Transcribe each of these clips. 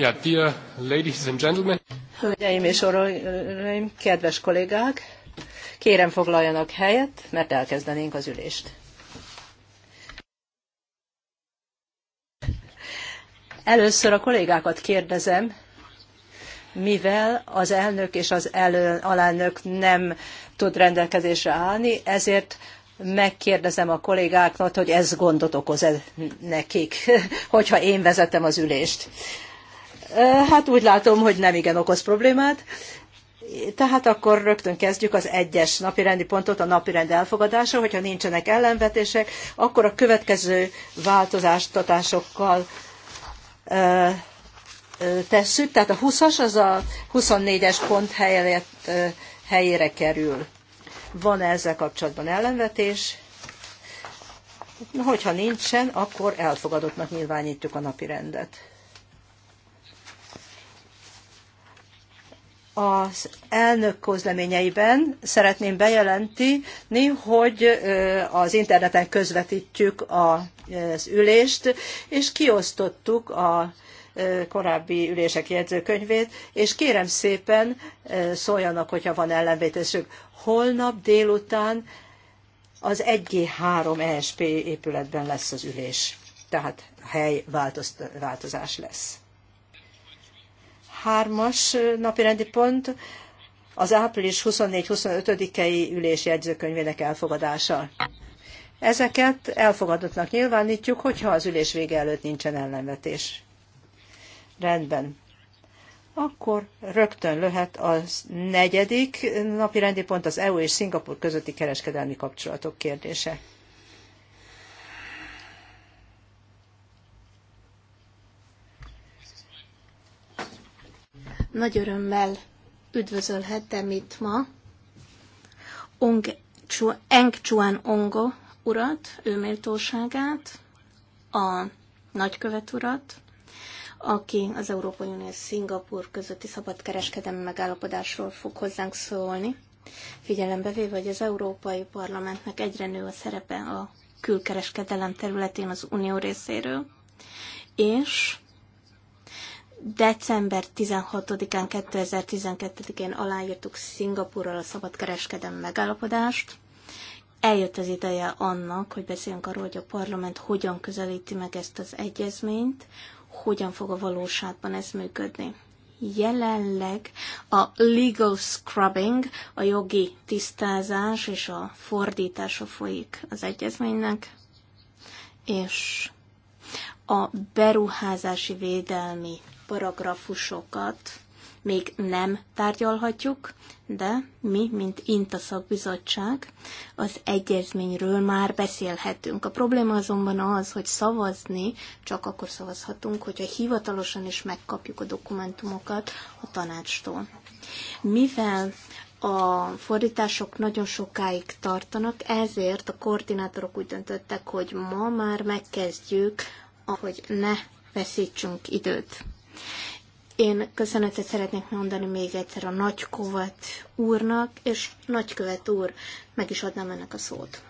Yeah, dear ladies and gentlemen. Hölgyeim és uraim, kedves kollégák, kérem foglaljanak helyet, mert elkezdenénk az ülést. Először a kollégákat kérdezem, mivel az elnök és az elő, alelnök nem tud rendelkezésre állni, ezért megkérdezem a kollégáknak, hogy ez gondot okoz-e nekik, hogyha én vezetem az ülést. Hát úgy látom, hogy nem igen okoz problémát. Tehát akkor rögtön kezdjük az egyes napirendi pontot, a napirend elfogadása, hogyha nincsenek ellenvetések, akkor a következő változtatásokkal tesszük, tehát a 20-as az a 24-es pont helyett, helyére kerül. Van -e ezzel kapcsolatban ellenvetés? Hogyha nincsen, akkor elfogadottnak nyilvánítjuk a napirendet. az elnök közleményeiben szeretném bejelenteni, hogy az interneten közvetítjük az ülést, és kiosztottuk a korábbi ülések jegyzőkönyvét, és kérem szépen szóljanak, hogyha van ellenvétésük. Holnap délután az 1G3 ESP épületben lesz az ülés, tehát helyváltozás lesz hármas napirendi pont az április 24-25-i ülés jegyzőkönyvének elfogadása. Ezeket elfogadottnak nyilvánítjuk, hogyha az ülés vége előtt nincsen ellenvetés. Rendben. Akkor rögtön löhet a negyedik napi rendi pont az EU és Szingapur közötti kereskedelmi kapcsolatok kérdése. Nagy örömmel üdvözölhettem itt ma Ong, Chua, Eng Chuan Ongo urat, ő méltóságát, a nagykövet urat, aki az Európai Unió és Szingapur közötti szabadkereskedelmi megállapodásról fog hozzánk szólni. Figyelembe véve, hogy az Európai Parlamentnek egyre nő a szerepe a külkereskedelem területén az Unió részéről, és december 16-án, 2012-én aláírtuk Szingapurral a szabadkereskedelmi megállapodást. Eljött az ideje annak, hogy beszéljünk arról, hogy a parlament hogyan közelíti meg ezt az egyezményt, hogyan fog a valóságban ez működni. Jelenleg a legal scrubbing, a jogi tisztázás és a fordítása folyik az egyezménynek, és a beruházási védelmi paragrafusokat még nem tárgyalhatjuk, de mi, mint INTA szakbizottság, az egyezményről már beszélhetünk. A probléma azonban az, hogy szavazni csak akkor szavazhatunk, hogyha hivatalosan is megkapjuk a dokumentumokat a tanácstól. Mivel a fordítások nagyon sokáig tartanak, ezért a koordinátorok úgy döntöttek, hogy ma már megkezdjük, hogy ne veszítsünk időt. Én köszönetet szeretnék mondani még egyszer a nagykövet úrnak, és nagykövet úr, meg is adnám ennek a szót.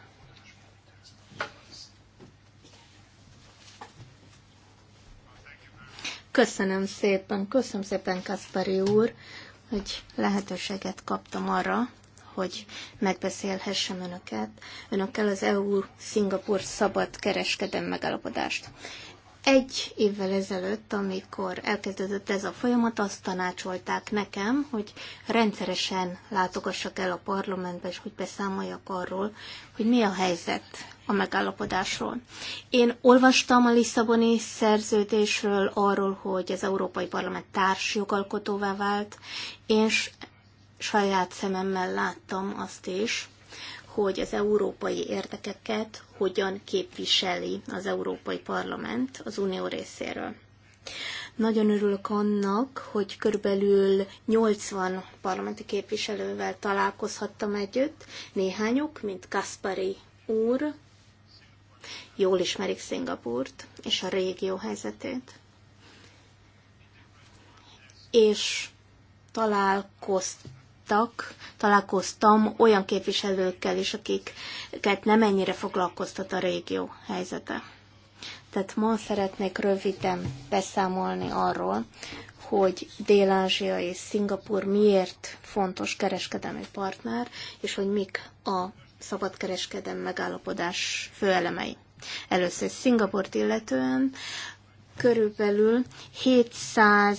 Köszönöm szépen, köszönöm szépen Kaspari úr, hogy lehetőséget kaptam arra, hogy megbeszélhessem önöket, önökkel az EU-Szingapur szabad kereskedem megállapodást. Egy évvel ezelőtt, amikor elkezdődött ez a folyamat, azt tanácsolták nekem, hogy rendszeresen látogassak el a parlamentbe, és hogy beszámoljak arról, hogy mi a helyzet a megállapodásról. Én olvastam a Lisszaboni szerződésről, arról, hogy az Európai Parlament társ jogalkotóvá vált, és saját szememmel láttam azt is, hogy az európai érdekeket hogyan képviseli az Európai Parlament az Unió részéről. Nagyon örülök annak, hogy körülbelül 80 parlamenti képviselővel találkozhattam együtt, néhányuk, mint Kaspari úr, jól ismerik Szingapurt és a régió helyzetét. És találkoztam dolgoztak, találkoztam olyan képviselőkkel is, akiket nem ennyire foglalkoztat a régió helyzete. Tehát ma szeretnék röviden beszámolni arról, hogy Dél-Ázsia és Szingapur miért fontos kereskedelmi partner, és hogy mik a szabadkereskedelmi megállapodás főelemei. Először Szingapurt illetően körülbelül 700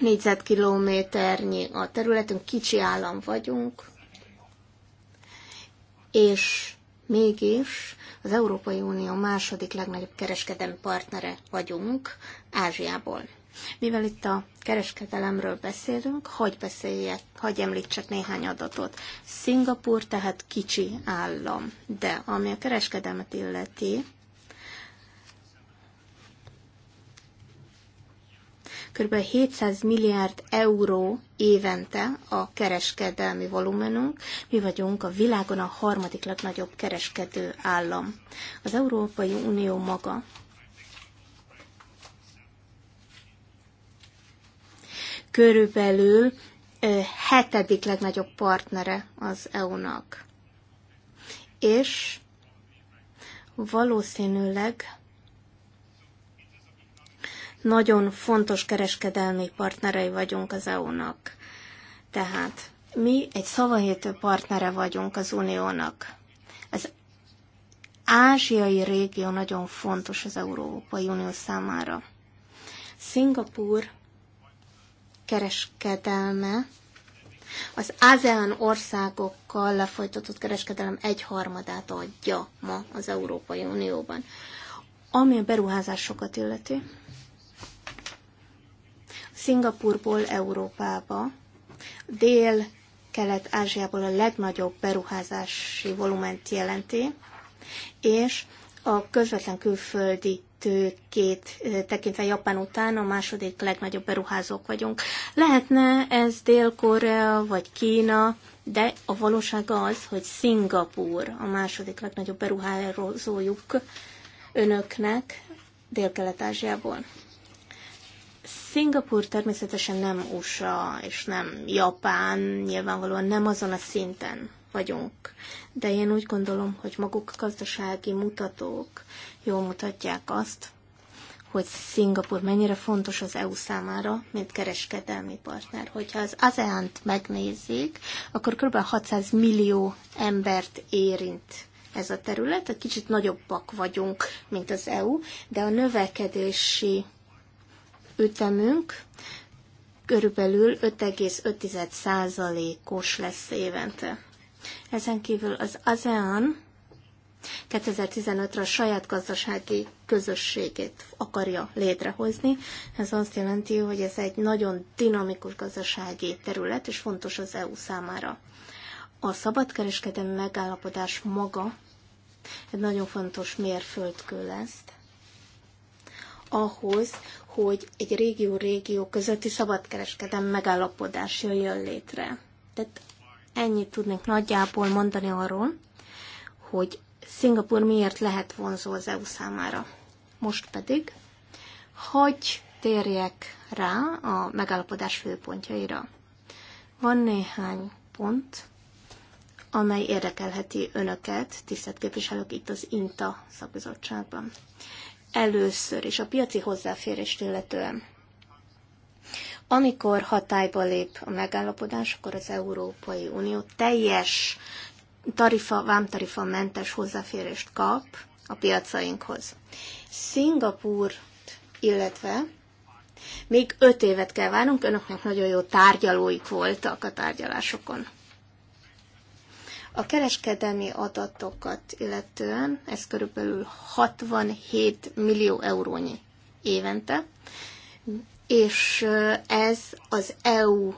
négyzetkilométernyi a területünk, kicsi állam vagyunk, és mégis az Európai Unió második legnagyobb kereskedelmi partnere vagyunk Ázsiából. Mivel itt a kereskedelemről beszélünk, hagy beszéljek, hagy említsek néhány adatot. Szingapur tehát kicsi állam, de ami a kereskedelmet illeti, kb. 700 milliárd euró évente a kereskedelmi volumenünk. Mi vagyunk a világon a harmadik legnagyobb kereskedő állam. Az Európai Unió maga körülbelül hetedik legnagyobb partnere az EU-nak. És valószínűleg nagyon fontos kereskedelmi partnerei vagyunk az EU-nak. Tehát mi egy szavahétő partnere vagyunk az Uniónak. Az ázsiai régió nagyon fontos az Európai Unió számára. Szingapúr kereskedelme az ASEAN országokkal lefolytatott kereskedelem egyharmadát adja ma az Európai Unióban. Ami a beruházásokat illeti, Szingapurból Európába, Dél-Kelet-Ázsiából a legnagyobb beruházási volument jelenti, és a közvetlen külföldi tőkét tekintve Japán után a második legnagyobb beruházók vagyunk. Lehetne ez Dél-Korea vagy Kína, de a valóság az, hogy Szingapur a második legnagyobb beruházójuk önöknek Dél-Kelet-Ázsiából. Szingapur természetesen nem USA, és nem Japán, nyilvánvalóan nem azon a szinten vagyunk. De én úgy gondolom, hogy maguk gazdasági mutatók jól mutatják azt, hogy Szingapur mennyire fontos az EU számára, mint kereskedelmi partner. Hogyha az ASEAN-t megnézzük, akkor kb. 600 millió embert érint ez a terület. Egy kicsit nagyobbak vagyunk, mint az EU, de a növekedési ütemünk körülbelül 5,5%-os lesz évente. Ezen kívül az ASEAN 2015-re a saját gazdasági közösségét akarja létrehozni. Ez azt jelenti, hogy ez egy nagyon dinamikus gazdasági terület, és fontos az EU számára. A szabadkereskedelmi megállapodás maga egy nagyon fontos mérföldkő lesz ahhoz, hogy egy régió-régió közötti szabadkereskedelmi megállapodás jön létre. Tehát ennyit tudnék nagyjából mondani arról, hogy Szingapur miért lehet vonzó az EU számára. Most pedig, hogy térjek rá a megállapodás főpontjaira. Van néhány pont, amely érdekelheti önöket, tisztelt képviselők itt az INTA szakbizottságban. Először is a piaci hozzáférést illetően. Amikor hatályba lép a megállapodás, akkor az Európai Unió teljes tarifa, vámtarifa mentes hozzáférést kap a piacainkhoz. Szingapúr, illetve még öt évet kell várnunk, önöknek nagyon jó tárgyalóik voltak a tárgyalásokon. A kereskedelmi adatokat illetően ez körülbelül 67 millió eurónyi évente, és ez az EU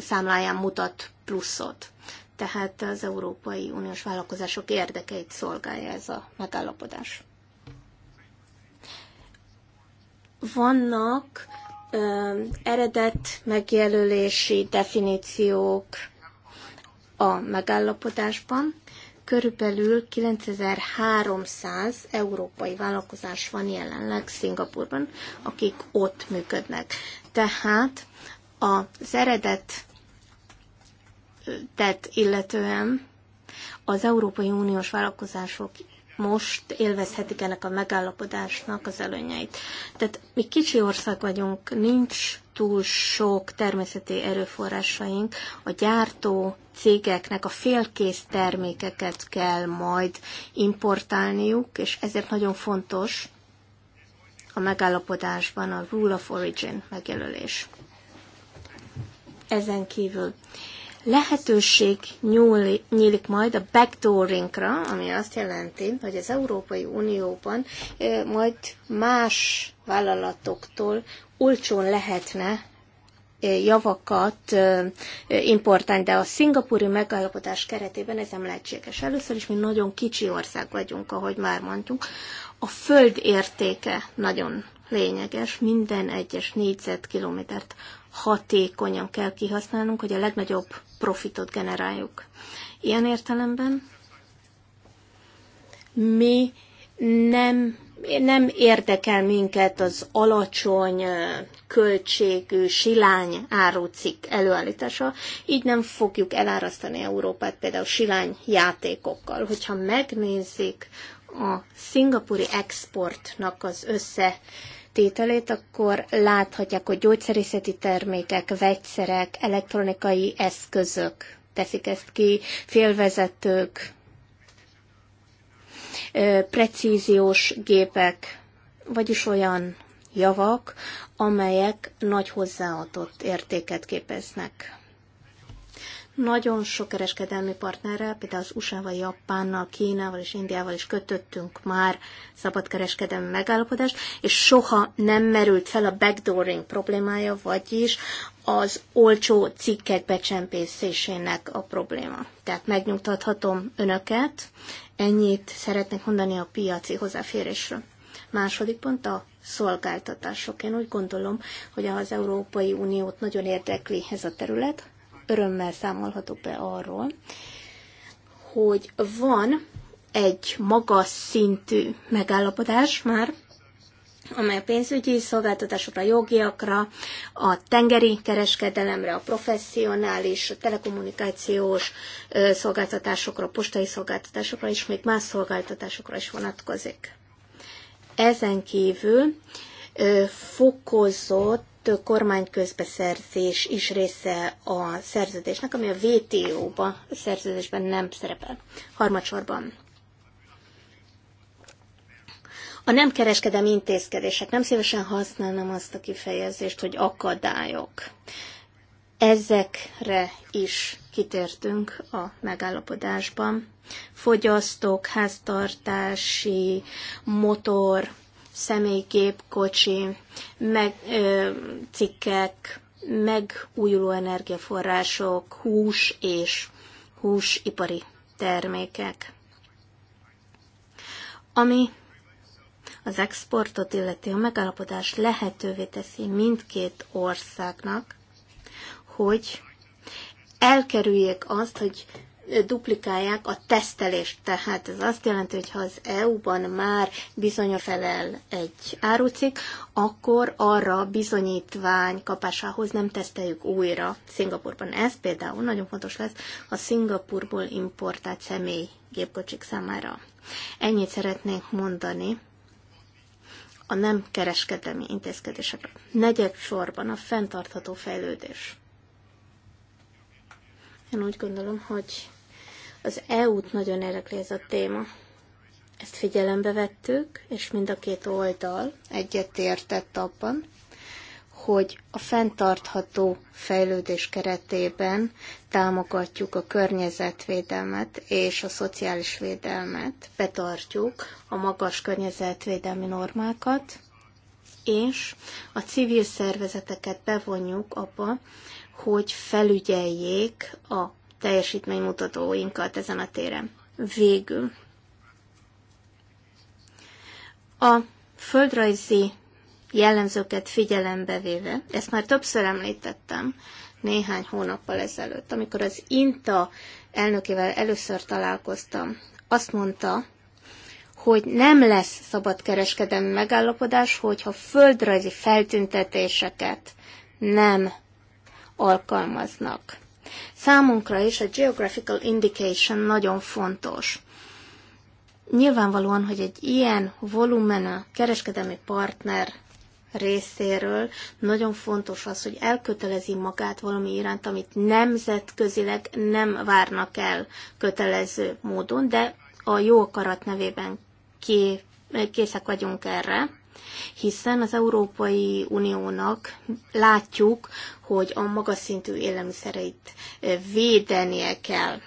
számláján mutat pluszot. Tehát az Európai Uniós vállalkozások érdekeit szolgálja ez a megállapodás. Vannak ö, eredet megjelölési definíciók, a megállapodásban körülbelül 9300 európai vállalkozás van jelenleg Szingapurban, akik ott működnek. Tehát az eredet tett illetően az Európai Uniós vállalkozások most élvezhetik ennek a megállapodásnak az előnyeit. Tehát mi kicsi ország vagyunk, nincs túl sok természeti erőforrásaink, a gyártó cégeknek a félkész termékeket kell majd importálniuk, és ezért nagyon fontos a megállapodásban a Rule of Origin megjelölés. Ezen kívül lehetőség nyúl, nyílik majd a backdooringra, ami azt jelenti, hogy az Európai Unióban eh, majd más vállalatoktól olcsón lehetne eh, javakat eh, importálni, de a szingapúri megállapodás keretében ez nem lehetséges. Először is mi nagyon kicsi ország vagyunk, ahogy már mondtunk. A föld értéke nagyon lényeges, minden egyes négyzetkilométert hatékonyan kell kihasználnunk, hogy a legnagyobb profitot generáljuk. Ilyen értelemben mi nem nem érdekel minket az alacsony költségű, silány árucik előállítása, így nem fogjuk elárasztani Európát például silány játékokkal. Hogyha megnézik a szingapúri exportnak az össze tételét, akkor láthatják, hogy gyógyszerészeti termékek, vegyszerek, elektronikai eszközök teszik ezt ki, félvezetők, precíziós gépek, vagyis olyan javak, amelyek nagy hozzáadott értéket képeznek. Nagyon sok kereskedelmi partnerrel, például az USA-val, Japánnal, Kínával és Indiával is kötöttünk már szabadkereskedelmi megállapodást, és soha nem merült fel a backdooring problémája, vagyis az olcsó cikkek becsempészésének a probléma. Tehát megnyugtathatom önöket, Ennyit szeretnék mondani a piaci hozzáférésről. Második pont a szolgáltatások. Én úgy gondolom, hogy az Európai Uniót nagyon érdekli ez a terület. Örömmel számolhatok be arról, hogy van egy magas szintű megállapodás már amely a pénzügyi szolgáltatásokra, jogiakra, a tengeri kereskedelemre, a professzionális, a telekommunikációs szolgáltatásokra, a postai szolgáltatásokra és még más szolgáltatásokra is vonatkozik. Ezen kívül fokozott kormányközbeszerzés is része a szerződésnek, ami a WTO-ba szerződésben nem szerepel. Harmadsorban a nem kereskedelmi intézkedések, nem szívesen használnám azt a kifejezést, hogy akadályok. Ezekre is kitértünk a megállapodásban. Fogyasztók, háztartási, motor, személygép, kocsi, meg, ö, cikkek, megújuló energiaforrások, hús és húsipari termékek. Ami az exportot illeti a megállapodás lehetővé teszi mindkét országnak, hogy elkerüljék azt, hogy duplikálják a tesztelést. Tehát ez azt jelenti, hogy ha az EU-ban már felel egy árucik, akkor arra bizonyítvány kapásához nem teszteljük újra Szingapurban. Ez például nagyon fontos lesz a Szingapurból importált személy gépkocsik számára. Ennyit szeretnék mondani a nem kereskedelmi intézkedésekre. Negyed sorban a fenntartható fejlődés. Én úgy gondolom, hogy az EU-t nagyon érdekli ez a téma. Ezt figyelembe vettük, és mind a két oldal egyetértett abban, hogy a fenntartható fejlődés keretében támogatjuk a környezetvédelmet és a szociális védelmet, betartjuk a magas környezetvédelmi normákat, és a civil szervezeteket bevonjuk abba, hogy felügyeljék a teljesítménymutatóinkat ezen a téren. Végül. A földrajzi jellemzőket figyelembe véve, ezt már többször említettem néhány hónappal ezelőtt, amikor az INTA elnökével először találkoztam, azt mondta, hogy nem lesz kereskedelmi megállapodás, hogyha földrajzi feltüntetéseket nem alkalmaznak. Számunkra is a geographical indication nagyon fontos. Nyilvánvalóan, hogy egy ilyen volumenű kereskedelmi partner részéről nagyon fontos az, hogy elkötelezi magát valami iránt, amit nemzetközileg nem várnak el kötelező módon, de a jó akarat nevében ké, készek vagyunk erre, hiszen az Európai Uniónak látjuk, hogy a magas szintű élelmiszereit védenie kell.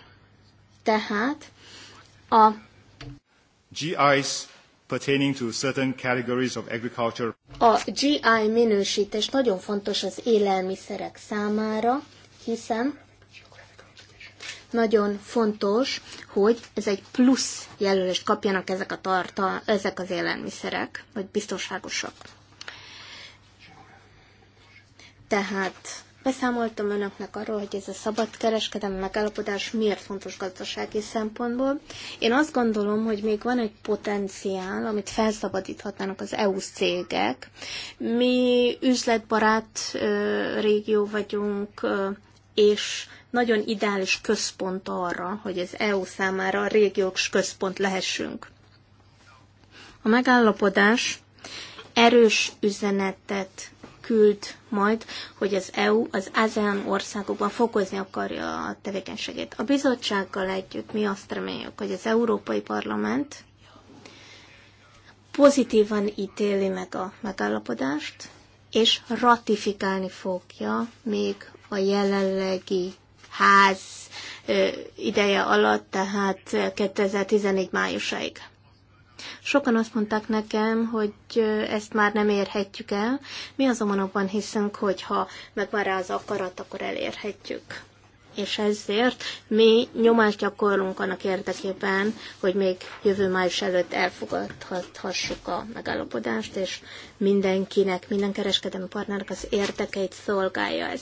Tehát a GIs pertaining to certain categories of agriculture. A GI minősítés nagyon fontos az élelmiszerek számára, hiszen nagyon fontos, hogy ez egy plusz jelölést kapjanak ezek, a tarta, ezek az élelmiszerek, vagy biztonságosak. Tehát Beszámoltam önöknek arról, hogy ez a szabadkereskedelmi megállapodás miért fontos gazdasági szempontból. Én azt gondolom, hogy még van egy potenciál, amit felszabadíthatnának az EU cégek. Mi üzletbarát régió vagyunk, és nagyon ideális központ arra, hogy az EU számára a régiós központ lehessünk. A megállapodás erős üzenetet küld majd, hogy az EU az ASEAN országokban fokozni akarja a tevékenységét. A bizottsággal együtt mi azt reméljük, hogy az Európai Parlament pozitívan ítéli meg a megállapodást, és ratifikálni fogja még a jelenlegi ház ideje alatt, tehát 2014 májusáig. Sokan azt mondták nekem, hogy ezt már nem érhetjük el. Mi azonban abban hiszünk, hogy ha megvan rá az akarat, akkor elérhetjük. És ezért mi nyomást gyakorlunk annak érdekében, hogy még jövő május előtt elfogadhassuk a megállapodást, és mindenkinek, minden kereskedelmi partnernek az érdekeit szolgálja ez.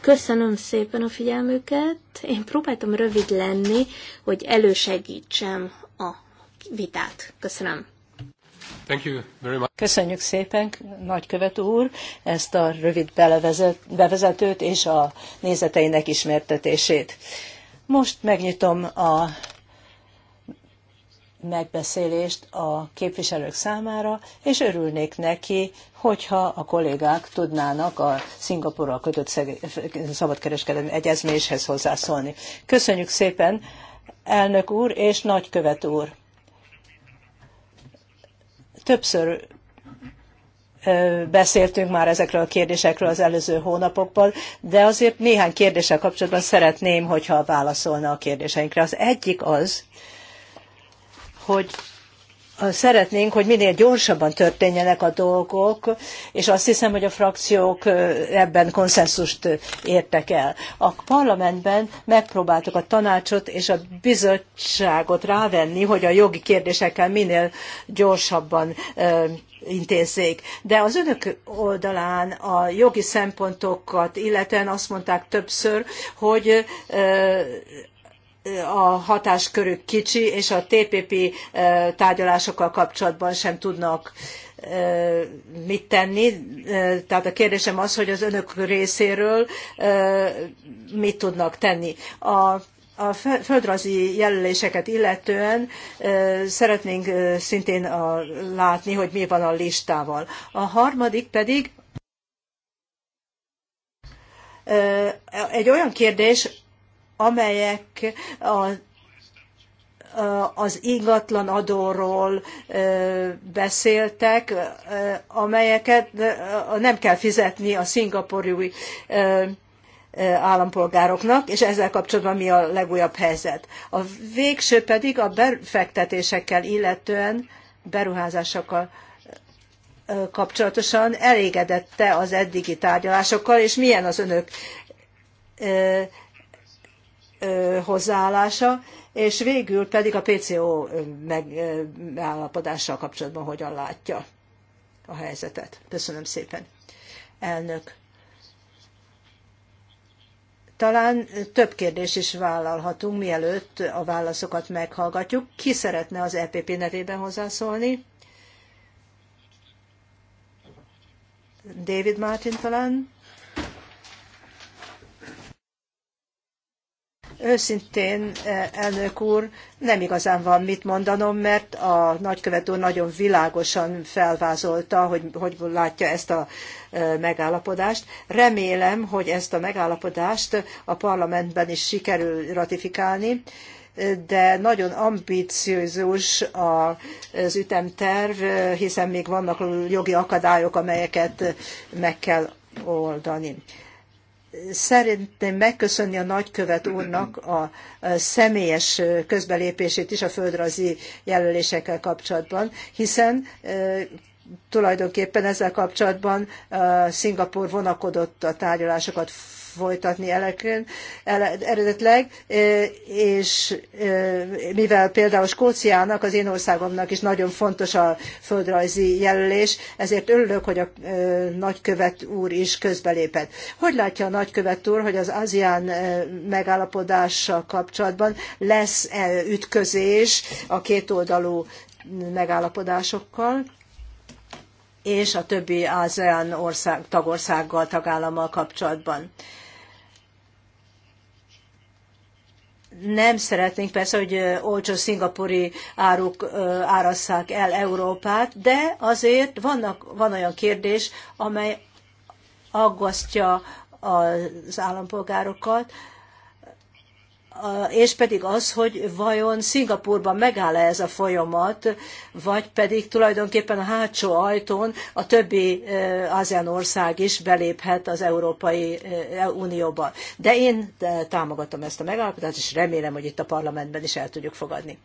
Köszönöm szépen a figyelmüket. Én próbáltam rövid lenni, hogy elősegítsem vitát. Köszönöm. Thank you very much. Köszönjük szépen, nagykövet úr, ezt a rövid bevezetőt és a nézeteinek ismertetését. Most megnyitom a megbeszélést a képviselők számára, és örülnék neki, hogyha a kollégák tudnának a Szingapurral kötött szabadkereskedelmi egyezméshez hozzászólni. Köszönjük szépen, elnök úr és nagykövet úr! Többször beszéltünk már ezekről a kérdésekről az előző hónapokban, de azért néhány kérdéssel kapcsolatban szeretném, hogyha válaszolna a kérdéseinkre. Az egyik az, hogy szeretnénk, hogy minél gyorsabban történjenek a dolgok, és azt hiszem, hogy a frakciók ebben konszenzust értek el. A parlamentben megpróbáltuk a tanácsot és a bizottságot rávenni, hogy a jogi kérdésekkel minél gyorsabban intézzék. De az önök oldalán a jogi szempontokat illetően azt mondták többször, hogy a hatáskörük kicsi, és a TPP tárgyalásokkal kapcsolatban sem tudnak mit tenni. Tehát a kérdésem az, hogy az önök részéről mit tudnak tenni. A a földrajzi jelöléseket illetően szeretnénk szintén látni, hogy mi van a listával. A harmadik pedig egy olyan kérdés, amelyek a az ingatlan adóról beszéltek, amelyeket nem kell fizetni a szingapúri állampolgároknak, és ezzel kapcsolatban mi a legújabb helyzet. A végső pedig a befektetésekkel illetően, beruházásokkal kapcsolatosan elégedette az eddigi tárgyalásokkal, és milyen az önök hozzáállása, és végül pedig a PCO megállapodással kapcsolatban hogyan látja a helyzetet. Köszönöm szépen. Elnök. Talán több kérdés is vállalhatunk, mielőtt a válaszokat meghallgatjuk. Ki szeretne az EPP nevében hozzászólni? David Martin talán? Őszintén, eh, elnök úr, nem igazán van mit mondanom, mert a nagykövet úr nagyon világosan felvázolta, hogy hogy látja ezt a eh, megállapodást. Remélem, hogy ezt a megállapodást a parlamentben is sikerül ratifikálni eh, de nagyon ambiciózus az ütemterv, hiszen még vannak jogi akadályok, amelyeket meg kell oldani. Szeretném megköszönni a nagykövet úrnak a személyes közbelépését is a földrajzi jelölésekkel kapcsolatban, hiszen tulajdonképpen ezzel kapcsolatban Szingapur vonakodott a tárgyalásokat folytatni elekön, ele, eredetleg, és mivel például Skóciának, az én országomnak is nagyon fontos a földrajzi jelölés, ezért örülök, hogy a nagykövet úr is közbelépett. Hogy látja a nagykövet úr, hogy az ASEAN megállapodással kapcsolatban lesz -e ütközés a kétoldalú megállapodásokkal, és a többi ASEAN ország, tagországgal, tagállammal kapcsolatban. nem szeretnénk persze, hogy olcsó szingapuri áruk árasszák el Európát, de azért vannak, van olyan kérdés, amely aggasztja az állampolgárokat, és pedig az, hogy vajon Szingapurban megáll -e ez a folyamat, vagy pedig tulajdonképpen a hátsó ajtón a többi e, ASEAN ország is beléphet az Európai e, Unióba. De én e, támogatom ezt a megállapodást, és remélem, hogy itt a parlamentben is el tudjuk fogadni.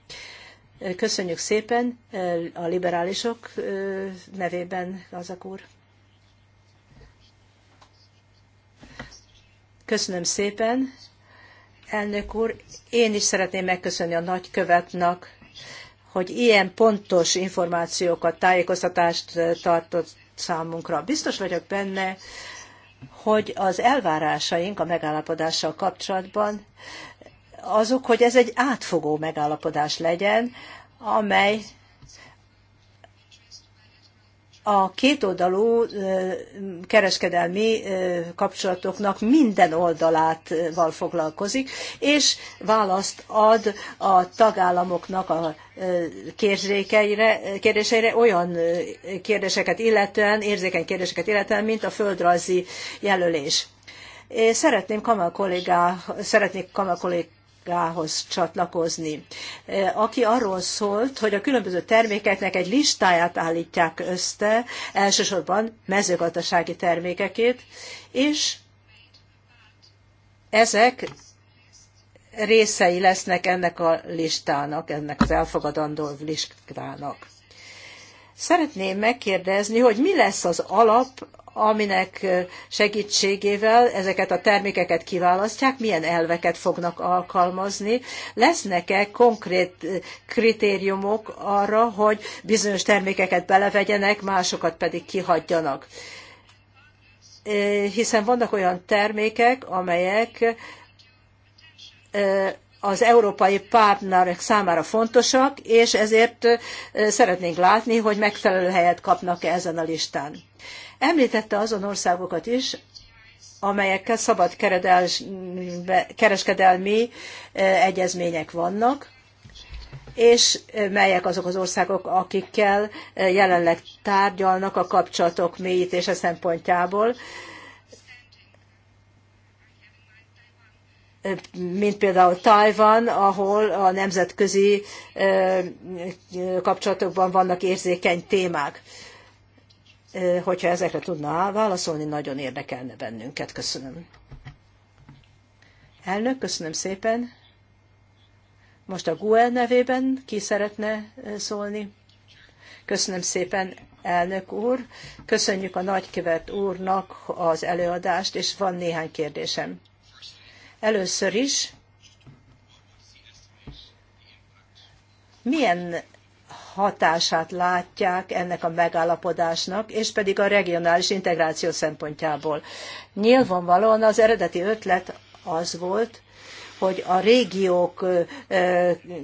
Köszönjük szépen a liberálisok nevében, Gazak úr. Köszönöm szépen Elnök úr, én is szeretném megköszönni a nagykövetnek, hogy ilyen pontos információkat, tájékoztatást tartott számunkra. Biztos vagyok benne, hogy az elvárásaink a megállapodással kapcsolatban azok, hogy ez egy átfogó megállapodás legyen, amely a kétoldalú kereskedelmi kapcsolatoknak minden oldalával foglalkozik, és választ ad a tagállamoknak a kérdéseire olyan kérdéseket illetően, érzékeny kérdéseket illetően, mint a földrajzi jelölés. Én szeretném Kamal kollégá, szeretnék Kamal kollég gához csatlakozni, eh, aki arról szólt, hogy a különböző termékeknek egy listáját állítják össze, elsősorban mezőgazdasági termékekét, és ezek részei lesznek ennek a listának, ennek az elfogadandó listának. Szeretném megkérdezni, hogy mi lesz az alap, aminek segítségével ezeket a termékeket kiválasztják, milyen elveket fognak alkalmazni. Lesznek-e konkrét kritériumok arra, hogy bizonyos termékeket belevegyenek, másokat pedig kihagyjanak? Hiszen vannak olyan termékek, amelyek az európai partnerek számára fontosak, és ezért szeretnénk látni, hogy megfelelő helyet kapnak -e ezen a listán. Említette azon országokat is, amelyekkel szabad kereskedelmi egyezmények vannak, és melyek azok az országok, akikkel jelenleg tárgyalnak a kapcsolatok mélyítése szempontjából mint például Tajvan, ahol a nemzetközi kapcsolatokban vannak érzékeny témák. Hogyha ezekre tudna válaszolni, nagyon érdekelne bennünket. Köszönöm. Elnök, köszönöm szépen. Most a GUE nevében ki szeretne szólni? Köszönöm szépen, elnök úr. Köszönjük a nagykövet úrnak az előadást, és van néhány kérdésem. Először is, milyen hatását látják ennek a megállapodásnak, és pedig a regionális integráció szempontjából. Nyilvánvalóan az eredeti ötlet az volt, hogy a régiók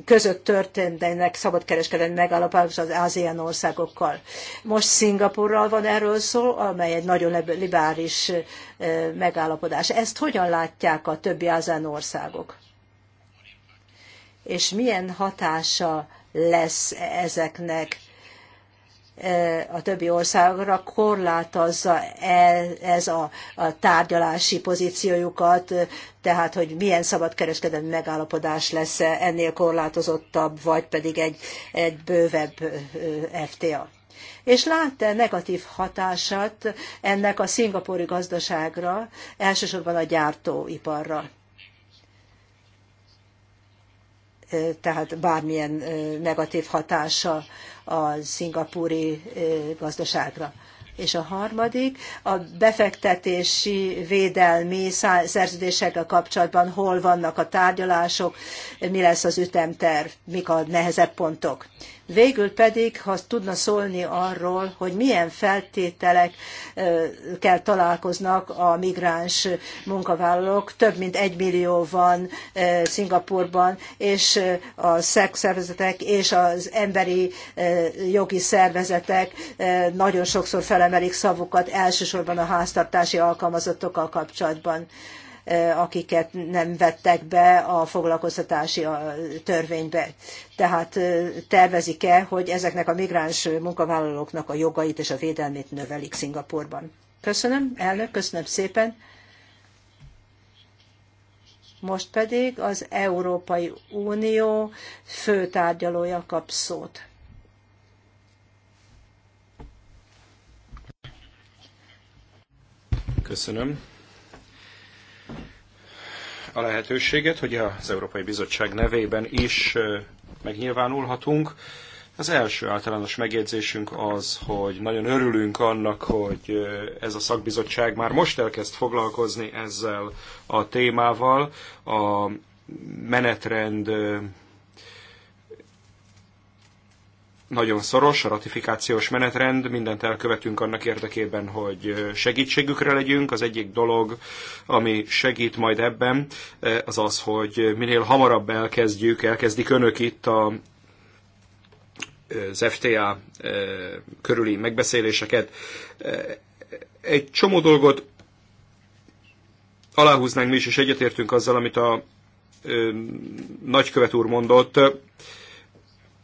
között történnek szabadkereskedelmi megállapodás az ASEAN országokkal. Most Szingapurral van erről szó, amely egy nagyon liberális megállapodás. Ezt hogyan látják a többi ASEAN országok? És milyen hatása lesz ezeknek a többi országra korlátozza ez a, a tárgyalási pozíciójukat, tehát hogy milyen szabadkereskedelmi megállapodás lesz -e ennél korlátozottabb, vagy pedig egy, egy bővebb FTA. És látta -e negatív hatását ennek a szingapúri gazdaságra, elsősorban a gyártóiparra. Tehát bármilyen negatív hatása a szingapúri gazdaságra. És a harmadik, a befektetési védelmi szerződésekkel kapcsolatban hol vannak a tárgyalások, mi lesz az ütemterv, mik a nehezebb pontok. Végül pedig, ha tudna szólni arról, hogy milyen feltételek kell találkoznak a migráns munkavállalók, több mint egy millió van Szingapurban, és a szexszervezetek és az emberi jogi szervezetek nagyon sokszor felemelik szavukat, elsősorban a háztartási alkalmazottokkal kapcsolatban. Eh, akiket nem vettek be a foglalkoztatási törvénybe. Tehát eh, tervezik-e, hogy ezeknek a migráns munkavállalóknak a jogait és a védelmét növelik Szingapurban? Köszönöm, elnök, köszönöm szépen. Most pedig az Európai Unió főtárgyalója kap szót. Köszönöm a lehetőséget, hogy az Európai Bizottság nevében is megnyilvánulhatunk. Az első általános megjegyzésünk az, hogy nagyon örülünk annak, hogy ez a szakbizottság már most elkezd foglalkozni ezzel a témával. A menetrend nagyon szoros a ratifikációs menetrend, mindent elkövetünk annak érdekében, hogy segítségükre legyünk. Az egyik dolog, ami segít majd ebben, az az, hogy minél hamarabb elkezdjük, elkezdik önök itt a, az FTA körüli megbeszéléseket. Egy csomó dolgot aláhúznánk mi is, és egyetértünk azzal, amit a nagykövet úr mondott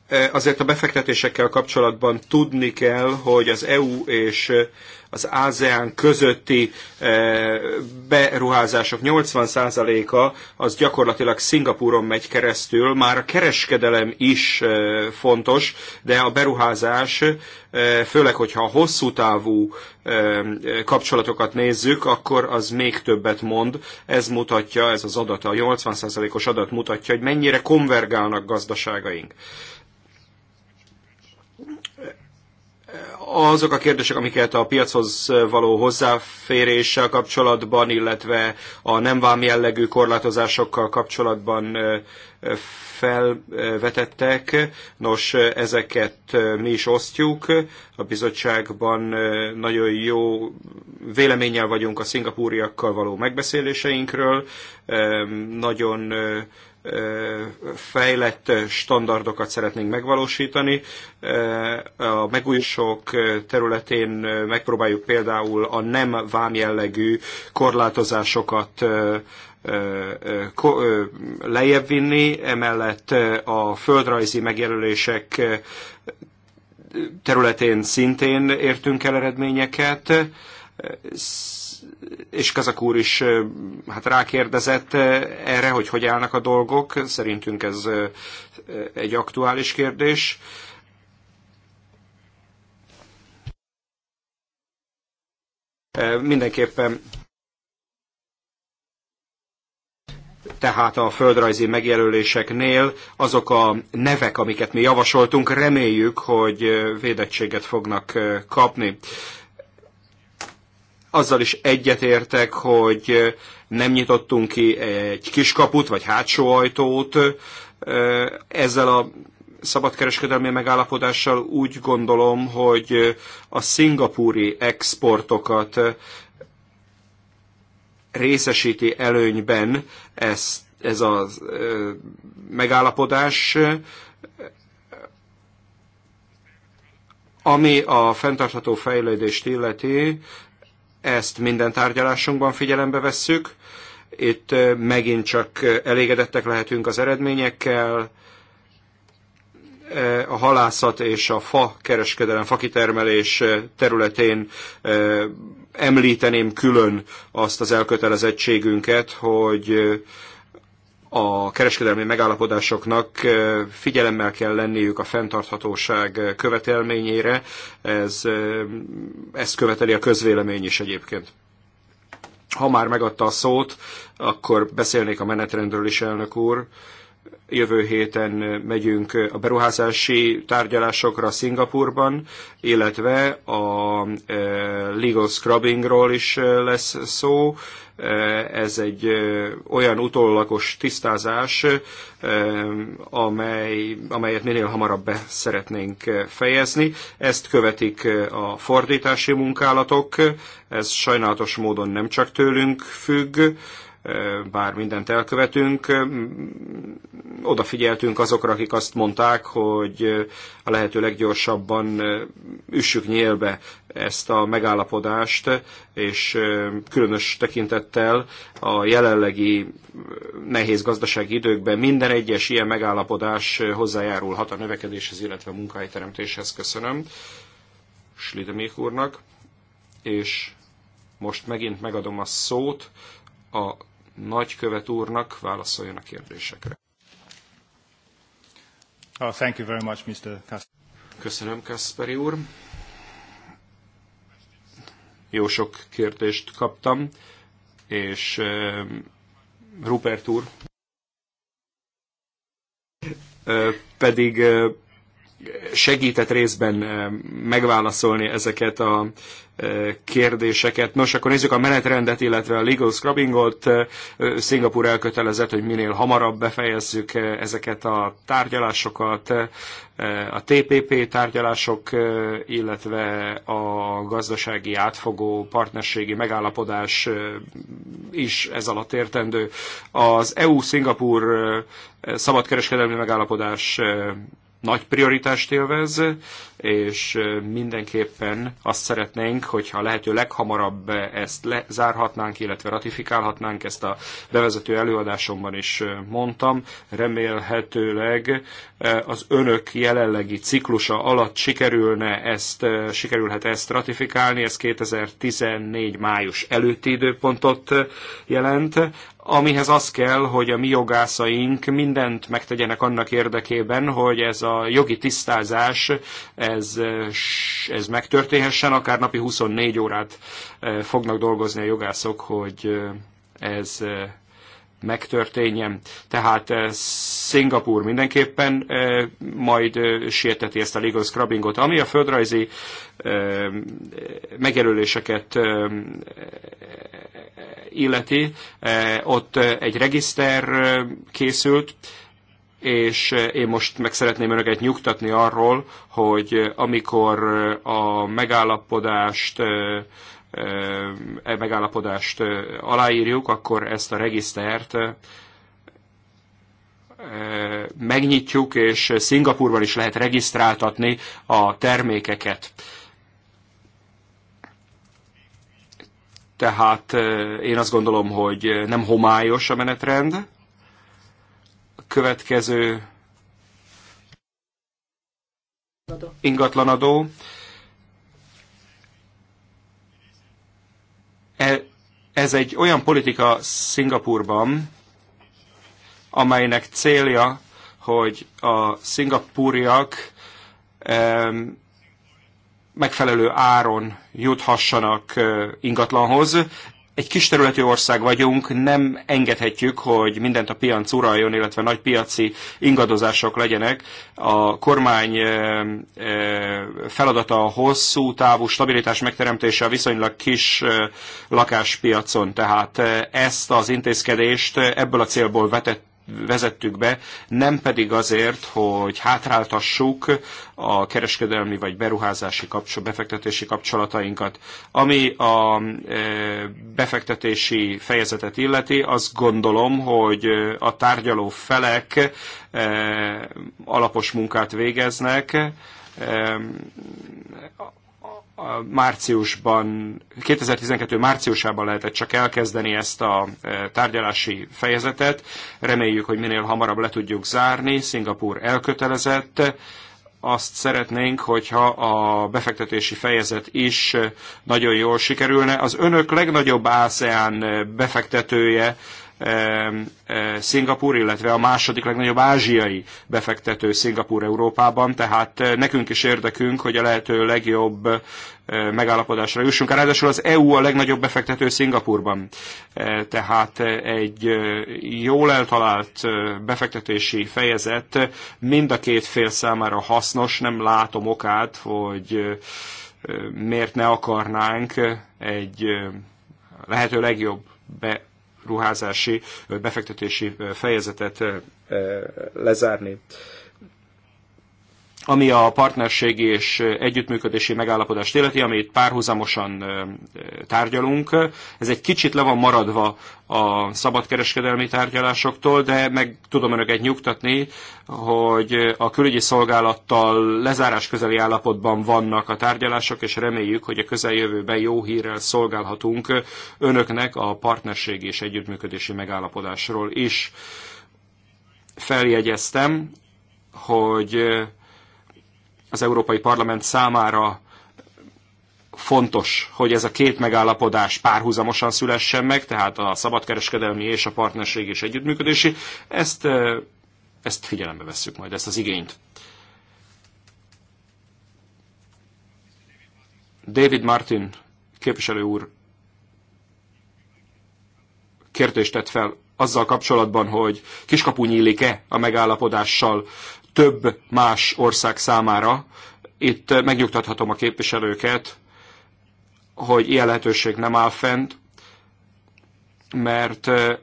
Eh, azért a befektetésekkel kapcsolatban tudni kell, hogy az EU és eh, az ASEAN közötti eh, beruházások 80%-a az gyakorlatilag Szingapúron megy keresztül. Már a kereskedelem is fontos, de a beruházás, főleg hogyha a hosszú távú kapcsolatokat nézzük, akkor az még többet mond. Ez mutatja, ez az adat, a 80%-os adat mutatja, hogy mennyire konvergálnak gazdaságaink. azok a kérdések, amiket a piachoz való hozzáféréssel kapcsolatban, illetve a nem vám jellegű korlátozásokkal kapcsolatban felvetettek. Nos, ezeket mi is osztjuk. A bizottságban nagyon jó véleménnyel vagyunk a szingapúriakkal való megbeszéléseinkről. Nagyon fejlett standardokat szeretnénk megvalósítani. A megújulások területén megpróbáljuk például a nem vámjellegű korlátozásokat lejjebb vinni, emellett a földrajzi megjelölések területén szintén értünk el eredményeket és Kazak úr is hát rákérdezett erre, hogy hogy állnak a dolgok. Szerintünk ez egy aktuális kérdés. Mindenképpen tehát a földrajzi megjelöléseknél azok a nevek, amiket mi javasoltunk, reméljük, hogy védettséget fognak kapni azzal is egyetértek, hogy nem nyitottunk ki egy kiskaput vagy hátsó ajtót. Ezzel a szabadkereskedelmi megállapodással úgy gondolom, hogy a szingapúri exportokat részesíti előnyben ez, ez a megállapodás, ami a fenntartható fejlődést illeti, ezt minden tárgyalásunkban figyelembe vesszük. Itt megint csak elégedettek lehetünk az eredményekkel. A halászat és a fa kereskedelem, fakitermelés területén említeném külön azt az elkötelezettségünket, hogy a kereskedelmi megállapodásoknak eh, figyelemmel kell lenniük a fenntarthatóság követelményére. Ez, eh, ezt követeli a közvélemény is egyébként. Ha már megadta a szót, akkor beszélnék a menetrendről is, elnök úr. Jövő héten megyünk a beruházási tárgyalásokra Szingapurban, illetve a e, legal scrubbingról is e, lesz szó. E, ez egy olyan utólagos tisztázás, amely, amelyet minél hamarabb be szeretnénk fejezni. Ezt követik a fordítási munkálatok, ez sajnálatos módon nem csak tőlünk függ, bár mindent elkövetünk, odafigyeltünk azokra, akik azt mondták, hogy a lehető leggyorsabban üssük nyélbe ezt a megállapodást, és különös tekintettel a jelenlegi nehéz gazdasági időkben minden egyes ilyen megállapodás hozzájárulhat a növekedéshez, illetve a munkahelyteremtéshez. Köszönöm Slidemék úrnak, és most megint megadom a szót a nagykövet úrnak válaszoljon a kérdésekre. Oh, thank you very much, Mr. Köszönöm, Kasperi úr. Jó sok kérdést kaptam, és um, Rupert úr pedig segített részben megválaszolni ezeket a kérdéseket. Nos, akkor nézzük a menetrendet, illetve a legal scrubbingot. Szingapur elkötelezett, hogy minél hamarabb befejezzük ezeket a tárgyalásokat, a TPP tárgyalások, illetve a gazdasági átfogó partnerségi megállapodás is ez alatt értendő. Az EU-Szingapur szabadkereskedelmi megállapodás nagy prioritást élvez, és mindenképpen azt szeretnénk, hogyha a lehető leghamarabb ezt lezárhatnánk, illetve ratifikálhatnánk, ezt a bevezető előadásomban is mondtam, remélhetőleg az önök jelenlegi ciklusa alatt sikerülne ezt, sikerülhet ezt ratifikálni, ez 2014 május előtti időpontot jelent, amihez az kell, hogy a mi jogászaink mindent megtegyenek annak érdekében, hogy ez a jogi tisztázás ez, ez megtörténhessen, akár napi 24 órát eh, fognak dolgozni a jogászok, hogy eh, ez eh, megtörténjen. Tehát eh, Szingapúr mindenképpen eh, majd eh, sérteti ezt a legal scrubbingot. Ami a földrajzi megjelöléseket illeti, ott egy regiszter készült, és én most meg szeretném önöket nyugtatni arról, hogy amikor a megállapodást E megállapodást aláírjuk, akkor ezt a regisztert megnyitjuk, és Szingapurban is lehet regisztráltatni a termékeket. Tehát én azt gondolom, hogy nem homályos a menetrend. A következő ingatlanadó. E, ez egy olyan politika Szingapurban, amelynek célja, hogy a szingapúriak e, megfelelő áron juthassanak e, ingatlanhoz, egy kis területű ország vagyunk, nem engedhetjük, hogy mindent a piac uraljon, illetve nagy piaci ingadozások legyenek. A kormány feladata a hosszú távú stabilitás megteremtése a viszonylag kis lakáspiacon. Tehát ezt az intézkedést ebből a célból vetett vezettük be, nem pedig azért, hogy hátráltassuk a kereskedelmi vagy beruházási kapcsol, befektetési kapcsolatainkat. Ami a e, befektetési fejezetet illeti, azt gondolom, hogy a tárgyaló felek e, alapos munkát végeznek, e, márciusban, 2012 márciusában lehetett csak elkezdeni ezt a e, tárgyalási fejezetet. Reméljük, hogy minél hamarabb le tudjuk zárni. Szingapúr elkötelezett. Azt szeretnénk, hogyha a befektetési fejezet is nagyon jól sikerülne. Az önök legnagyobb ASEAN befektetője Szingapúr, illetve a második legnagyobb ázsiai befektető Szingapúr Európában, tehát eh, nekünk is érdekünk, hogy a lehető legjobb eh, megállapodásra jussunk. Ráadásul az EU a legnagyobb befektető Szingapurban. Eh, tehát egy jól eltalált befektetési fejezet mind a két fél számára hasznos, nem látom okát, hogy miért ne akarnánk egy lehető legjobb be ruházási befektetési fejezetet lezárni. Ami a partnerségi és együttműködési megállapodást illeti, amit párhuzamosan tárgyalunk, ez egy kicsit le van maradva a szabadkereskedelmi tárgyalásoktól, de meg tudom önöket nyugtatni, hogy a külügyi szolgálattal lezárás közeli állapotban vannak a tárgyalások, és reméljük, hogy a közeljövőben jó hírrel szolgálhatunk önöknek a partnerségi és együttműködési megállapodásról is. Feljegyeztem, hogy az Európai Parlament számára fontos, hogy ez a két megállapodás párhuzamosan szülessen meg, tehát a szabadkereskedelmi és a partnerség és együttműködési. Ezt, ezt figyelembe vesszük majd, ezt az igényt. David Martin képviselő úr kérdést tett fel azzal kapcsolatban, hogy kiskapu nyílik-e a megállapodással több más ország számára. Itt megnyugtathatom a képviselőket, hogy ilyen lehetőség nem áll fent, mert eh,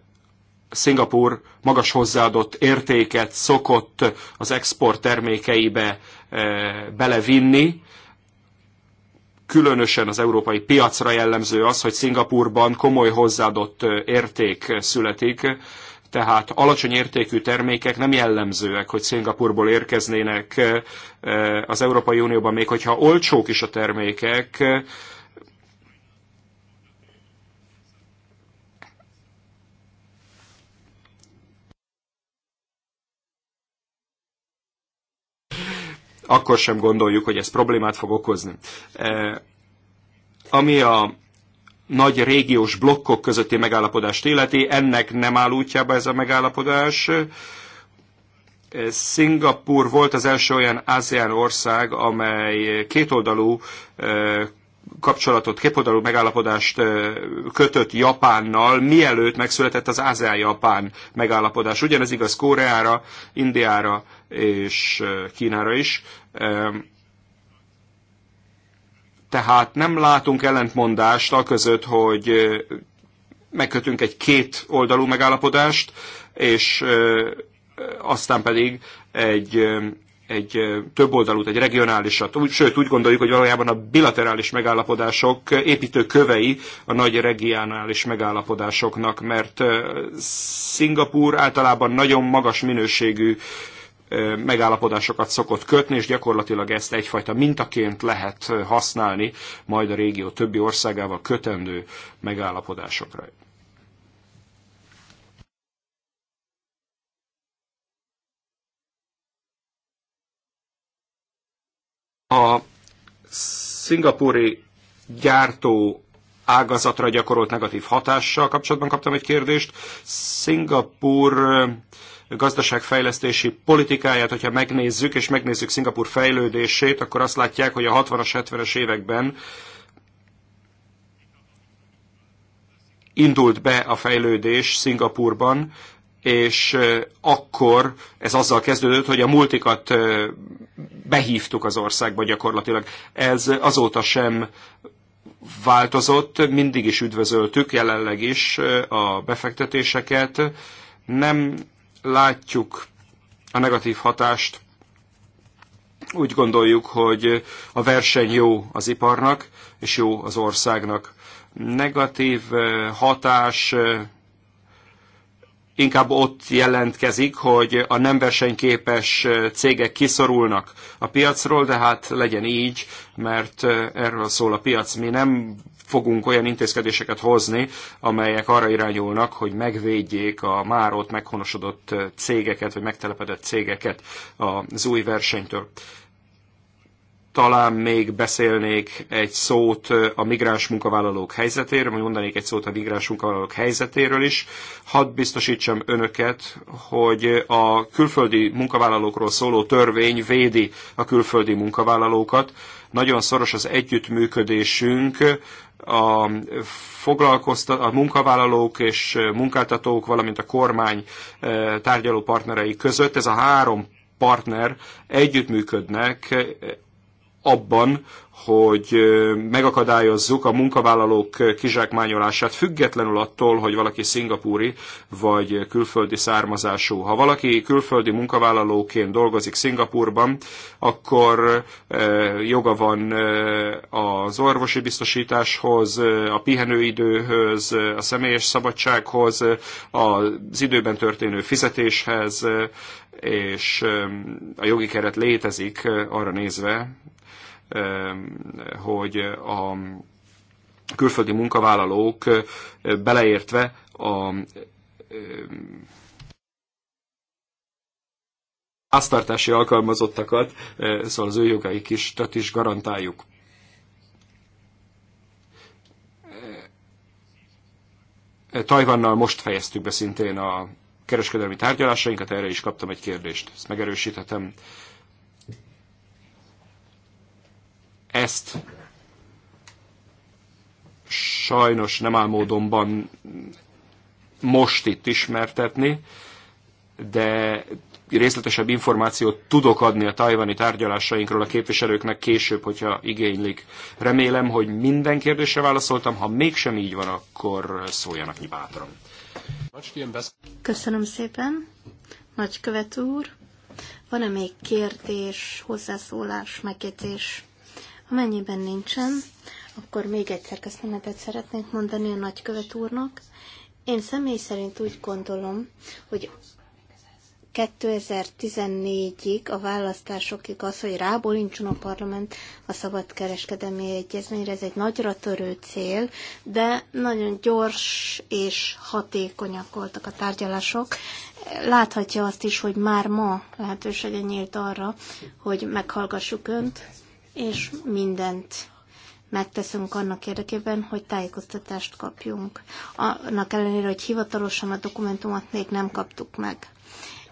Szingapúr magas hozzáadott értéket szokott az export termékeibe eh, belevinni, különösen az európai piacra jellemző az, hogy Szingapurban komoly hozzáadott eh, érték születik, tehát alacsony értékű termékek nem jellemzőek, hogy Szingapurból érkeznének az Európai Unióban, még hogyha olcsók is a termékek, akkor sem gondoljuk, hogy ez problémát fog okozni. Ami a nagy régiós blokkok közötti megállapodást illeti. Ennek nem áll útjába ez a megállapodás. Szingapur volt az első olyan ASEAN ország, amely kétoldalú eh, kapcsolatot, képoldalú megállapodást eh, kötött Japánnal, mielőtt megszületett az ASEAN-Japán megállapodás. Ugyanez igaz Koreára, Indiára és eh, Kínára is. Tehát nem látunk ellentmondást a között, hogy megkötünk egy két oldalú megállapodást, és aztán pedig egy, egy több oldalút, egy regionálisat. Úgy, sőt, úgy gondoljuk, hogy valójában a bilaterális megállapodások építő kövei a nagy regionális megállapodásoknak, mert Szingapúr általában nagyon magas minőségű megállapodásokat szokott kötni, és gyakorlatilag ezt egyfajta mintaként lehet használni majd a régió többi országával kötendő megállapodásokra. A szingapúri gyártó ágazatra gyakorolt negatív hatással kapcsolatban kaptam egy kérdést. Szingapúr gazdaságfejlesztési politikáját, hogyha megnézzük, és megnézzük Szingapur fejlődését, akkor azt látják, hogy a 60-as, 70-es években indult be a fejlődés Szingapurban, és akkor ez azzal kezdődött, hogy a multikat behívtuk az országba gyakorlatilag. Ez azóta sem változott, mindig is üdvözöltük, jelenleg is a befektetéseket. Nem látjuk a negatív hatást, úgy gondoljuk, hogy a verseny jó az iparnak, és jó az országnak. Negatív eh, hatás eh, inkább ott jelentkezik, hogy a nem versenyképes eh, cégek kiszorulnak a piacról, de hát legyen így, mert erről szól a piac. Mi nem fogunk olyan intézkedéseket hozni, amelyek arra irányulnak, hogy megvédjék a már ott meghonosodott cégeket, vagy megtelepedett cégeket az új versenytől talán még beszélnék egy szót a migráns munkavállalók helyzetéről, vagy mondanék egy szót a migráns munkavállalók helyzetéről is. Hadd biztosítsam önöket, hogy a külföldi munkavállalókról szóló törvény védi a külföldi munkavállalókat. Nagyon szoros az együttműködésünk a, foglalkoztat, a munkavállalók és munkáltatók, valamint a kormány eh, tárgyaló partnerei között. Ez a három partner együttműködnek abban, hogy megakadályozzuk a munkavállalók kizsákmányolását, függetlenül attól, hogy valaki szingapúri vagy külföldi származású. Ha valaki külföldi munkavállalóként dolgozik Szingapúrban, akkor joga van az orvosi biztosításhoz, a pihenőidőhöz, a személyes szabadsághoz, az időben történő fizetéshez, és a jogi keret létezik arra nézve, hogy a külföldi munkavállalók beleértve a háztartási alkalmazottakat, szóval az ő jogaik is, tehát is garantáljuk. Tajvannal most fejeztük be szintén a kereskedelmi tárgyalásainkat, erre is kaptam egy kérdést, ezt megerősíthetem. Ezt sajnos nem áll módonban most itt ismertetni, de részletesebb információt tudok adni a tajvani tárgyalásainkról a képviselőknek később, hogyha igénylik. Remélem, hogy minden kérdésre válaszoltam, ha mégsem így van, akkor szóljanak bátran. Köszönöm szépen, nagykövet úr. Van-e még kérdés, hozzászólás, megjegyzés? Amennyiben nincsen, akkor még egyszer köszönetet szeretnék mondani a nagykövet úrnak. Én személy szerint úgy gondolom, hogy 2014-ig, a választásokig az, hogy rábolincson a parlament a kereskedelmi egyezményre, ez egy nagyra törő cél, de nagyon gyors és hatékonyak voltak a tárgyalások. Láthatja azt is, hogy már ma lehetősége nyílt arra, hogy meghallgassuk Önt, és mindent megteszünk annak érdekében, hogy tájékoztatást kapjunk. Annak ellenére, hogy hivatalosan a dokumentumot még nem kaptuk meg.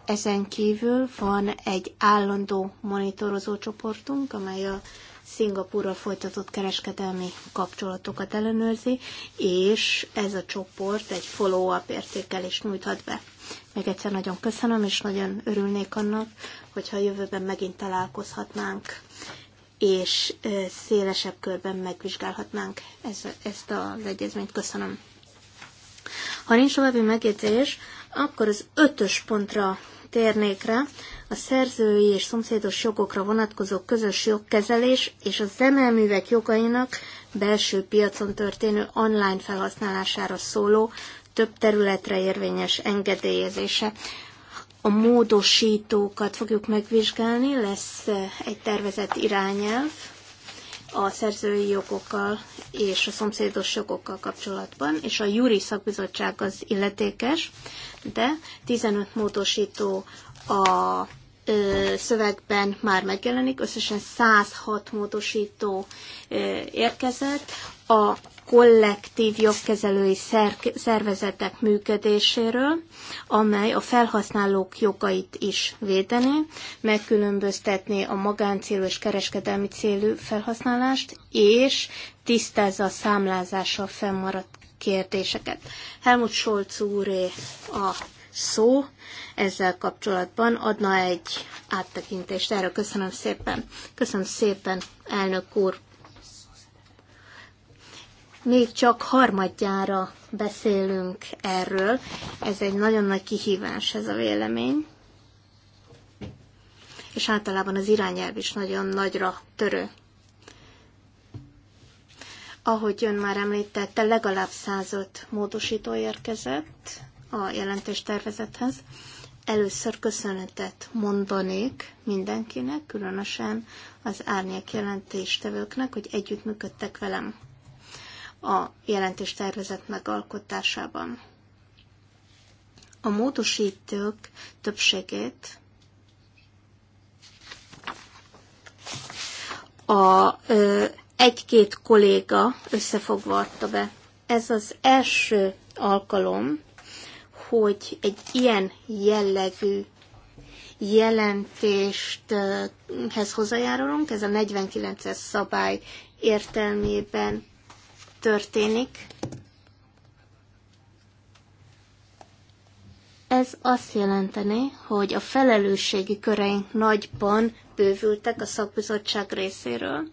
Ezen kívül van egy állandó monitorozó csoportunk, amely a Szingapúra folytatott kereskedelmi kapcsolatokat ellenőrzi, és ez a csoport egy follow-up értékelést nyújthat be. Még egyszer nagyon köszönöm, és nagyon örülnék annak, hogyha a jövőben megint találkozhatnánk és szélesebb körben megvizsgálhatnánk ezt az egyezményt. Köszönöm. Ha nincs további megjegyzés, akkor az ötös pontra térnék rá, a szerzői és szomszédos jogokra vonatkozó közös jogkezelés és a zeneművek jogainak belső piacon történő online felhasználására szóló több területre érvényes engedélyezése a módosítókat fogjuk megvizsgálni, lesz eh, egy tervezett irányelv a szerzői jogokkal és a szomszédos jogokkal kapcsolatban, és a júri szakbizottság az illetékes, de 15 módosító a ö, szövegben már megjelenik, összesen 106 módosító ö, érkezett. A kollektív jogkezelői szervezetek működéséről, amely a felhasználók jogait is védené, megkülönböztetné a magáncélú és kereskedelmi célú felhasználást, és tisztázza a számlázással fennmaradt kérdéseket. Helmut Scholz úré a szó ezzel kapcsolatban adna egy áttekintést. Erre köszönöm szépen. Köszönöm szépen, elnök úr még csak harmadjára beszélünk erről. Ez egy nagyon nagy kihívás ez a vélemény. És általában az irányelv is nagyon nagyra törő. Ahogy ön már említette, legalább 105 módosító érkezett a jelentés tervezethez. Először köszönetet mondanék mindenkinek, különösen az árnyék jelentéstevőknek, hogy együttműködtek velem a jelentés tervezet megalkotásában. A módosítők többségét a egy-két kolléga összefogva adta be. Ez az első alkalom, hogy egy ilyen jellegű jelentésthez hozzájárulunk, ez a 49-es szabály értelmében történik. Ez azt jelenteni, hogy a felelősségi köreink nagyban bővültek a szakbizottság részéről,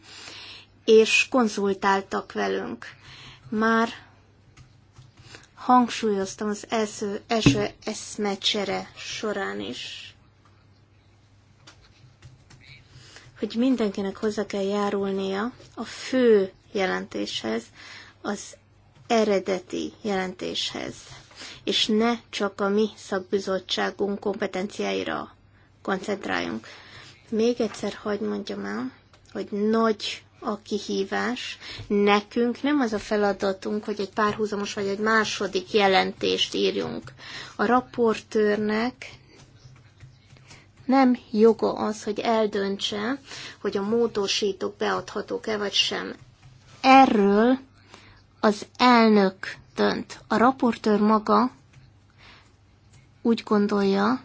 és konzultáltak velünk. Már hangsúlyoztam az első, első eszmecsere során is, hogy mindenkinek hozzá kell járulnia a fő jelentéshez, az eredeti jelentéshez, és ne csak a mi szakbizottságunk kompetenciáira koncentráljunk. Még egyszer hagyd mondjam el, hogy nagy a kihívás. Nekünk nem az a feladatunk, hogy egy párhuzamos vagy egy második jelentést írjunk. A raportőrnek nem joga az, hogy eldöntse, hogy a módosítók beadhatók-e vagy sem. Erről az elnök dönt. A raportőr maga úgy gondolja,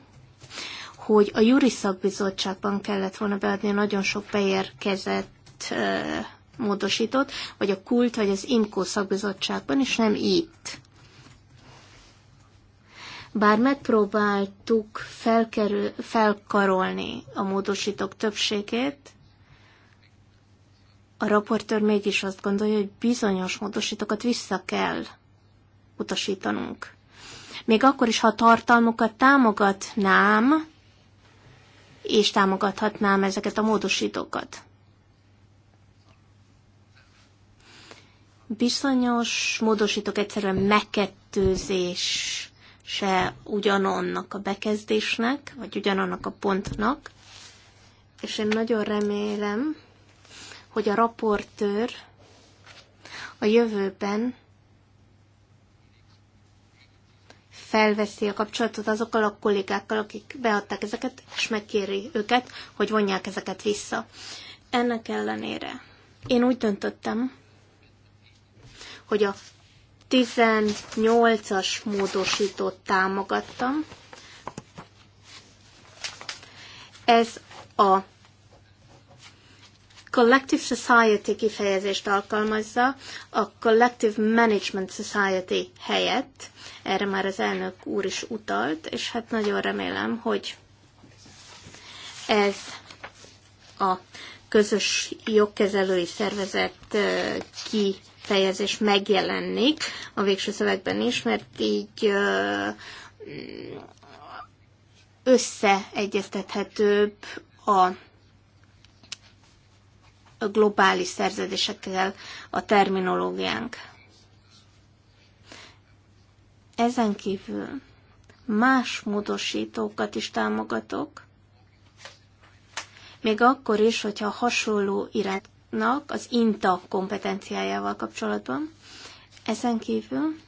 hogy a juri szakbizottságban kellett volna beadni nagyon sok beérkezett módosított, vagy a kult, vagy az IMKO szakbizottságban, és nem itt. Bár megpróbáltuk felkerül, felkarolni a módosítók többségét, a raportőr mégis azt gondolja, hogy bizonyos módosítókat vissza kell utasítanunk. Még akkor is, ha a tartalmukat támogatnám, és támogathatnám ezeket a módosítókat. Bizonyos módosítók egyszerűen megkettőzés se ugyanannak a bekezdésnek, vagy ugyanannak a pontnak, és én nagyon remélem, hogy a raportőr a jövőben felveszi a kapcsolatot azokkal a kollégákkal, akik beadták ezeket, és megkéri őket, hogy vonják ezeket vissza. Ennek ellenére én úgy döntöttem, hogy a 18-as módosítót támogattam. Ez a collective society kifejezést alkalmazza a collective management society helyett. Erre már az elnök úr is utalt, és hát nagyon remélem, hogy ez a közös jogkezelői szervezet kifejezés megjelenik a végső szövegben is, mert így mm, összeegyeztethetőbb a a globális szerződésekkel a terminológiánk. Ezen kívül más módosítókat is támogatok, még akkor is, hogyha hasonló iránynak az INTA kompetenciájával kapcsolatban. Ezen kívül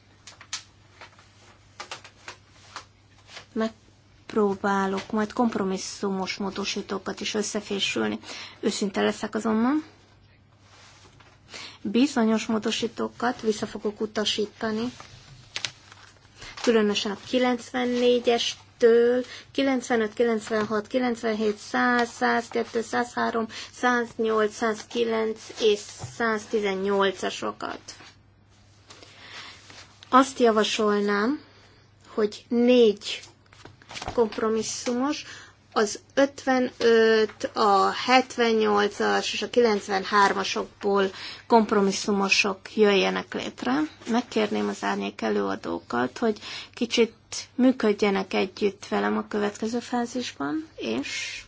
meg megpróbálok majd kompromisszumos módosítókat is összefésülni. Őszinte leszek azonban. Bizonyos módosítókat vissza fogok utasítani, különösen a 94 estől től 95, 96, 97, 100, 102, 103, 108, 109 és 118-asokat. Azt javasolnám, hogy négy kompromisszumos, az 55, a 78-as és a 93-asokból kompromisszumosok jöjjenek létre. Megkérném az árnyék előadókat, hogy kicsit működjenek együtt velem a következő fázisban, és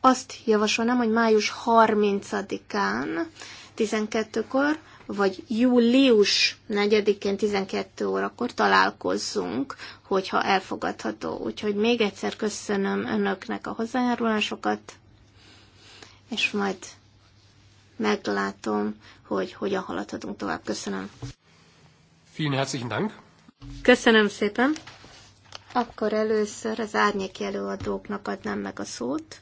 azt javasolnám, hogy május 30-án 12-kor vagy július 4-én 12 órakor találkozzunk, hogyha elfogadható. Úgyhogy még egyszer köszönöm önöknek a hozzájárulásokat, és majd meglátom, hogy hogyan haladhatunk tovább. Köszönöm. Vielen herzlichen Dank. Köszönöm szépen. Akkor először az árnyék előadóknak adnám meg a szót.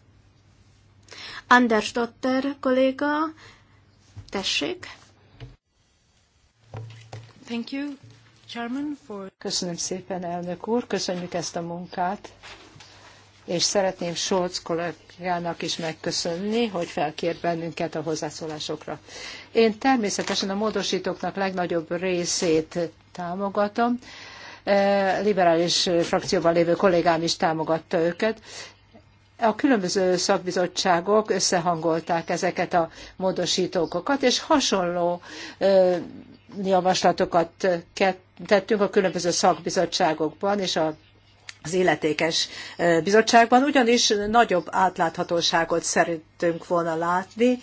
Anders Dotter kolléga, tessék. Thank you, Chairman, for... Köszönöm szépen, elnök úr, köszönjük ezt a munkát, és szeretném Scholz kollégának is megköszönni, hogy felkért bennünket a hozzászólásokra. Én természetesen a módosítóknak legnagyobb részét támogatom, e, liberális frakcióban lévő kollégám is támogatta őket, a különböző szakbizottságok összehangolták ezeket a módosítókokat, és hasonló e, javaslatokat tettünk a különböző szakbizottságokban és a az illetékes bizottságban, ugyanis nagyobb átláthatóságot szerettünk volna látni,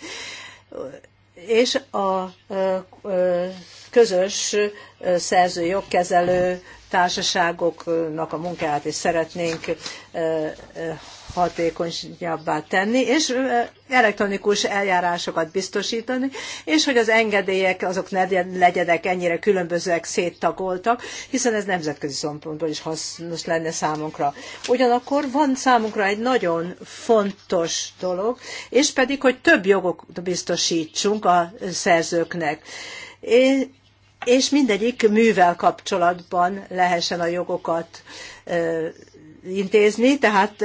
és a közös szerző jogkezelő társaságoknak a munkáját is szeretnénk hatékonyabbá tenni, és elektronikus eljárásokat biztosítani, és hogy az engedélyek azok ne legyenek ennyire különbözőek, széttagoltak, hiszen ez nemzetközi szempontból is hasznos lenne számunkra. Ugyanakkor van számunkra egy nagyon fontos dolog, és pedig, hogy több jogot biztosítsunk a szerzőknek. És és mindegyik művel kapcsolatban lehessen a jogokat intézni, tehát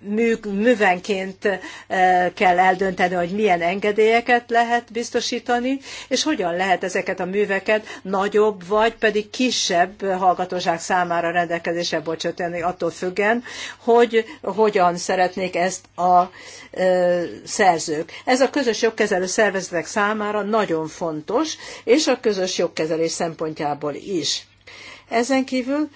mű, művenként kell eldönteni, hogy milyen engedélyeket lehet biztosítani, és hogyan lehet ezeket a műveket nagyobb vagy pedig kisebb hallgatóság számára rendelkezésre bocsátani, attól függen, hogy hogyan szeretnék ezt a szerzők. Ez a közös jogkezelő szervezetek számára nagyon fontos, és a közös jogkezelés szempontjából is. Ezen kívül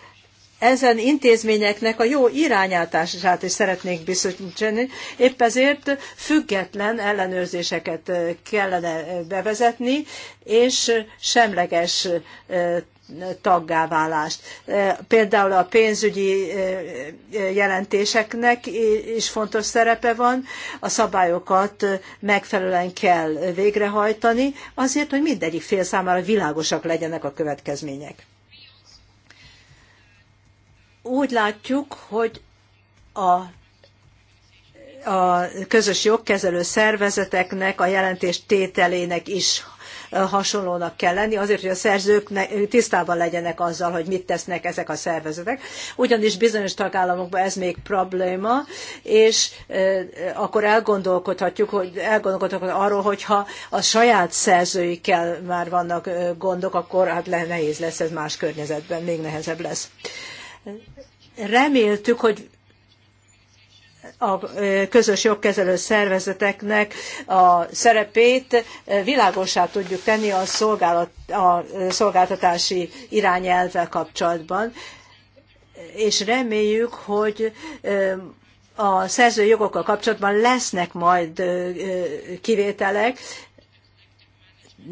ezen intézményeknek a jó irányítását is szeretnénk biztosítani. Épp ezért független ellenőrzéseket eh, kellene eh, bevezetni, és semleges eh, taggávállást. Például a pénzügyi jelentéseknek is fontos szerepe van, a szabályokat megfelelően kell végrehajtani, azért, hogy mindegyik fél számára világosak legyenek a következmények úgy látjuk, hogy a a közös jogkezelő szervezeteknek a jelentés tételének is hasonlónak kell lenni, azért, hogy a szerzők tisztában legyenek azzal, hogy mit tesznek ezek a szervezetek. Ugyanis bizonyos tagállamokban ez még probléma, és akkor elgondolkodhatjuk, hogy elgondolkodhatjuk arról, hogyha a saját szerzőikkel már vannak gondok, akkor hát nehéz lesz ez más környezetben, még nehezebb lesz reméltük, hogy a közös jogkezelő szervezeteknek a szerepét világosá tudjuk tenni a, szolgálat, a szolgáltatási irányelvvel kapcsolatban, és reméljük, hogy a szerzői jogokkal kapcsolatban lesznek majd kivételek,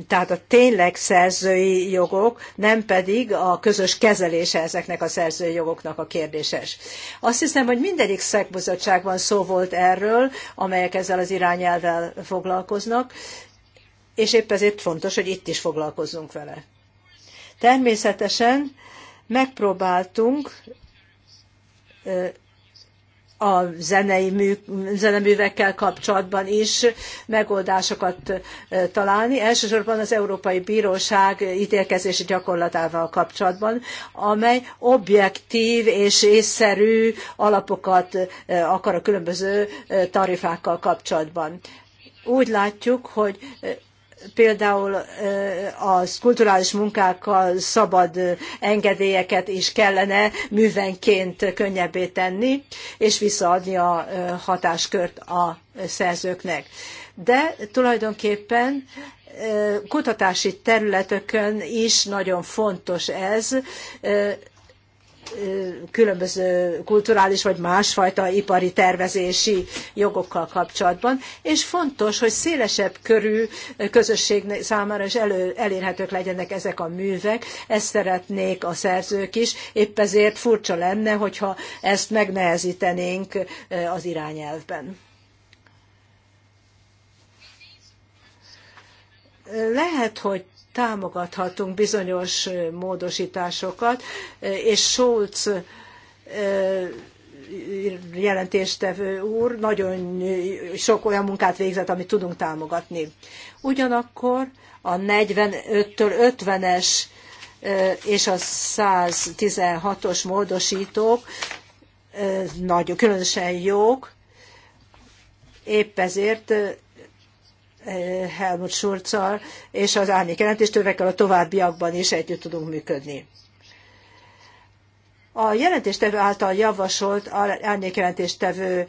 tehát a tényleg szerzői jogok, nem pedig a közös kezelése ezeknek a szerzői jogoknak a kérdéses. Azt hiszem, hogy mindegyik szakbizottságban szó volt erről, amelyek ezzel az irányelvel foglalkoznak, és épp ezért fontos, hogy itt is foglalkozzunk vele. Természetesen megpróbáltunk a zenei mű, zeneművekkel kapcsolatban is megoldásokat találni, elsősorban az Európai Bíróság ítélkezési gyakorlatával kapcsolatban, amely objektív és észszerű alapokat akar a különböző tarifákkal kapcsolatban. Úgy látjuk, hogy például a kulturális munkákkal szabad engedélyeket is kellene művenként könnyebbé tenni, és visszaadni a hatáskört a szerzőknek. De tulajdonképpen kutatási területeken is nagyon fontos ez, különböző kulturális vagy másfajta ipari tervezési jogokkal kapcsolatban, és fontos, hogy szélesebb körű közösség számára is elő, elérhetők legyenek ezek a művek, ezt szeretnék a szerzők is, épp ezért furcsa lenne, hogyha ezt megnehezítenénk eh, az irányelvben. Lehet, hogy támogathatunk bizonyos módosításokat, és Schulz jelentéstevő úr nagyon sok olyan munkát végzett, amit tudunk támogatni. Ugyanakkor a 45-től 50-es és a 116-os módosítók nagyon különösen jók, épp ezért Helmut Schurccal és az árnyék jelentéstővekkel a továbbiakban is együtt tudunk működni. A jelentéstevő által javasolt árnyékjelentéstevő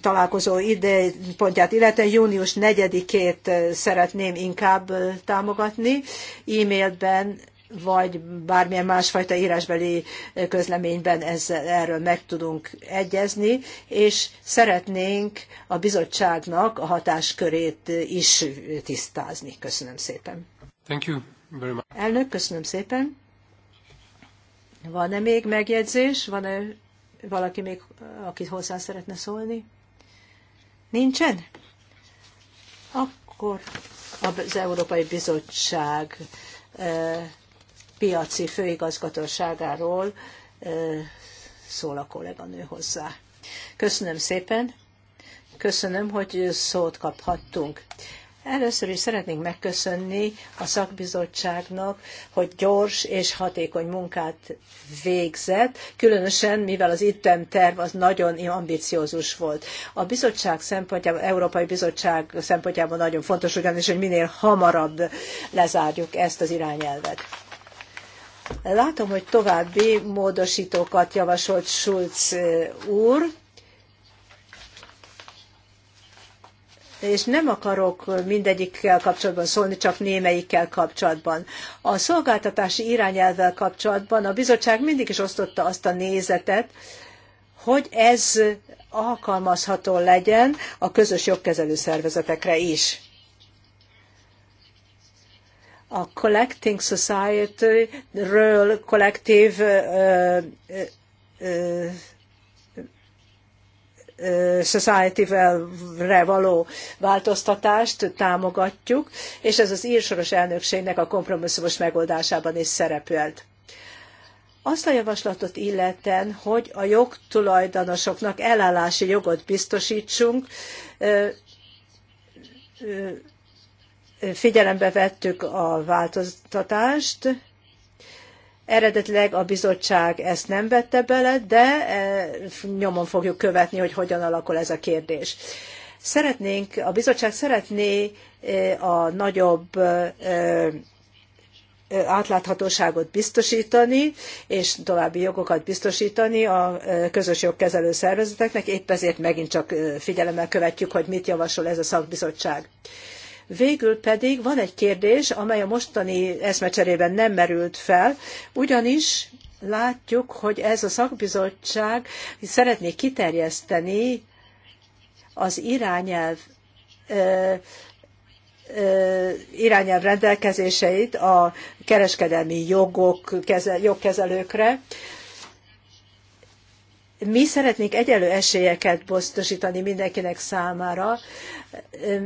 találkozó időpontját, illetve június 4-ét szeretném inkább támogatni. E-mailben vagy bármilyen másfajta írásbeli közleményben ezzel, erről meg tudunk egyezni, és szeretnénk a bizottságnak a hatáskörét is tisztázni. Köszönöm szépen. Thank you very much. Elnök, köszönöm szépen. Van-e még megjegyzés? Van-e valaki még, aki hozzá szeretne szólni? Nincsen? Akkor az Európai Bizottság eh, piaci főigazgatóságáról szól a kolléganő hozzá. Köszönöm szépen, köszönöm, hogy szót kaphattunk. Először is szeretnénk megköszönni a szakbizottságnak, hogy gyors és hatékony munkát végzett, különösen mivel az ITEM terv az nagyon ambiciózus volt. A bizottság szempontjából, Európai Bizottság szempontjából nagyon fontos ugyanis, hogy minél hamarabb lezárjuk ezt az irányelvet. Látom, hogy további módosítókat javasolt Schulz úr, és nem akarok mindegyikkel kapcsolatban szólni, csak némelyikkel kapcsolatban. A szolgáltatási irányelvvel kapcsolatban a bizottság mindig is osztotta azt a nézetet, hogy ez alkalmazható legyen a közös jogkezelő szervezetekre is a Collecting Society-ről kollektív Society-re való változtatást támogatjuk, és ez az írsoros elnökségnek a kompromisszumos megoldásában is szerepelt. Azt a javaslatot illeten, hogy a jogtulajdonosoknak elállási jogot biztosítsunk, figyelembe vettük a változtatást, Eredetileg a bizottság ezt nem vette bele, de e, nyomon fogjuk követni, hogy hogyan alakul ez a kérdés. Szeretnénk, a bizottság szeretné e, a nagyobb e, átláthatóságot biztosítani, és további jogokat biztosítani a közös jogkezelő szervezeteknek, épp ezért megint csak figyelemmel követjük, hogy mit javasol ez a szakbizottság. Végül pedig van egy kérdés, amely a mostani eszmecserében nem merült fel, ugyanis látjuk, hogy ez a szakbizottság szeretné kiterjeszteni az irányelv irányelv rendelkezéseit a kereskedelmi jogok, jogkezelőkre, mi szeretnénk egyelő esélyeket biztosítani mindenkinek számára,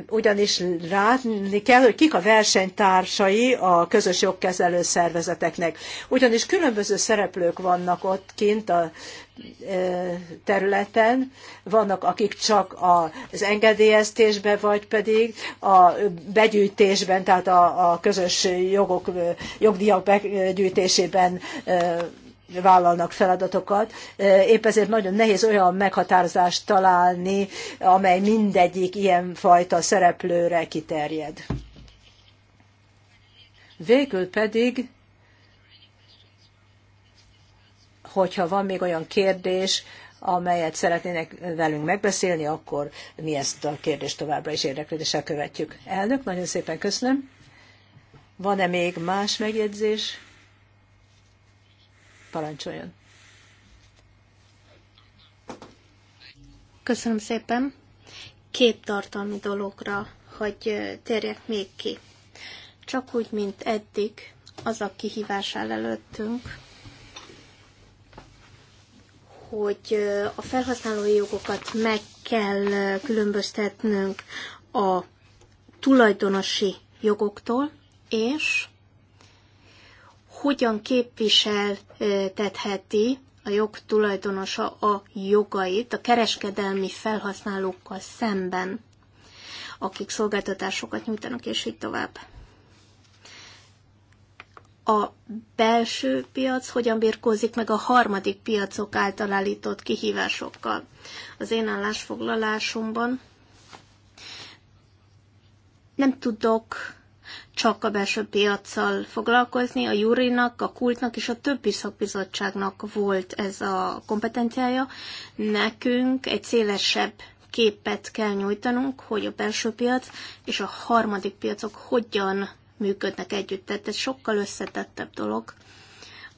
ugyanis látni kell, hogy kik a versenytársai a közös jogkezelő szervezeteknek. Ugyanis különböző szereplők vannak ott kint a területen, vannak akik csak az engedélyeztésben, vagy pedig a begyűjtésben, tehát a, közös jogok, jogdíjak begyűjtésében vállalnak feladatokat. Eh, épp ezért nagyon nehéz olyan meghatározást találni, amely mindegyik ilyen fajta szereplőre kiterjed. Végül pedig, hogyha van még olyan kérdés, amelyet szeretnének velünk megbeszélni, akkor mi ezt a kérdést továbbra is érdeklődéssel követjük. Elnök, nagyon szépen köszönöm. Van-e még más megjegyzés? Parancsoljon. Köszönöm szépen. Két tartalmi dologra, hogy térjek még ki. Csak úgy, mint eddig, az a kihívás áll előttünk, hogy a felhasználói jogokat meg kell különböztetnünk a tulajdonosi jogoktól, és hogyan képviseltetheti a jogtulajdonosa a jogait a kereskedelmi felhasználókkal szemben, akik szolgáltatásokat nyújtanak, és így tovább. A belső piac hogyan birkózik meg a harmadik piacok által állított kihívásokkal? Az én állásfoglalásomban nem tudok csak a belső piacsal foglalkozni, a Jurinak, a Kultnak és a többi szakbizottságnak volt ez a kompetenciája. Nekünk egy szélesebb képet kell nyújtanunk, hogy a belső piac és a harmadik piacok hogyan működnek együtt. Tehát ez sokkal összetettebb dolog.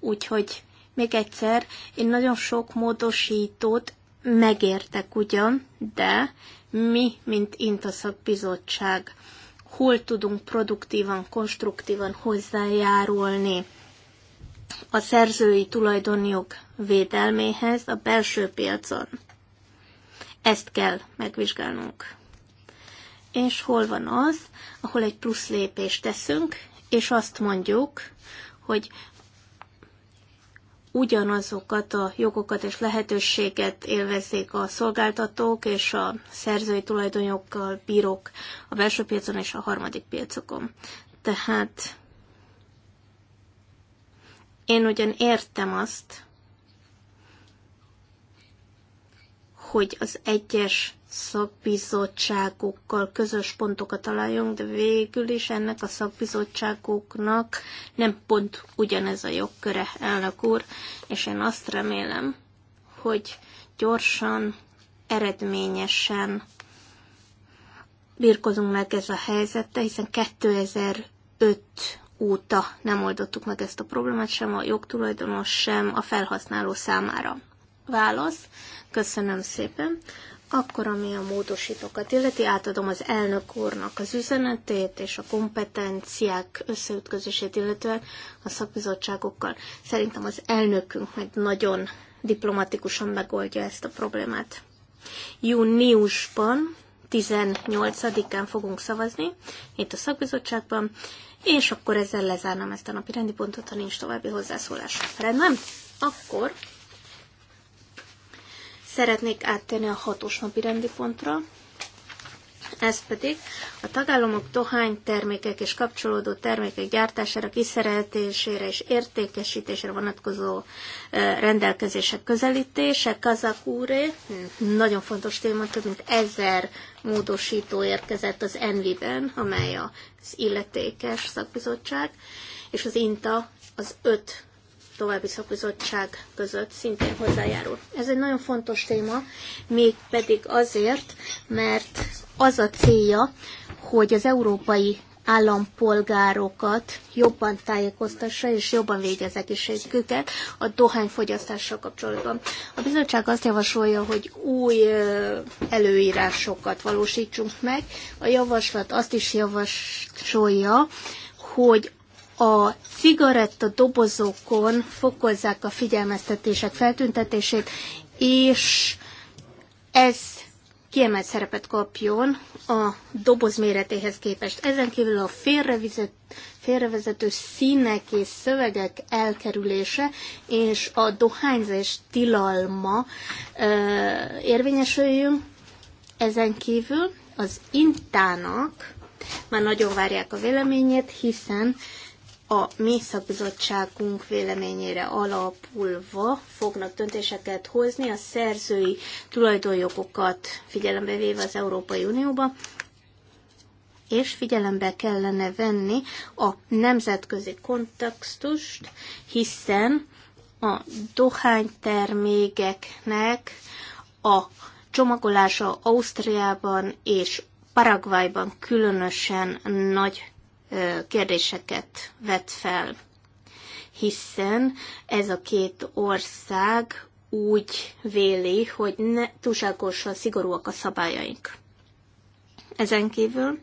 Úgyhogy még egyszer, én nagyon sok módosítót megértek ugyan, de mi, mint Intaszak Bizottság, hol tudunk produktívan, konstruktívan hozzájárulni a szerzői tulajdonjog védelméhez a belső piacon. Ezt kell megvizsgálnunk. És hol van az, ahol egy plusz lépést teszünk, és azt mondjuk, hogy ugyanazokat a jogokat és lehetőséget élvezzék a szolgáltatók és a szerzői tulajdonjogkal bírók a belső piacon és a harmadik piacokon. Tehát én ugyan értem azt, hogy az egyes szakbizottságokkal közös pontokat találjunk, de végül is ennek a szakbizottságoknak nem pont ugyanez a jogköre, elnök úr, és én azt remélem, hogy gyorsan, eredményesen birkozunk meg ez a helyzettel, hiszen 2005 óta nem oldottuk meg ezt a problémát, sem a jogtulajdonos, sem a felhasználó számára válasz. Köszönöm szépen. Akkor, ami a módosítókat illeti, átadom az elnök úrnak az üzenetét és a kompetenciák összeütközését, illetően a szakbizottságokkal. Szerintem az elnökünk meg nagyon diplomatikusan megoldja ezt a problémát. Júniusban 18-án fogunk szavazni itt a szakbizottságban, és akkor ezzel lezárnám ezt a napi rendi pontot, ha nincs további hozzászólás. Rendben? Akkor Szeretnék áttérni a hatos napi rendi pontra. Ez pedig a tagállamok termékek és kapcsolódó termékek gyártására, kiszereltésére és értékesítésére vonatkozó rendelkezések közelítése. Kazakúré, nagyon fontos téma, több mint ezer módosító érkezett az Envi-ben, amely az illetékes szakbizottság, és az INTA az öt további szakbizottság között szintén hozzájárul. Ez egy nagyon fontos téma, még pedig azért, mert az a célja, hogy az európai állampolgárokat jobban tájékoztassa és jobban végezek is őket a dohányfogyasztással kapcsolatban. A bizottság azt javasolja, hogy új előírásokat valósítsunk meg. A javaslat azt is javasolja, hogy a cigaretta dobozokon fokozzák a figyelmeztetések feltüntetését, és ez kiemelt szerepet kapjon a doboz méretéhez képest. Ezen kívül a félrevezet, félrevezető színek és szövegek elkerülése és a dohányzás tilalma ö, érvényesüljön. Ezen kívül az intának már nagyon várják a véleményét, hiszen a mi szakbizottságunk véleményére alapulva fognak döntéseket hozni a szerzői tulajdonjogokat figyelembe véve az Európai Unióban, és figyelembe kellene venni a nemzetközi kontextust, hiszen a dohánytermékeknek a csomagolása Ausztriában és Paraguayban különösen nagy kérdéseket vet fel, hiszen ez a két ország úgy véli, hogy ne, túlságosan szigorúak a szabályaink. Ezen kívül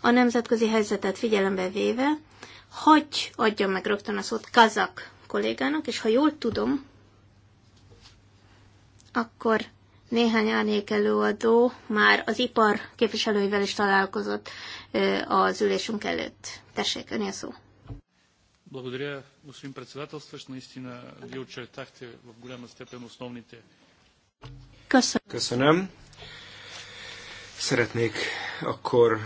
a nemzetközi helyzetet figyelembe véve, hogy adjam meg rögtön a szót kazak kollégának, és ha jól tudom, akkor néhány árnyék előadó már az ipar képviselőivel is találkozott az ülésünk előtt. Tessék, önél szó. Благодаря, господин председателстващ. Наистина, вие очертахте в голяма степен основните. Köszönöm. Köszönöm. Szeretnék akkor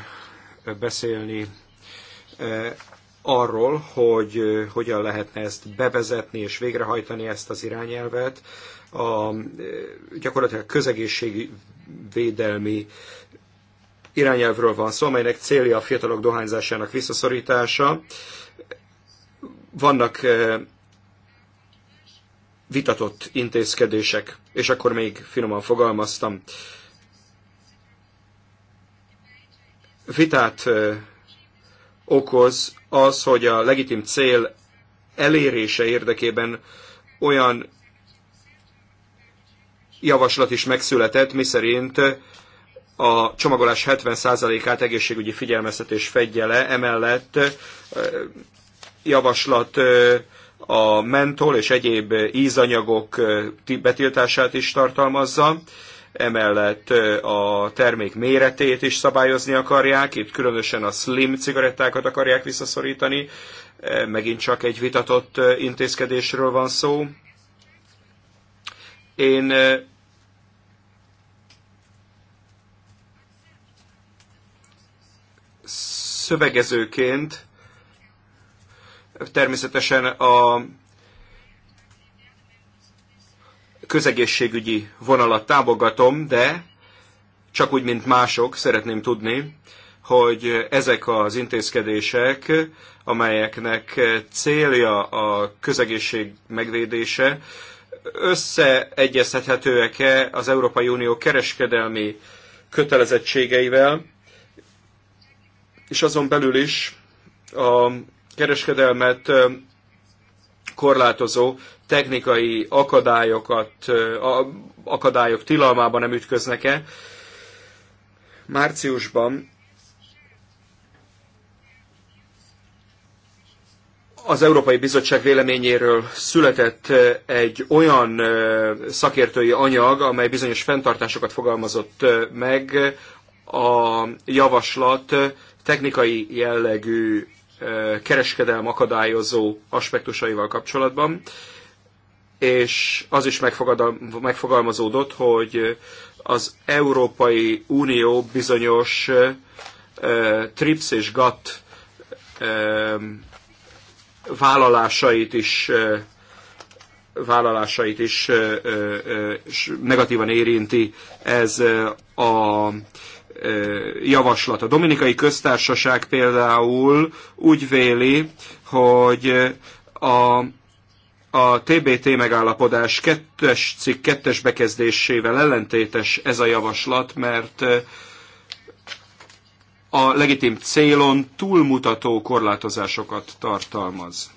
beszélni arról, hogy hogyan lehetne ezt bevezetni és végrehajtani ezt az irányelvet. A gyakorlatilag közegészségi védelmi irányelvről van szó, amelynek célja a fiatalok dohányzásának visszaszorítása. Vannak vitatott intézkedések, és akkor még finoman fogalmaztam. Vitát okoz az, hogy a legitim cél elérése érdekében olyan javaslat is megszületett, miszerint a csomagolás 70%-át egészségügyi figyelmeztetés fedje le, emellett javaslat a mentol és egyéb ízanyagok betiltását is tartalmazza, emellett a termék méretét is szabályozni akarják, itt különösen a slim cigarettákat akarják visszaszorítani, megint csak egy vitatott intézkedésről van szó. Én szövegezőként természetesen a közegészségügyi vonalat támogatom, de csak úgy, mint mások, szeretném tudni, hogy ezek az intézkedések, amelyeknek célja a közegészség megvédése, összeegyeztethetőek-e az Európai Unió kereskedelmi kötelezettségeivel, és azon belül is a kereskedelmet korlátozó technikai akadályokat, akadályok tilalmában nem ütköznek-e. Márciusban az Európai Bizottság véleményéről született egy olyan szakértői anyag, amely bizonyos fenntartásokat fogalmazott meg a javaslat technikai jellegű kereskedelm akadályozó aspektusaival kapcsolatban, és az is megfogalmazódott, hogy az Európai Unió bizonyos TRIPS és GATT vállalásait is vállalásait is negatívan érinti ez a javaslat. A Dominikai Köztársaság például úgy véli, hogy a a TBT megállapodás kettes cikk kettes bekezdésével ellentétes ez a javaslat, mert a legitim célon túlmutató korlátozásokat tartalmaz.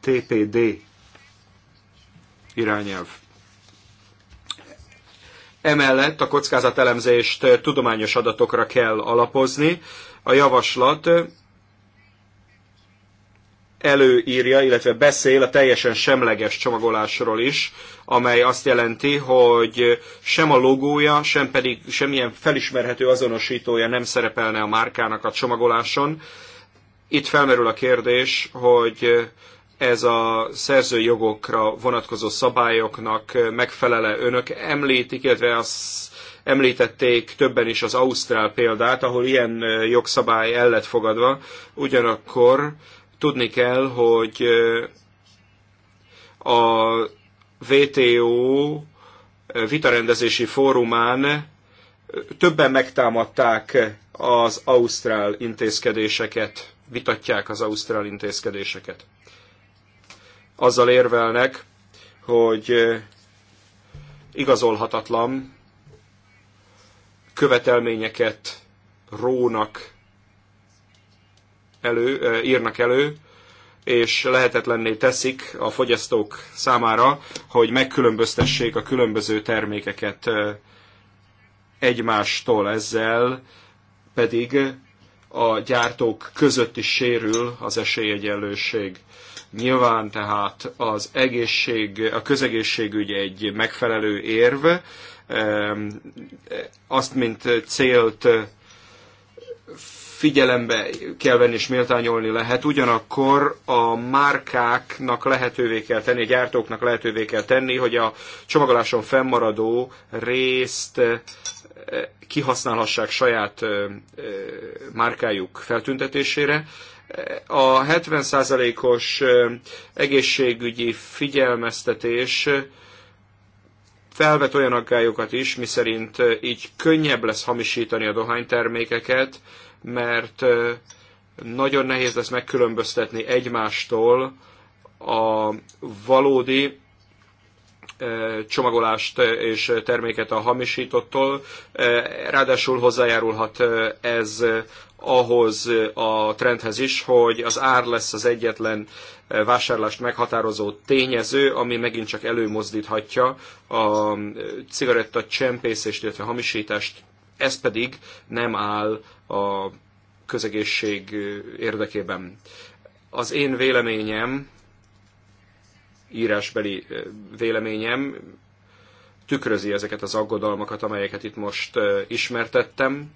TPD irányelv. Emellett a kockázatelemzést tudományos adatokra kell alapozni. A javaslat előírja, illetve beszél a teljesen semleges csomagolásról is, amely azt jelenti, hogy sem a logója, sem pedig semmilyen felismerhető azonosítója nem szerepelne a márkának a csomagoláson. Itt felmerül a kérdés, hogy ez a szerzői jogokra vonatkozó szabályoknak megfelele önök említik, illetve az említették többen is az Ausztrál példát, ahol ilyen jogszabály el lett fogadva, ugyanakkor tudni kell, hogy a WTO vitarendezési fórumán többen megtámadták az ausztrál intézkedéseket, vitatják az ausztrál intézkedéseket azzal érvelnek, hogy igazolhatatlan követelményeket rónak elő, írnak elő, és lehetetlenné teszik a fogyasztók számára, hogy megkülönböztessék a különböző termékeket egymástól ezzel, pedig a gyártók között is sérül az esélyegyenlőség. Nyilván tehát az egészség, a közegészségügy egy megfelelő érv, azt, mint célt figyelembe kell venni és méltányolni lehet, ugyanakkor a márkáknak lehetővé kell tenni, a gyártóknak lehetővé kell tenni, hogy a csomagoláson fennmaradó részt eh, kihasználhassák saját eh, eh, márkájuk feltüntetésére, a 70%-os egészségügyi figyelmeztetés felvet olyan aggályokat is, miszerint így könnyebb lesz hamisítani a dohánytermékeket, mert nagyon nehéz lesz megkülönböztetni egymástól a valódi csomagolást és terméket a hamisítottól. Ráadásul hozzájárulhat ez ahhoz eh, a trendhez is, hogy az ár lesz az egyetlen eh, vásárlást meghatározó tényező, ami megint csak előmozdíthatja a eh, cigaretta csempészést, illetve hamisítást. Ez pedig nem áll a közegészség érdekében. Az én véleményem, írásbeli véleményem tükrözi ezeket az aggodalmakat, amelyeket itt most ismertettem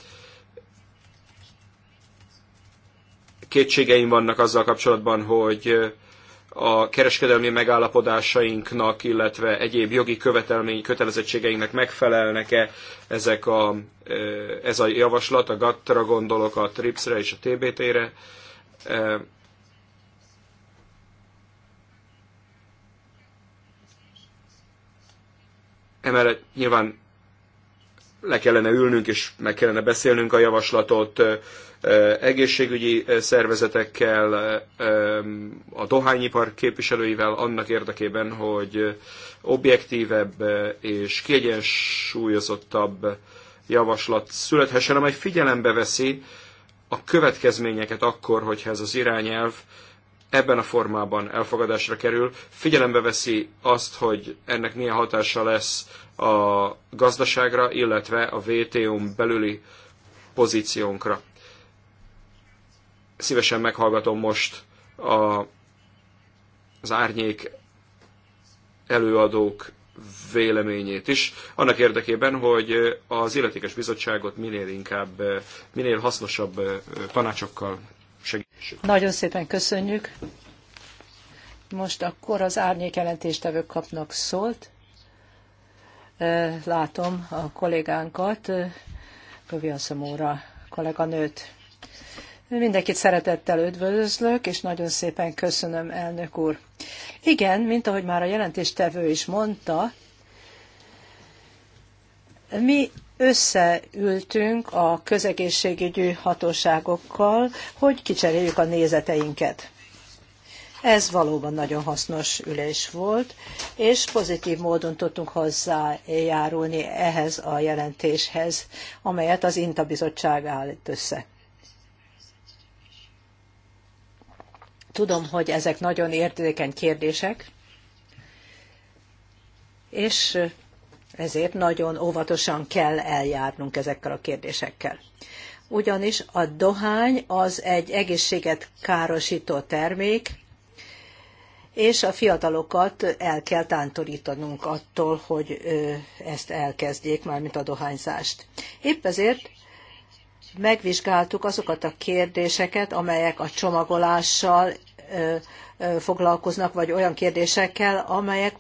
kétségeim vannak azzal kapcsolatban, hogy a kereskedelmi megállapodásainknak, illetve egyéb jogi követelmény kötelezettségeinknek megfelelnek-e ezek a, ez a javaslat, a GATT-ra gondolok, a TRIPS-re és a TBT-re. Emellett nyilván le kellene ülnünk és meg kellene beszélnünk a javaslatot egészségügyi szervezetekkel, a dohányipar képviselőivel annak érdekében, hogy objektívebb és kiegyensúlyozottabb javaslat születhessen, amely figyelembe veszi a következményeket akkor, hogyha ez az irányelv ebben a formában elfogadásra kerül, figyelembe veszi azt, hogy ennek milyen hatása lesz a gazdaságra, illetve a vto n belüli pozíciónkra. Szívesen meghallgatom most a, az árnyék előadók véleményét is, annak érdekében, hogy az illetékes bizottságot minél inkább, minél hasznosabb tanácsokkal nagyon szépen köszönjük. Most akkor az árnyék jelentéstevők kapnak szólt. Látom a kollégánkat, Köviaszomóra kolléganőt. Mindenkit szeretettel üdvözlök, és nagyon szépen köszönöm, elnök úr. Igen, mint ahogy már a jelentéstevő is mondta, mi összeültünk a közegészségügyi hatóságokkal, hogy kicseréljük a nézeteinket. Ez valóban nagyon hasznos ülés volt, és pozitív módon tudtunk hozzájárulni ehhez a jelentéshez, amelyet az INTA bizottság állít össze. Tudom, hogy ezek nagyon értékeny kérdések, és ezért nagyon óvatosan kell eljárnunk ezekkel a kérdésekkel. Ugyanis a dohány az egy egészséget károsító termék, és a fiatalokat el kell tántorítanunk attól, hogy ezt elkezdjék, mármint a dohányzást. Épp ezért megvizsgáltuk azokat a kérdéseket, amelyek a csomagolással foglalkoznak, vagy olyan kérdésekkel, amelyek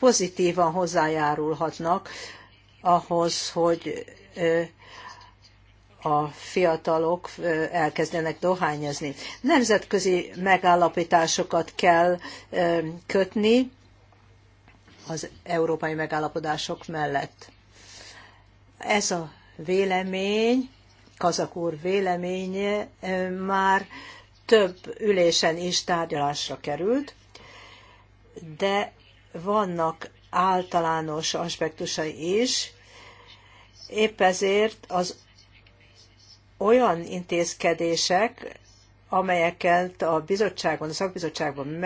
pozitívan hozzájárulhatnak ahhoz, hogy a fiatalok elkezdenek dohányozni. Nemzetközi megállapításokat kell kötni az európai megállapodások mellett. Ez a vélemény, Kazak úr véleménye már több ülésen is tárgyalásra került, de vannak általános aspektusai is, épp ezért az olyan intézkedések, amelyeket a bizottságban, a szakbizottságban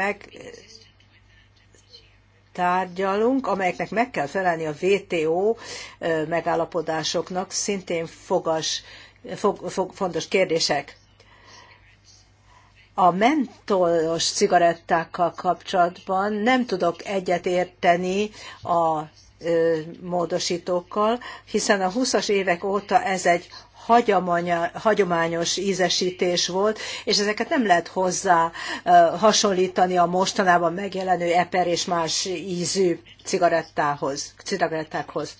tárgyalunk, amelyeknek meg kell felelni a WTO megállapodásoknak, szintén fogas, fog, fog, fontos kérdések. A mentolos cigarettákkal kapcsolatban nem tudok egyet érteni a módosítókkal, hiszen a 20-as évek óta ez egy hagyományos ízesítés volt, és ezeket nem lehet hozzá hasonlítani a mostanában megjelenő eper és más ízű cigarettához, cigarettákhoz.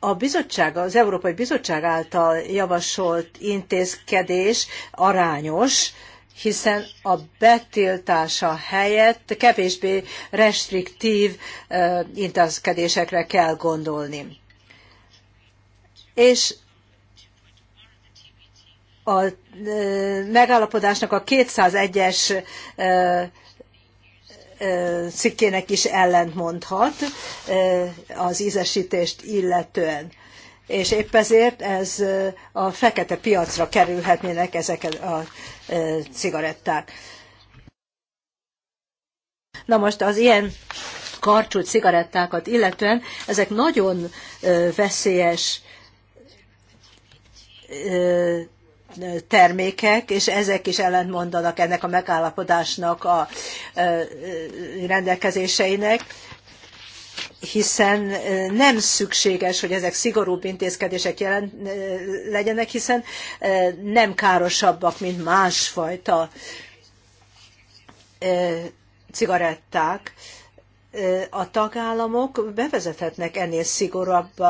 A bizottság, az Európai Bizottság által javasolt intézkedés arányos, hiszen a betiltása helyett kevésbé restriktív intézkedésekre kell gondolni. És a megállapodásnak a 201-es cikkének is ellentmondhat az ízesítést illetően. És épp ezért ez a fekete piacra kerülhetnének ezek a cigaretták. Na most az ilyen karcsú cigarettákat illetően ezek nagyon veszélyes termékek, és ezek is ellentmondanak ennek a megállapodásnak a rendelkezéseinek hiszen nem szükséges, hogy ezek szigorúbb intézkedések jelen, legyenek, hiszen nem károsabbak, mint másfajta cigaretták a tagállamok bevezethetnek ennél szigorúbb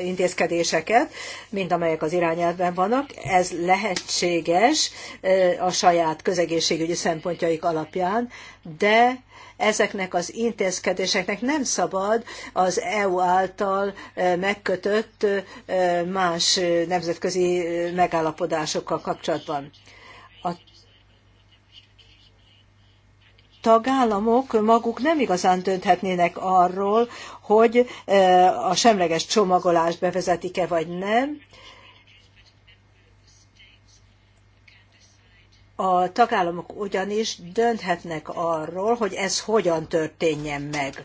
intézkedéseket, mint amelyek az irányelvben vannak. Ez lehetséges a saját közegészségügyi szempontjaik alapján, de ezeknek az intézkedéseknek nem szabad az EU által megkötött más nemzetközi megállapodásokkal kapcsolatban. A tagállamok maguk nem igazán dönthetnének arról, hogy e, a semleges csomagolást bevezetik-e vagy nem. A tagállamok ugyanis dönthetnek arról, hogy ez hogyan történjen meg.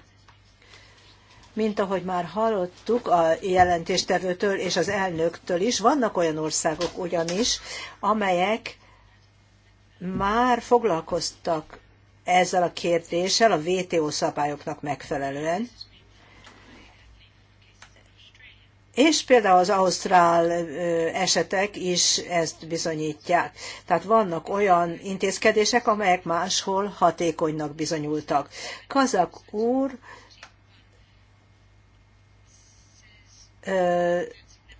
Mint ahogy már hallottuk a jelentéstevőtől és az elnöktől is, vannak olyan országok ugyanis, amelyek már foglalkoztak ezzel a kérdéssel a WTO szabályoknak megfelelően. És például az ausztrál esetek is ezt bizonyítják. Tehát vannak olyan intézkedések, amelyek máshol hatékonynak bizonyultak. Kazak úr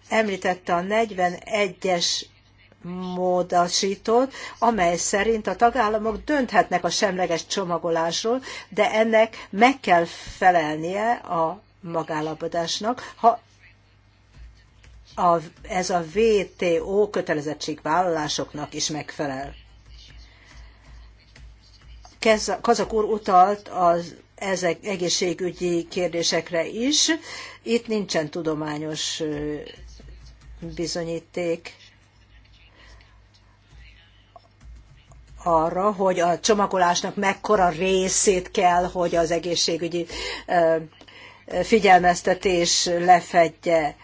említette a 41-es módosítót, amely szerint a tagállamok dönthetnek a semleges csomagolásról, de ennek meg kell felelnie a magállapodásnak, ha a, ez a VTO kötelezettségvállalásoknak is megfelel. Kazak úr utalt az ezek egészségügyi kérdésekre is. Itt nincsen tudományos bizonyíték arra, hogy a csomagolásnak mekkora részét kell, hogy az egészségügyi figyelmeztetés lefedje,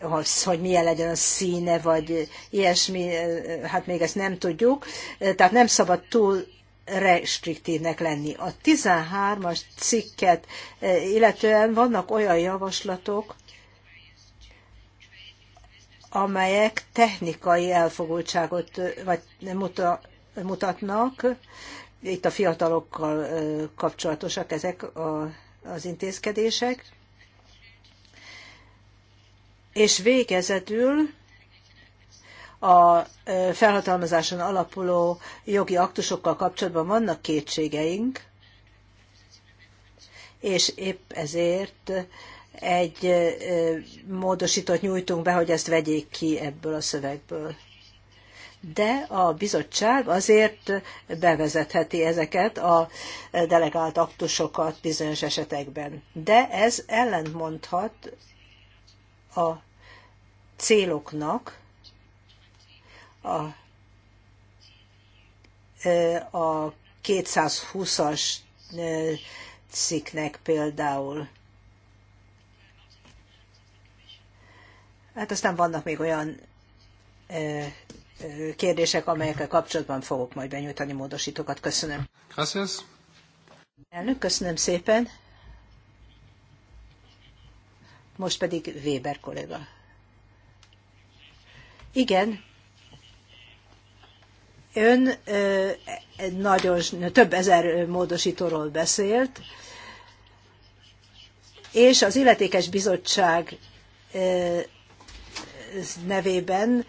az, hogy milyen legyen a színe, vagy ilyesmi, hát még ezt nem tudjuk. Tehát nem szabad túl restriktívnek lenni. A 13-as cikket illetően vannak olyan javaslatok, amelyek technikai elfogultságot vagy muta, mutatnak. Itt a fiatalokkal kapcsolatosak ezek a, az intézkedések. És végezetül a felhatalmazáson alapuló jogi aktusokkal kapcsolatban vannak kétségeink, és épp ezért egy módosítót nyújtunk be, hogy ezt vegyék ki ebből a szövegből de a bizottság azért bevezetheti ezeket a delegált aktusokat bizonyos esetekben. De ez ellentmondhat a céloknak, a, a 220-as cikknek például. Hát aztán vannak még olyan kérdések, amelyekkel kapcsolatban fogok majd benyújtani módosítókat. Köszönöm. Gracias. Elnök, köszönöm szépen. Most pedig Weber kolléga. Igen, Ön ö, nagyon, több ezer módosítóról beszélt, és az illetékes bizottság ö, nevében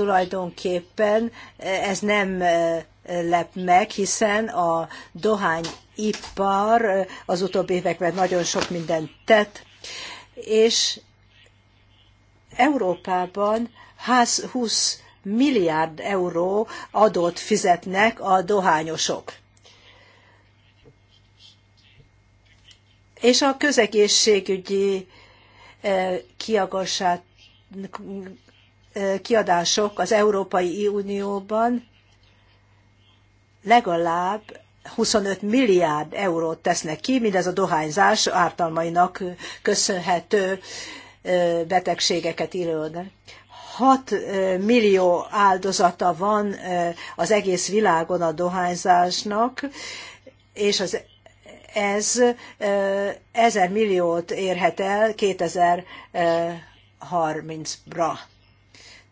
tulajdonképpen e, ez nem e, lep meg, hiszen a dohányipar e, az utóbbi években nagyon sok mindent tett, és Európában 20 milliárd euró adót fizetnek a dohányosok. És a közegészségügyi kiagassát kiadások az Európai Unióban legalább 25 milliárd eurót tesznek ki, mindez a dohányzás ártalmainak köszönhető betegségeket illőnek. 6 millió áldozata van az egész világon a dohányzásnak, és az, ez 1000 milliót érhet el 2030-ra.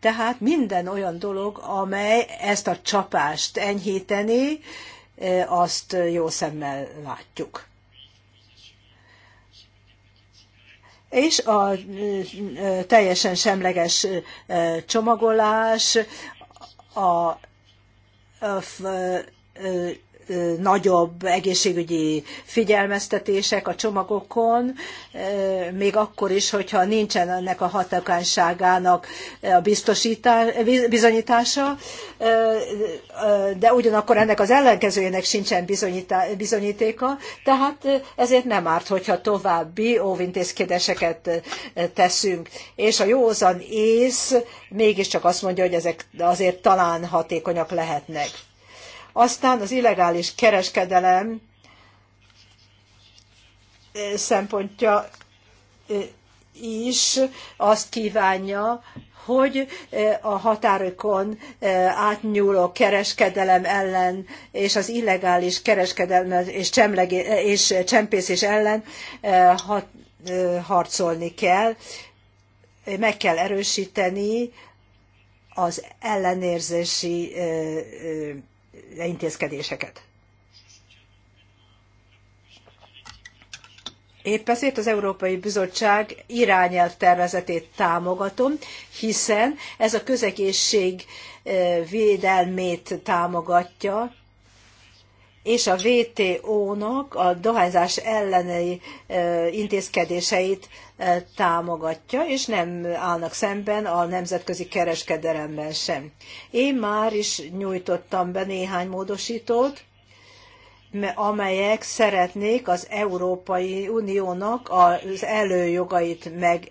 Tehát minden olyan dolog, amely ezt a csapást enyhíteni, e, azt jó szemmel látjuk. És a e, teljesen semleges e, csomagolás, a, a, a nagyobb egészségügyi figyelmeztetések a csomagokon, még akkor is, hogyha nincsen ennek a hatékonyságának a bizonyítása, de ugyanakkor ennek az ellenkezőjének sincsen bizonyítéka, tehát ezért nem árt, hogyha további óvintézkedéseket teszünk. És a józan ész mégiscsak azt mondja, hogy ezek azért talán hatékonyak lehetnek aztán az illegális kereskedelem szempontja is azt kívánja, hogy a határokon átnyúló kereskedelem ellen és az illegális kereskedelem és, csemlegé, és csempészés ellen harcolni kell. Meg kell erősíteni az ellenérzési intézkedéseket. Épp ezért az Európai Bizottság irányelv tervezetét támogatom, hiszen ez a közegészség eh, védelmét támogatja, és a WTO-nak a dohányzás elleni intézkedéseit támogatja, és nem állnak szemben a nemzetközi kereskedelemben sem. Én már is nyújtottam be néhány módosítót, amelyek szeretnék az Európai Uniónak az előjogait meg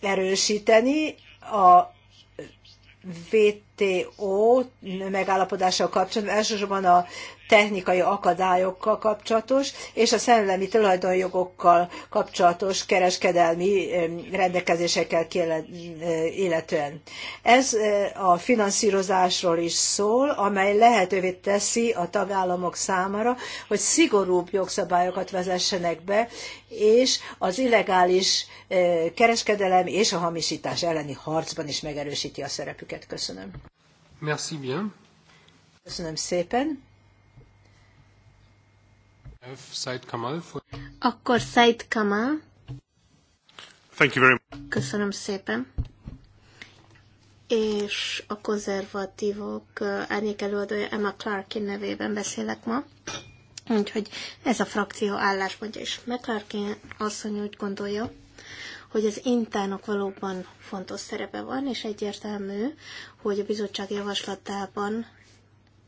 erősíteni a WTO WTO megállapodással kapcsolatban, elsősorban a technikai akadályokkal kapcsolatos, és a szellemi tulajdonjogokkal kapcsolatos kereskedelmi rendelkezésekkel illetően. Ez e, a finanszírozásról is szól, amely lehetővé teszi a tagállamok számára, hogy szigorúbb jogszabályokat vezessenek be, és az illegális e, kereskedelem és a hamisítás elleni harcban is megerősíti a szerepüket. Köszönöm. Merci bien. Köszönöm szépen. F. Said Kamal. For... Akkor Said Kamal. Thank you very much. Köszönöm szépen. És a konzervatívok eh, árnyék előadója Emma Clarkin nevében beszélek ma. Úgyhogy ez a frakció álláspontja is. McClarkin asszony úgy gondolja, hogy az intának valóban fontos szerepe van, és egyértelmű, hogy a bizottság javaslatában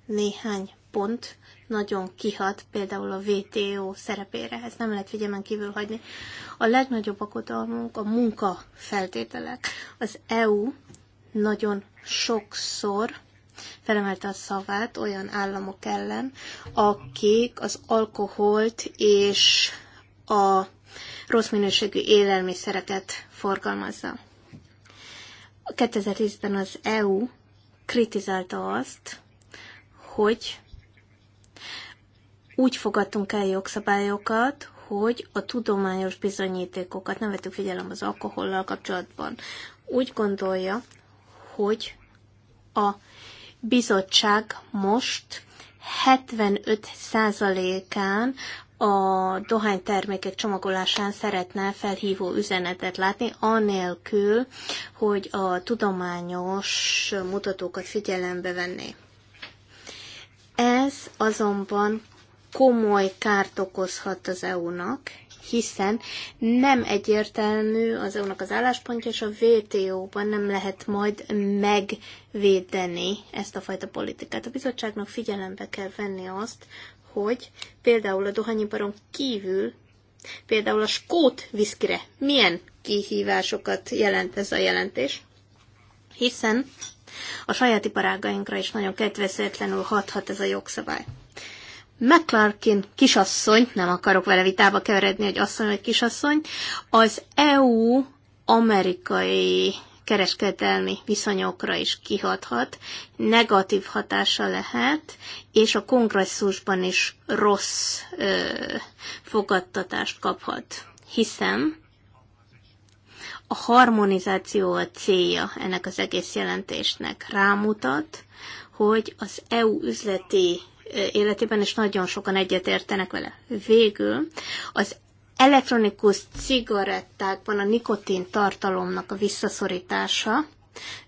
néhány pont nagyon kihat, például a VTO szerepére, ezt nem lehet figyelmen kívül hagyni. A legnagyobb aggodalmunk a munkafeltételek. Az EU nagyon sokszor felemelte a szavát olyan államok ellen, akik az alkoholt és a rossz minőségű élelmiszereket forgalmazza. 2010-ben az EU kritizálta azt, hogy úgy fogadtunk el jogszabályokat, hogy a tudományos bizonyítékokat nem vettük figyelembe az alkohollal kapcsolatban. Úgy gondolja, hogy a bizottság most 75%-án a dohánytermékek csomagolásán szeretne felhívó üzenetet látni, anélkül, hogy a tudományos mutatókat figyelembe venné. Ez azonban komoly kárt okozhat az EU-nak, hiszen nem egyértelmű az EU-nak az álláspontja, és a WTO-ban nem lehet majd megvédeni ezt a fajta politikát. A bizottságnak figyelembe kell venni azt, hogy például a dohányiparon kívül, például a skót viszkire milyen kihívásokat jelent ez a jelentés, hiszen a saját iparágainkra is nagyon kedvezetlenül hathat ez a jogszabály. McClarkin kisasszony, nem akarok vele vitába keveredni, hogy asszony vagy kisasszony, az EU amerikai kereskedelmi viszonyokra is kihathat, negatív hatása lehet, és a kongresszusban is rossz ö, fogadtatást kaphat. hiszen a harmonizáció a célja ennek az egész jelentésnek. Rámutat, hogy az EU üzleti életében, és nagyon sokan egyetértenek vele. Végül az elektronikus cigarettákban a nikotin tartalomnak a visszaszorítása.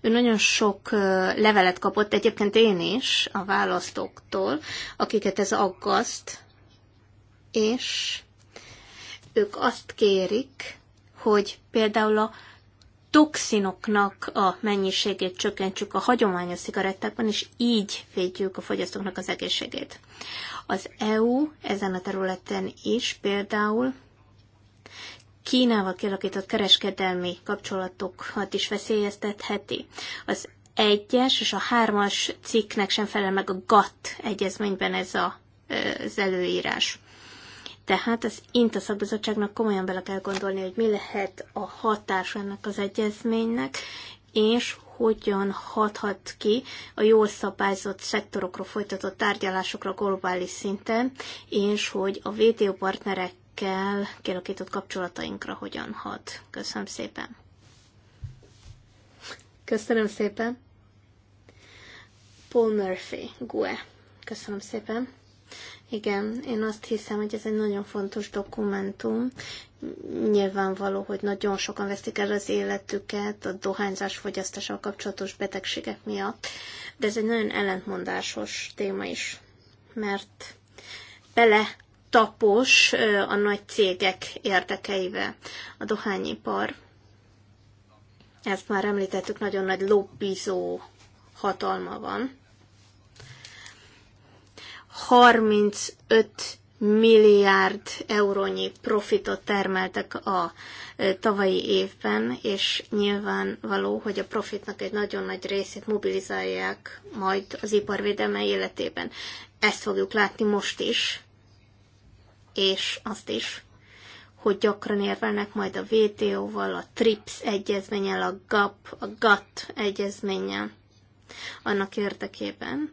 Ő nagyon sok levelet kapott, egyébként én is a választóktól, akiket ez aggaszt, és ők azt kérik, hogy például a toxinoknak a mennyiségét csökkentsük a hagyományos cigarettákban, és így védjük a fogyasztóknak az egészségét. Az EU ezen a területen is például Kínával kialakított kereskedelmi kapcsolatokat is veszélyeztetheti. Az egyes és a hármas cikknek sem felel meg a GATT egyezményben ez a, az előírás. Tehát az INTA szakbizottságnak komolyan bele kell gondolni, hogy mi lehet a hatás ennek az egyezménynek, és hogyan hathat ki a jól szabályzott szektorokra folytatott tárgyalásokra globális szinten, és hogy a VTO partnerek partnerekkel kialakított kapcsolatainkra hogyan hat. Köszönöm szépen. Köszönöm szépen. Paul Murphy, GUE. Köszönöm szépen. Igen, én azt hiszem, hogy ez egy nagyon fontos dokumentum. Nyilvánvaló, hogy nagyon sokan veszik el az életüket a dohányzás fogyasztással kapcsolatos betegségek miatt, de ez egy nagyon ellentmondásos téma is, mert bele tapos a nagy cégek érdekeivel. A dohányipar, ezt már említettük, nagyon nagy lobbizó hatalma van. 35 milliárd eurónyi profitot termeltek a tavalyi évben, és nyilvánvaló, hogy a profitnak egy nagyon nagy részét mobilizálják majd az iparvédelme életében. Ezt fogjuk látni most is és azt is, hogy gyakran érvelnek majd a WTO-val, a TRIPS egyezménnyel, a GAP, a GATT egyezménnyel. Annak érdekében,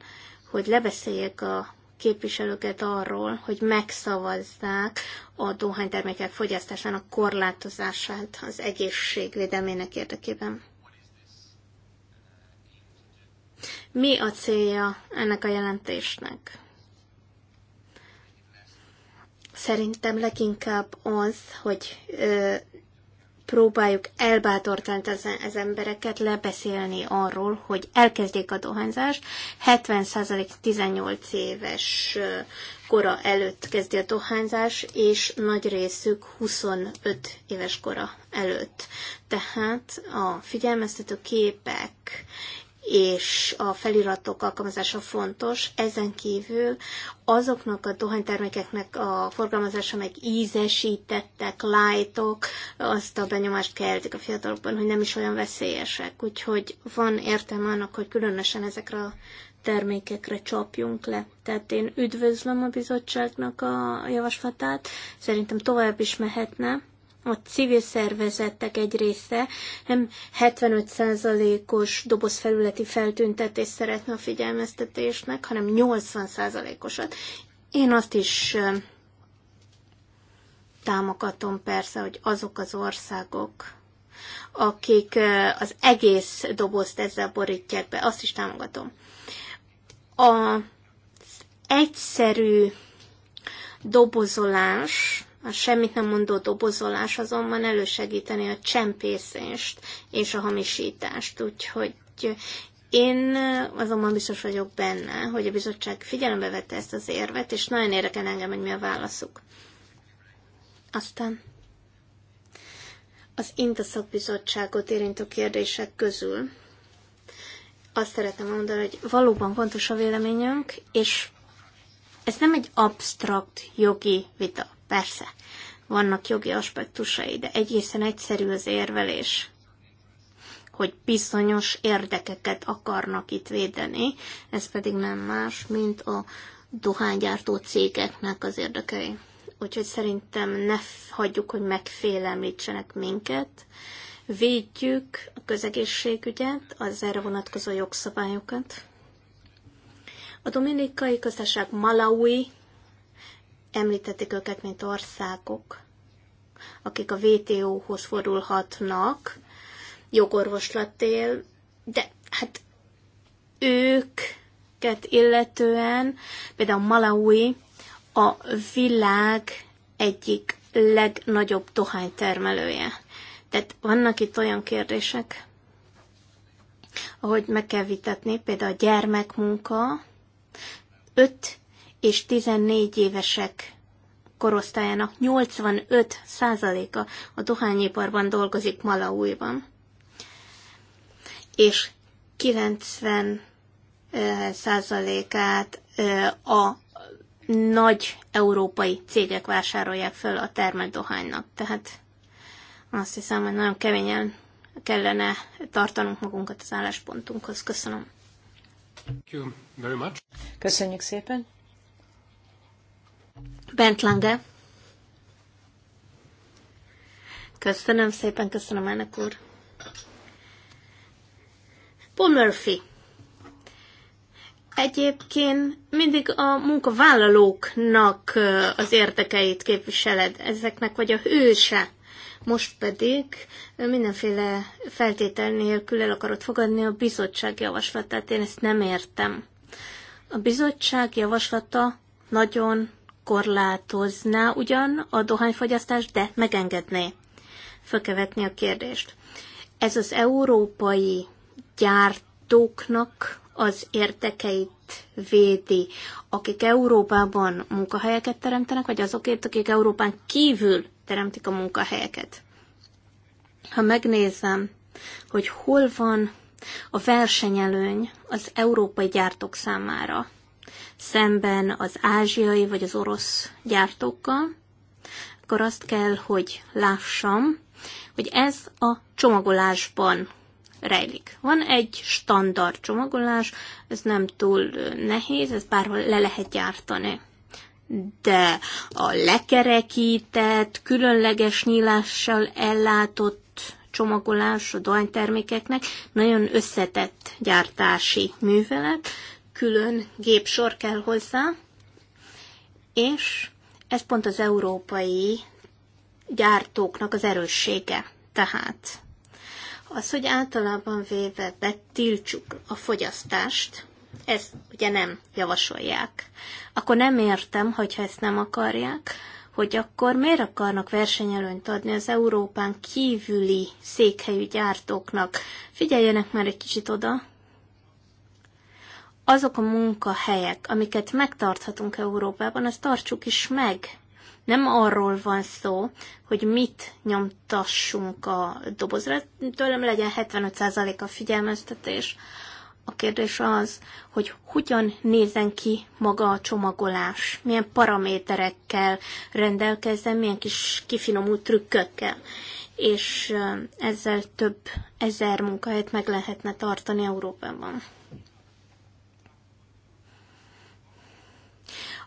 hogy lebeszéljék a képviselőket arról, hogy megszavazzák a dohánytermékek fogyasztásának korlátozását az egészségvédelmének érdekében. Mi a célja ennek a jelentésnek? Szerintem leginkább az, hogy ö, próbáljuk elbátortan az, az embereket lebeszélni arról, hogy elkezdjék a dohányzást. 70% 18 éves kora előtt kezdi a dohányzás, és nagy részük 25 éves kora előtt. Tehát a figyelmeztető képek és a feliratok alkalmazása fontos. Ezen kívül azoknak a dohánytermékeknek a forgalmazása meg ízesítettek, lájtok, azt a benyomást keltik a fiatalokban, hogy nem is olyan veszélyesek. Úgyhogy van értelme annak, hogy különösen ezekre a termékekre csapjunk le. Tehát én üdvözlöm a bizottságnak a javaslatát, szerintem tovább is mehetne, a civil szervezetek egy része nem 75%-os dobozfelületi feltüntetés szeretne a figyelmeztetésnek, hanem 80%-osat. Én azt is támogatom persze, hogy azok az országok, akik az egész dobozt ezzel borítják be, azt is támogatom. Az egyszerű dobozolás a semmit nem mondó dobozolás azonban elősegíteni a csempészést és a hamisítást, úgyhogy én azonban biztos vagyok benne, hogy a bizottság figyelembe vette ezt az érvet, és nagyon érdekel engem, hogy mi a válaszuk. Aztán az Intaszakbizottságot érintő kérdések közül azt szeretném mondani, hogy valóban fontos a véleményünk, és ez nem egy absztrakt jogi vita. Persze, vannak jogi aspektusai, de egészen egyszerű az érvelés hogy bizonyos érdekeket akarnak itt védeni, ez pedig nem más, mint a dohánygyártó cégeknek az érdekei. Úgyhogy szerintem ne hagyjuk, hogy megfélemlítsenek minket, védjük a közegészségügyet, az erre vonatkozó jogszabályokat. A dominikai közösség Malawi említették őket, mint országok, akik a WTO-hoz fordulhatnak jogorvoslatél, de hát őket illetően, például Malawi a világ egyik legnagyobb dohánytermelője. Tehát vannak itt olyan kérdések, ahogy meg kell vitatni, például a gyermekmunka, öt és 14 évesek korosztályának 85 százaléka a dohányiparban dolgozik Malaújban, és 90 százalékát a nagy európai cégek vásárolják föl a termelt dohánynak. Tehát azt hiszem, hogy nagyon keményen kellene tartanunk magunkat az álláspontunkhoz. Köszönöm. Köszönjük szépen. Bent Lange. Köszönöm szépen, köszönöm elnök úr. Paul Murphy. Egyébként mindig a munkavállalóknak az érdekeit képviseled, ezeknek vagy a hőse. Most pedig mindenféle feltétel nélkül el akarod fogadni a bizottság javaslatát. Én ezt nem értem. A bizottság javaslata nagyon korlátozná ugyan a dohányfogyasztást, de megengedné. Fölkevetni a kérdést. Ez az európai gyártóknak az értekeit védi, akik Európában munkahelyeket teremtenek, vagy azokért, akik Európán kívül teremtik a munkahelyeket. Ha megnézem, hogy hol van a versenyelőny az európai gyártók számára, szemben az ázsiai vagy az orosz gyártókkal, akkor azt kell, hogy lássam, hogy ez a csomagolásban rejlik. Van egy standard csomagolás, ez nem túl nehéz, ez bárhol le lehet gyártani. De a lekerekített, különleges nyílással ellátott csomagolás a dohánytermékeknek nagyon összetett gyártási művelet, külön gépsor kell hozzá, és ez pont az európai gyártóknak az erőssége. Tehát az, hogy általában véve betiltsuk a fogyasztást, ezt ugye nem javasolják. Akkor nem értem, hogyha ezt nem akarják, hogy akkor miért akarnak versenyelőnyt adni az Európán kívüli székhelyű gyártóknak. Figyeljenek már egy kicsit oda, azok a munkahelyek, amiket megtarthatunk Európában, azt tartsuk is meg. Nem arról van szó, hogy mit nyomtassunk a dobozra, tőlem legyen 75% a figyelmeztetés. A kérdés az, hogy hogyan nézen ki maga a csomagolás, milyen paraméterekkel rendelkezzen, milyen kis kifinomult trükkökkel és ezzel több ezer munkahelyet meg lehetne tartani Európában.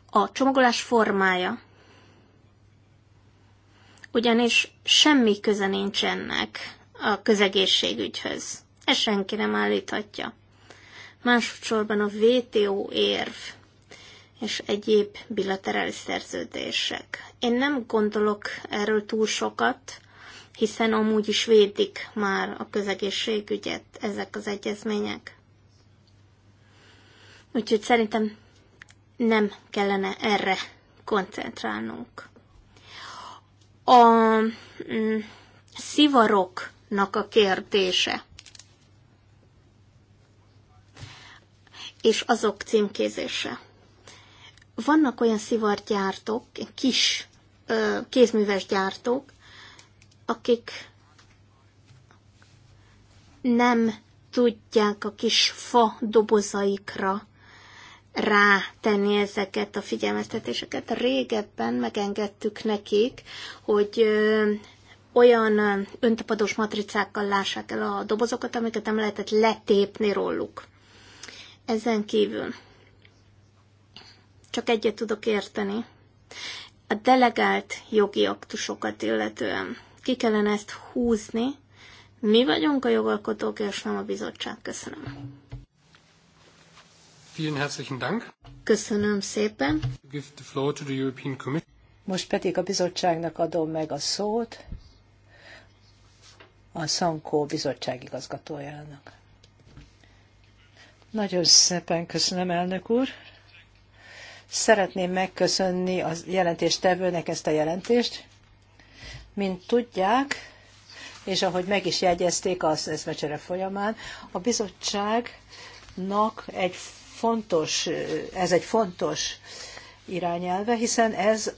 a csomagolás formája. Ugyanis semmi köze nincs ennek a közegészségügyhöz. Ezt senki nem állíthatja. Másodszorban a VTO érv és egyéb bilaterális szerződések. Én nem gondolok erről túl sokat, hiszen amúgy is védik már a közegészségügyet ezek az egyezmények. Úgyhogy szerintem nem kellene erre koncentrálnunk. A mm, szivaroknak a kérdése és azok címkézése. Vannak olyan szivargyártók, kis ö, kézműves gyártók, akik nem tudják a kis fa dobozaikra rátenni ezeket a figyelmeztetéseket. Régebben megengedtük nekik, hogy olyan öntapadós matricákkal lássák el a dobozokat, amiket nem lehetett letépni róluk. Ezen kívül csak egyet tudok érteni. A delegált jogi aktusokat illetően ki kellene ezt húzni. Mi vagyunk a jogalkotók, és nem a bizottság. Köszönöm. Vielen herzlichen Dank. Köszönöm szépen. Give the floor to the European Commission. Most pedig a bizottságnak adom meg a szót a Szankó bizottság igazgatójának. Nagyon szépen köszönöm, elnök úr. Szeretném megköszönni a jelentéstevőnek ezt a jelentést. Mint tudják, és ahogy meg is jegyezték az eszmecsere folyamán, a bizottságnak egy fontos, ez egy fontos irányelve, hiszen ez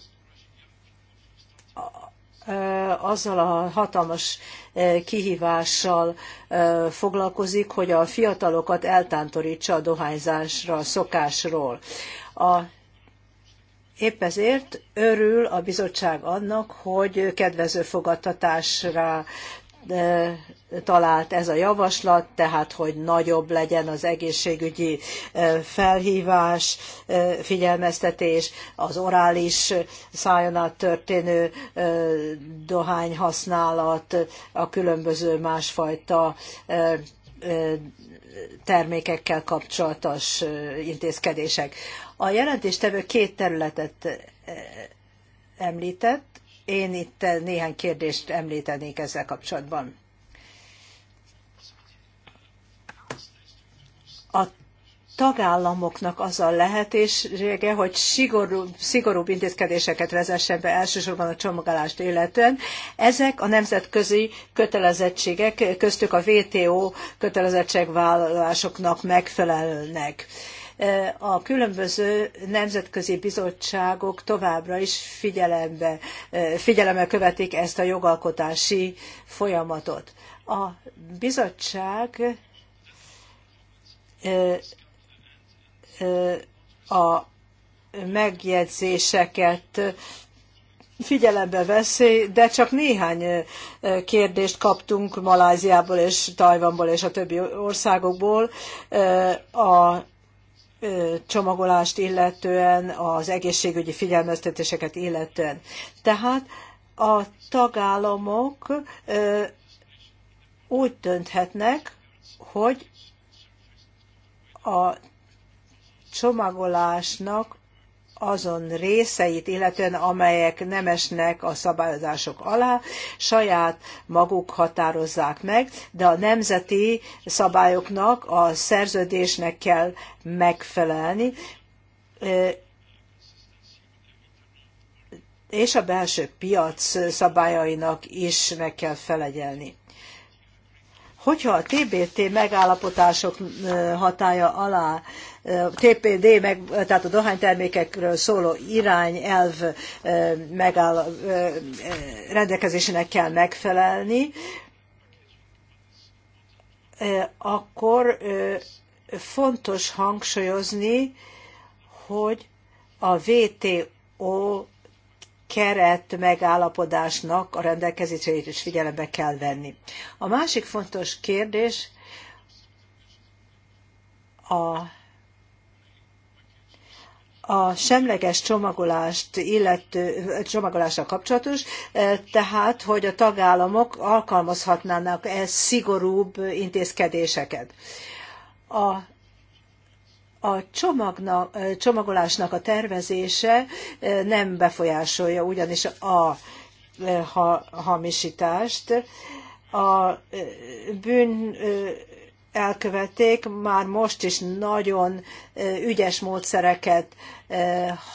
azzal a hatalmas e, kihívással e, foglalkozik, hogy a fiatalokat eltántorítsa a dohányzásra, a szokásról. A Épp ezért örül a bizottság annak, hogy kedvező fogadtatásra talált ez a javaslat, tehát hogy nagyobb legyen az egészségügyi felhívás, figyelmeztetés, az orális szájon át történő dohányhasználat, a különböző másfajta termékekkel kapcsolatos intézkedések. A jelentéstevő két területet említett, én itt néhány kérdést említenék ezzel kapcsolatban. A tagállamoknak az a lehetősége, hogy szigorúbb, szigorúbb intézkedéseket vezessen be elsősorban a csomagolást illetően. Ezek a nemzetközi kötelezettségek, köztük a WTO kötelezettségvállalásoknak megfelelnek a különböző nemzetközi bizottságok továbbra is figyelembe, figyelemmel követik ezt a jogalkotási folyamatot. A bizottság a megjegyzéseket figyelembe veszi, de csak néhány kérdést kaptunk Maláziából és Tajvanból és a többi országokból a csomagolást illetően, az egészségügyi figyelmeztetéseket illetően. Tehát a tagállamok úgy dönthetnek, hogy a csomagolásnak azon részeit, illetően amelyek nem esnek a szabályozások alá, saját maguk határozzák meg, de a nemzeti szabályoknak, a szerződésnek kell megfelelni, és a belső piac szabályainak is meg kell felegyelni. Hogyha a TBT megállapotások hatája alá TPD, meg, tehát a dohánytermékekről szóló irányelv megáll, rendelkezésének kell megfelelni, akkor fontos hangsúlyozni, hogy a VTO keret megállapodásnak a rendelkezését is figyelembe kell venni. A másik fontos kérdés a a semleges csomagolást illető, csomagolásra kapcsolatos, e, tehát, hogy a tagállamok alkalmazhatnának e szigorúbb intézkedéseket. A a csomagnak, e, csomagolásnak a tervezése e, nem befolyásolja ugyanis a ha, hamisítást. A bűn elkövették, már most is nagyon ügyes módszereket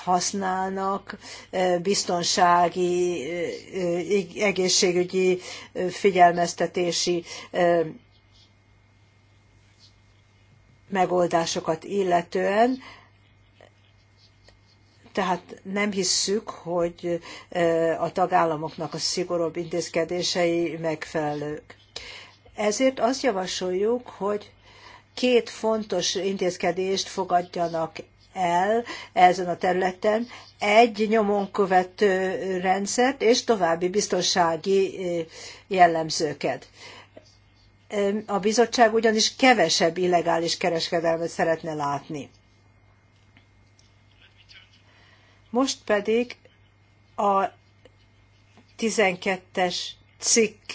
használnak, biztonsági, egészségügyi, figyelmeztetési megoldásokat illetően. Tehát nem hisszük, hogy a tagállamoknak a szigorúbb intézkedései megfelelők. Ezért azt javasoljuk, hogy két fontos intézkedést fogadjanak el ezen a területen, egy nyomon követő rendszert és további biztonsági jellemzőket. A bizottság ugyanis kevesebb illegális kereskedelmet szeretne látni. Most pedig a 12-es cikk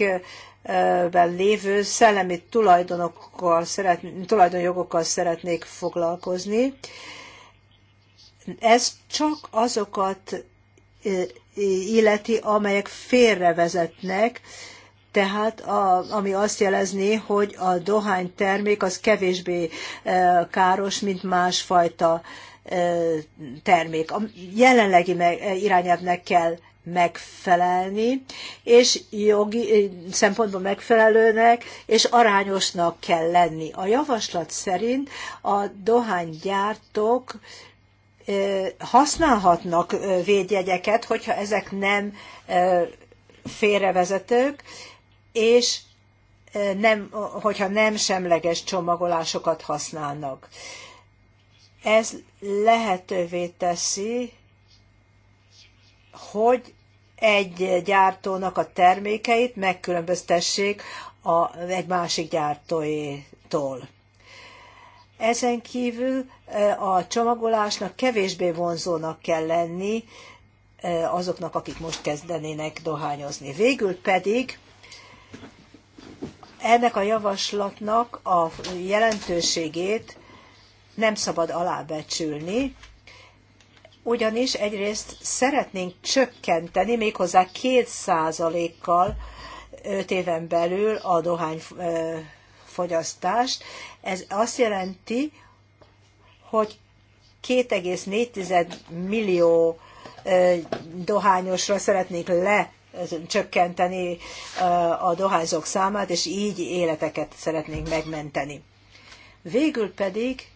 ben lévő szellemi tulajdonokkal szeret, tulajdonjogokkal szeretnék foglalkozni. Ez csak azokat illeti, amelyek félrevezetnek, tehát a, ami azt jelezné, hogy a dohánytermék az kevésbé káros, mint másfajta termék. A jelenlegi irányelvnek kell megfelelni, és jogi eh, szempontból megfelelőnek és arányosnak kell lenni. A javaslat szerint a dohánygyártók eh, használhatnak eh, védjegyeket, hogyha ezek nem félrevezetők, és nem, hogyha nem semleges csomagolásokat használnak. Ez lehetővé teszi, hogy egy gyártónak a termékeit megkülönböztessék a, egy másik gyártóétól. Ezen kívül e, a csomagolásnak kevésbé vonzónak kell lenni e, azoknak, akik most kezdenének dohányozni. Végül pedig ennek a javaslatnak a jelentőségét nem szabad alábecsülni, ugyanis egyrészt szeretnénk csökkenteni méghozzá két százalékkal öt éven belül a dohányfogyasztást. Ez azt jelenti, hogy 2,4 millió dohányosra szeretnék le csökkenteni a dohányzók számát, és így életeket szeretnénk megmenteni. Végül pedig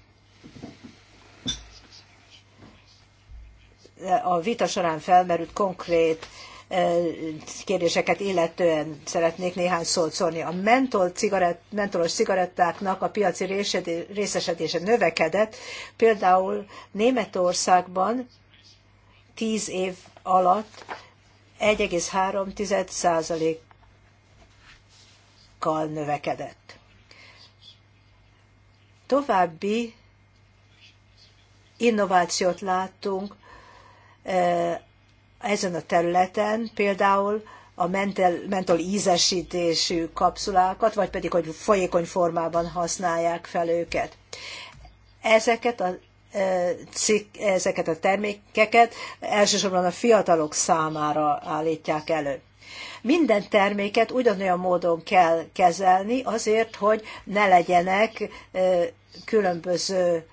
a vita során felmerült konkrét eh, kérdéseket illetően szeretnék néhány szót szólni. A mentol cigarett, mentolos cigarettáknak a piaci részesedése növekedett. Például Németországban 10 év alatt 1,3%-kal növekedett. További innovációt látunk. E, ezen a területen például a mental, mental ízesítésű kapszulákat, vagy pedig, hogy folyékony formában használják fel őket. Ezeket a e, ezeket a termékeket elsősorban a fiatalok számára állítják elő. Minden terméket ugyanolyan módon kell kezelni azért, hogy ne legyenek e, különböző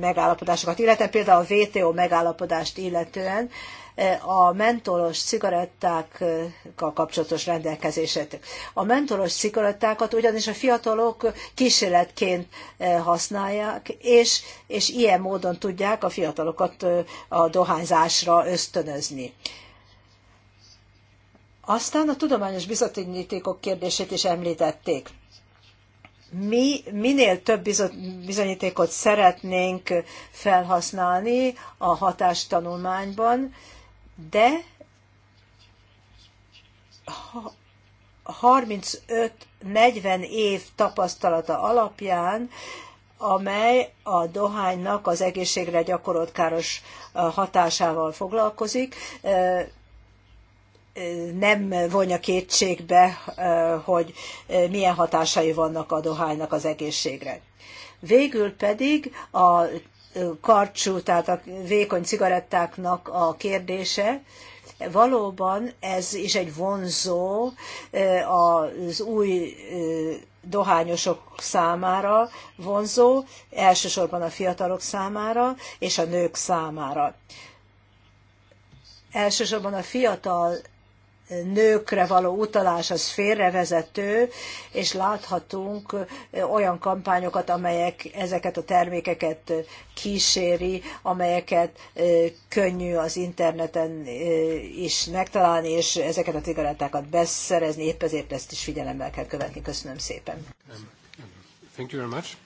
megállapodásokat, illetve például a WTO megállapodást illetően eh, a mentolos cigarettákkal kapcsolatos rendelkezését. A mentolos cigarettákat ugyanis a fiatalok kísérletként eh, használják, és, és ilyen módon tudják a fiatalokat eh, a dohányzásra ösztönözni. Aztán a tudományos bizonyítékok kérdését is említették mi minél több bizonyítékot szeretnénk felhasználni a hatástanulmányban, de 35-40 év tapasztalata alapján, amely a dohánynak az egészségre gyakorolt káros hatásával foglalkozik, nem vonja kétségbe, hogy milyen hatásai vannak a dohánynak az egészségre. Végül pedig a karcsú, tehát a vékony cigarettáknak a kérdése, valóban ez is egy vonzó az új dohányosok számára vonzó, elsősorban a fiatalok számára és a nők számára. Elsősorban a fiatal nőkre való utalás az félrevezető, és láthatunk olyan kampányokat, amelyek ezeket a termékeket kíséri, amelyeket könnyű az interneten is megtalálni, és ezeket a cigarettákat beszerezni, épp ezért ezt is figyelemmel kell követni. Köszönöm szépen. Thank you very much.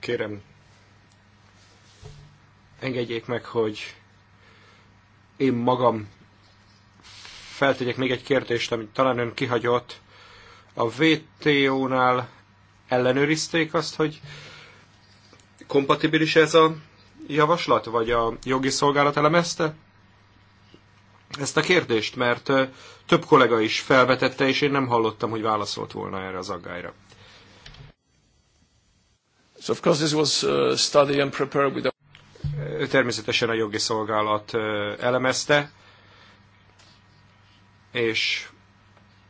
Kérem, engedjék meg, hogy én magam feltegyek még egy kérdést, amit talán ön kihagyott. A VTO-nál ellenőrizték azt, hogy kompatibilis ez a javaslat, vagy a jogi szolgálat elemezte? ezt a kérdést, mert több kollega is felvetette, és én nem hallottam, hogy válaszolt volna erre az aggályra. So of course this was uh, study and prepared with természetesen a jogi szolgálat elemezte, és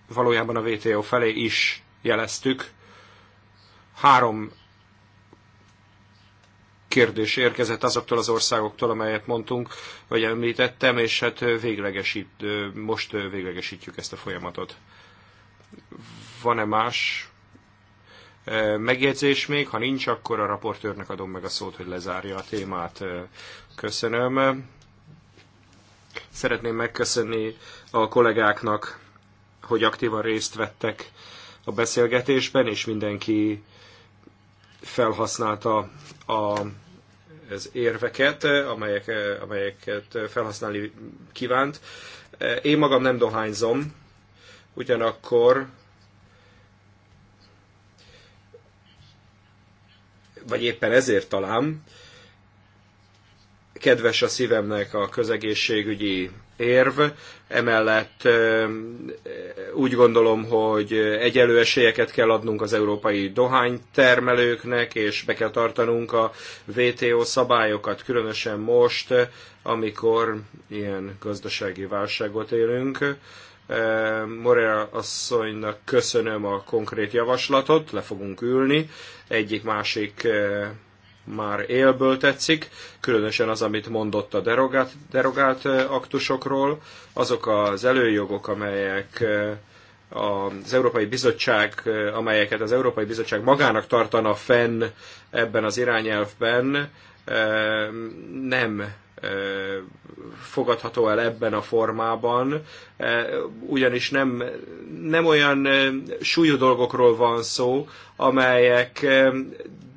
valójában a VTO felé is jeleztük. Három kérdés érkezett azoktól az országoktól, amelyet mondtunk, vagy említettem, és hát véglegesít, most véglegesítjük ezt a folyamatot. Van-e más megjegyzés még, ha nincs, akkor a raportőrnek adom meg a szót, hogy lezárja a témát. Köszönöm. Szeretném megköszönni a kollégáknak, hogy aktívan részt vettek a beszélgetésben, és mindenki felhasználta a az érveket, amelyek, amelyeket felhasználni kívánt. Én magam nem dohányzom, ugyanakkor vagy éppen ezért talán kedves a szívemnek a közegészségügyi érv, emellett úgy gondolom, hogy egyelő esélyeket kell adnunk az európai dohánytermelőknek, és be kell tartanunk a WTO szabályokat, különösen most, amikor ilyen gazdasági válságot élünk Morera asszonynak köszönöm a konkrét javaslatot, le fogunk ülni. Egyik-másik már élből tetszik, különösen az, amit mondott a derogált, derogált aktusokról, azok az előjogok, amelyek az Európai Bizottság, amelyeket az Európai Bizottság magának tartana fenn ebben az irányelvben, nem fogadható el ebben a formában, e, ugyanis nem, nem olyan e, súlyú dolgokról van szó, amelyek e,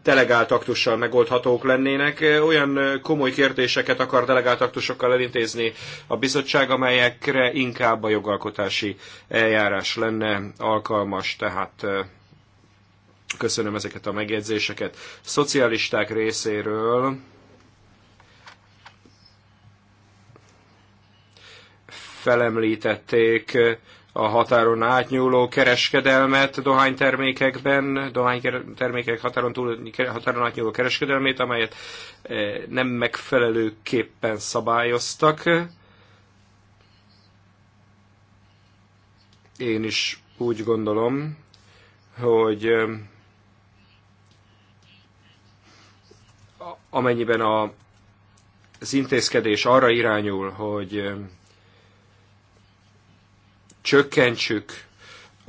delegált aktussal megoldhatók lennének. Olyan komoly kérdéseket akar delegált aktusokkal elintézni a bizottság, amelyekre inkább a jogalkotási eljárás lenne alkalmas, tehát köszönöm ezeket a megjegyzéseket. Szocialisták részéről felemlítették a határon átnyúló kereskedelmet dohánytermékekben, dohánytermékek határon, túl, határon átnyúló kereskedelmét, amelyet nem megfelelőképpen szabályoztak. Én is úgy gondolom, hogy amennyiben a, az intézkedés arra irányul, hogy csökkentsük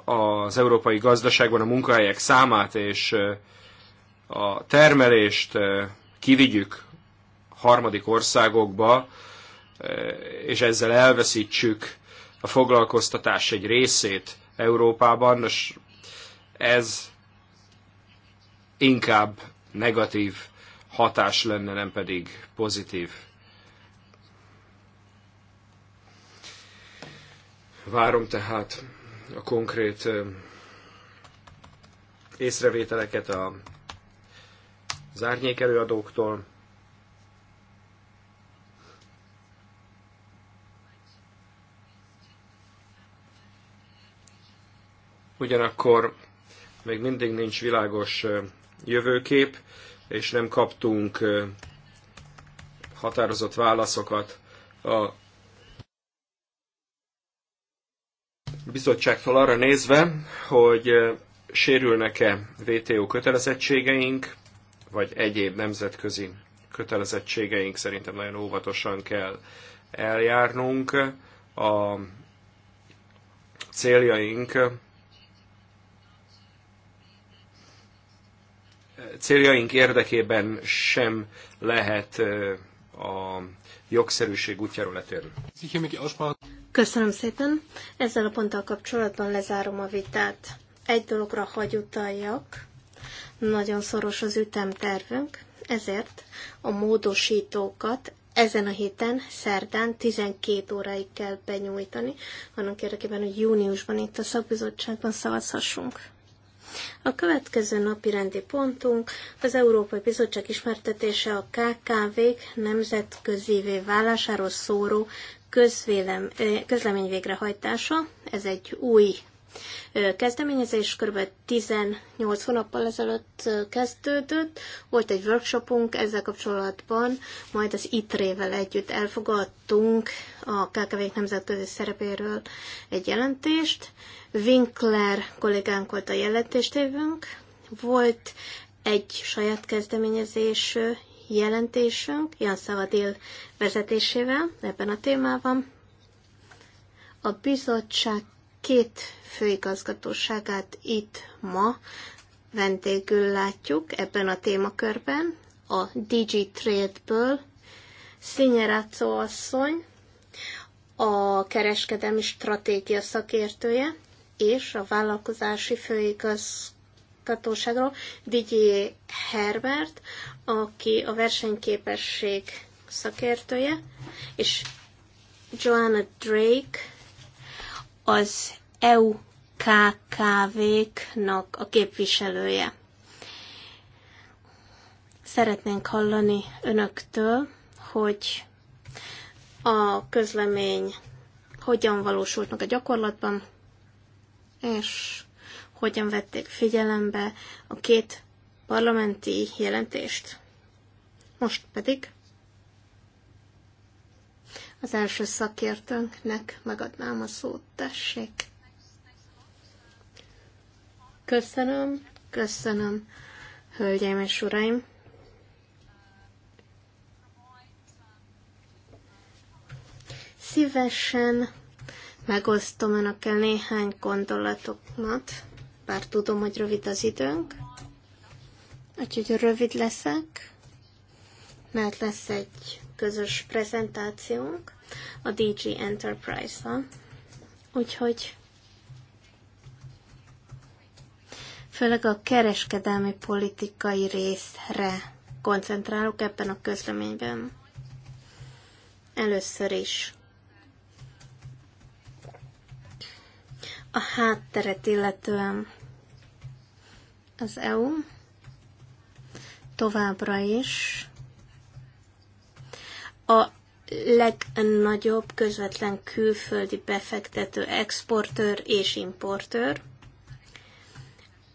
az európai gazdaságban a munkahelyek számát és a termelést kivigyük harmadik országokba, és ezzel elveszítsük a foglalkoztatás egy részét Európában, és ez inkább negatív hatás lenne, nem pedig pozitív. Várom tehát a konkrét észrevételeket a, az árnyék előadóktól. Ugyanakkor még mindig nincs világos jövőkép, és nem kaptunk határozott válaszokat a bizottságtól arra nézve, hogy sérülnek-e WTO kötelezettségeink, vagy egyéb nemzetközi kötelezettségeink szerintem nagyon óvatosan kell eljárnunk. A céljaink céljaink érdekében sem lehet a jogszerűség útjáról letérni. Köszönöm szépen. Ezzel a ponttal kapcsolatban lezárom a vitát. Egy dologra hagy utaljak. Nagyon szoros az ütemtervünk, ezért a módosítókat ezen a héten, szerdán 12 óráig kell benyújtani, annak érdekében, hogy júniusban itt a szakbizottságban szavazhassunk. A következő napi rendi pontunk az Európai Bizottság ismertetése a KKV-k nemzetközivé válásáról szóró közvélem, közlemény végrehajtása, ez egy új kezdeményezés, kb. 18 hónappal ezelőtt kezdődött. Volt egy workshopunk ezzel kapcsolatban, majd az ITRE-vel együtt elfogadtunk a kkv nemzetközi szerepéről egy jelentést. Winkler kollégánk volt a jelentéstévünk, volt egy saját kezdeményezés jelentésünk Jan Szavadil vezetésével ebben a témában. A bizottság két főigazgatóságát itt ma vendégül látjuk ebben a témakörben, a Digitrade-ből Szinyerácó asszony, a kereskedelmi stratégia szakértője, és a vállalkozási főigaz kutatóságról, Digi Herbert, aki a versenyképesség szakértője, és Joanna Drake, az EU KKV-knak a képviselője. Szeretnénk hallani önöktől, hogy a közlemény hogyan valósult meg a gyakorlatban, és hogyan vették figyelembe a két parlamenti jelentést. Most pedig az első szakértőnknek megadnám a szót, tessék. Köszönöm, köszönöm, hölgyeim és uraim. Szívesen megosztom önökkel néhány gondolatokat bár tudom, hogy rövid az időnk. Úgyhogy rövid leszek, mert lesz egy közös prezentációnk a DG Enterprise-ra. Úgyhogy főleg a kereskedelmi politikai részre koncentrálok ebben a közleményben. Először is a hátteret illetően az EU továbbra is a legnagyobb közvetlen külföldi befektető, exportőr és importőr,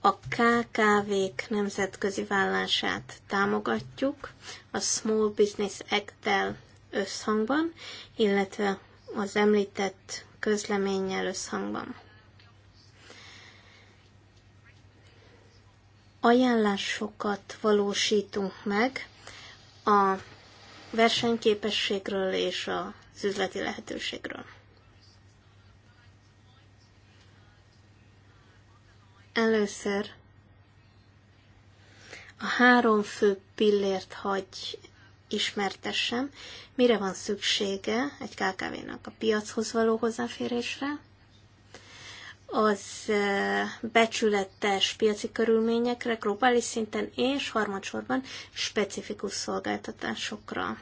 a KKV-k nemzetközi vállását támogatjuk a Small Business Act-tel összhangban, illetve az említett közleménnyel összhangban. ajánlásokat valósítunk meg a versenyképességről és az üzleti lehetőségről. Először a három fő pillért hagy ismertessem, mire van szüksége egy KKV-nak a piachoz való hozzáférésre, az becsületes piaci körülményekre globális szinten és harmadsorban specifikus szolgáltatásokra.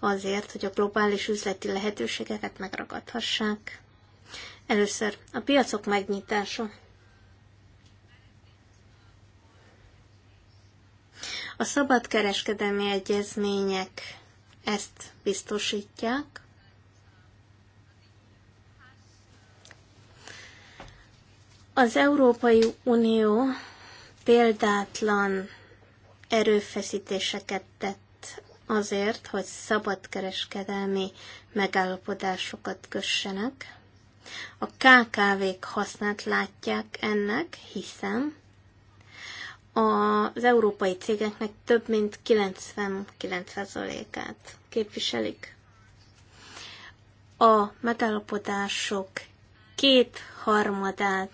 Azért, hogy a globális üzleti lehetőségeket megragadhassák. Először a piacok megnyitása. A szabadkereskedelmi egyezmények ezt biztosítják, Az Európai Unió példátlan erőfeszítéseket tett azért, hogy szabadkereskedelmi megállapodásokat kössenek. A KKV-k hasznát látják ennek, hiszen az európai cégeknek több mint 99%-át képviselik. A megállapodások kétharmadát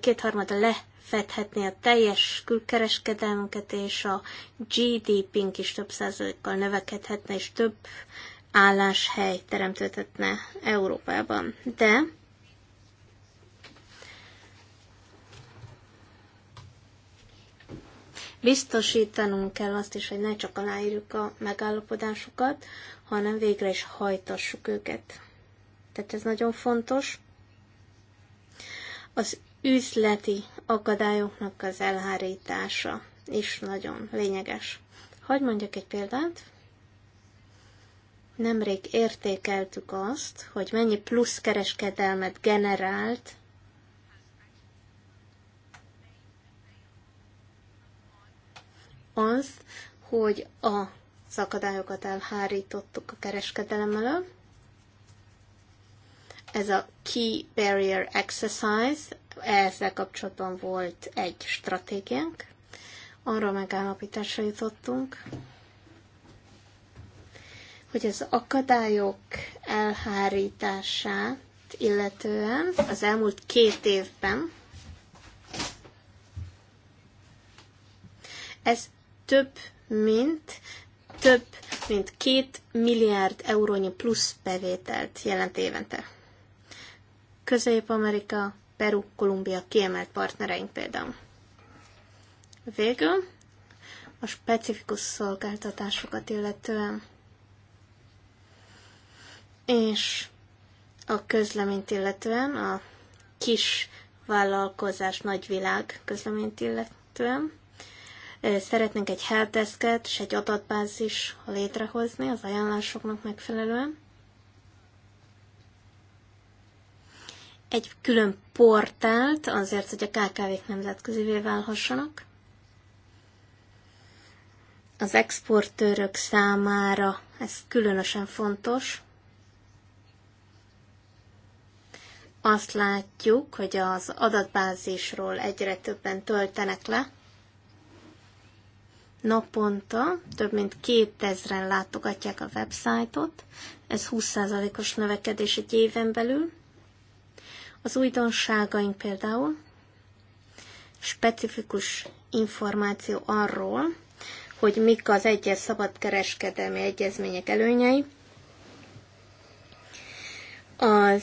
kétharmada lefedhetné a teljes külkereskedelmünket, és a GDP-nk is több százalékkal növekedhetne, és több álláshely teremtődhetne Európában. De biztosítanunk kell azt is, hogy ne csak aláírjuk a megállapodásokat, hanem végre is hajtassuk őket. Tehát ez nagyon fontos. Az üzleti akadályoknak az elhárítása is nagyon lényeges. Hagy mondjak egy példát. Nemrég értékeltük azt, hogy mennyi plusz kereskedelmet generált az, hogy a szakadályokat elhárítottuk a kereskedelem elől. Ez a Key Barrier Exercise, ezzel kapcsolatban volt egy stratégiánk, arra megállapításra jutottunk, hogy az akadályok elhárítását illetően az elmúlt két évben ez több, mint több, mint két milliárd eurónyi plusz bevételt jelent évente. Közép-Amerika, Peru, Kolumbia kiemelt partnereink például. Végül a specifikus szolgáltatásokat illetően és a közleményt illetően, a kis vállalkozás nagyvilág közleményt illetően. Szeretnénk egy helpdesket és egy adatbázis létrehozni az ajánlásoknak megfelelően, egy külön portált azért, hogy a KKV-k nemzetközivé válhassanak. Az exportőrök számára ez különösen fontos. Azt látjuk, hogy az adatbázisról egyre többen töltenek le. Naponta több mint 2000-en látogatják a websájtot, ez 20%-os növekedés egy éven belül az újdonságaink például specifikus információ arról, hogy mik az egyes szabadkereskedelmi egyezmények előnyei, az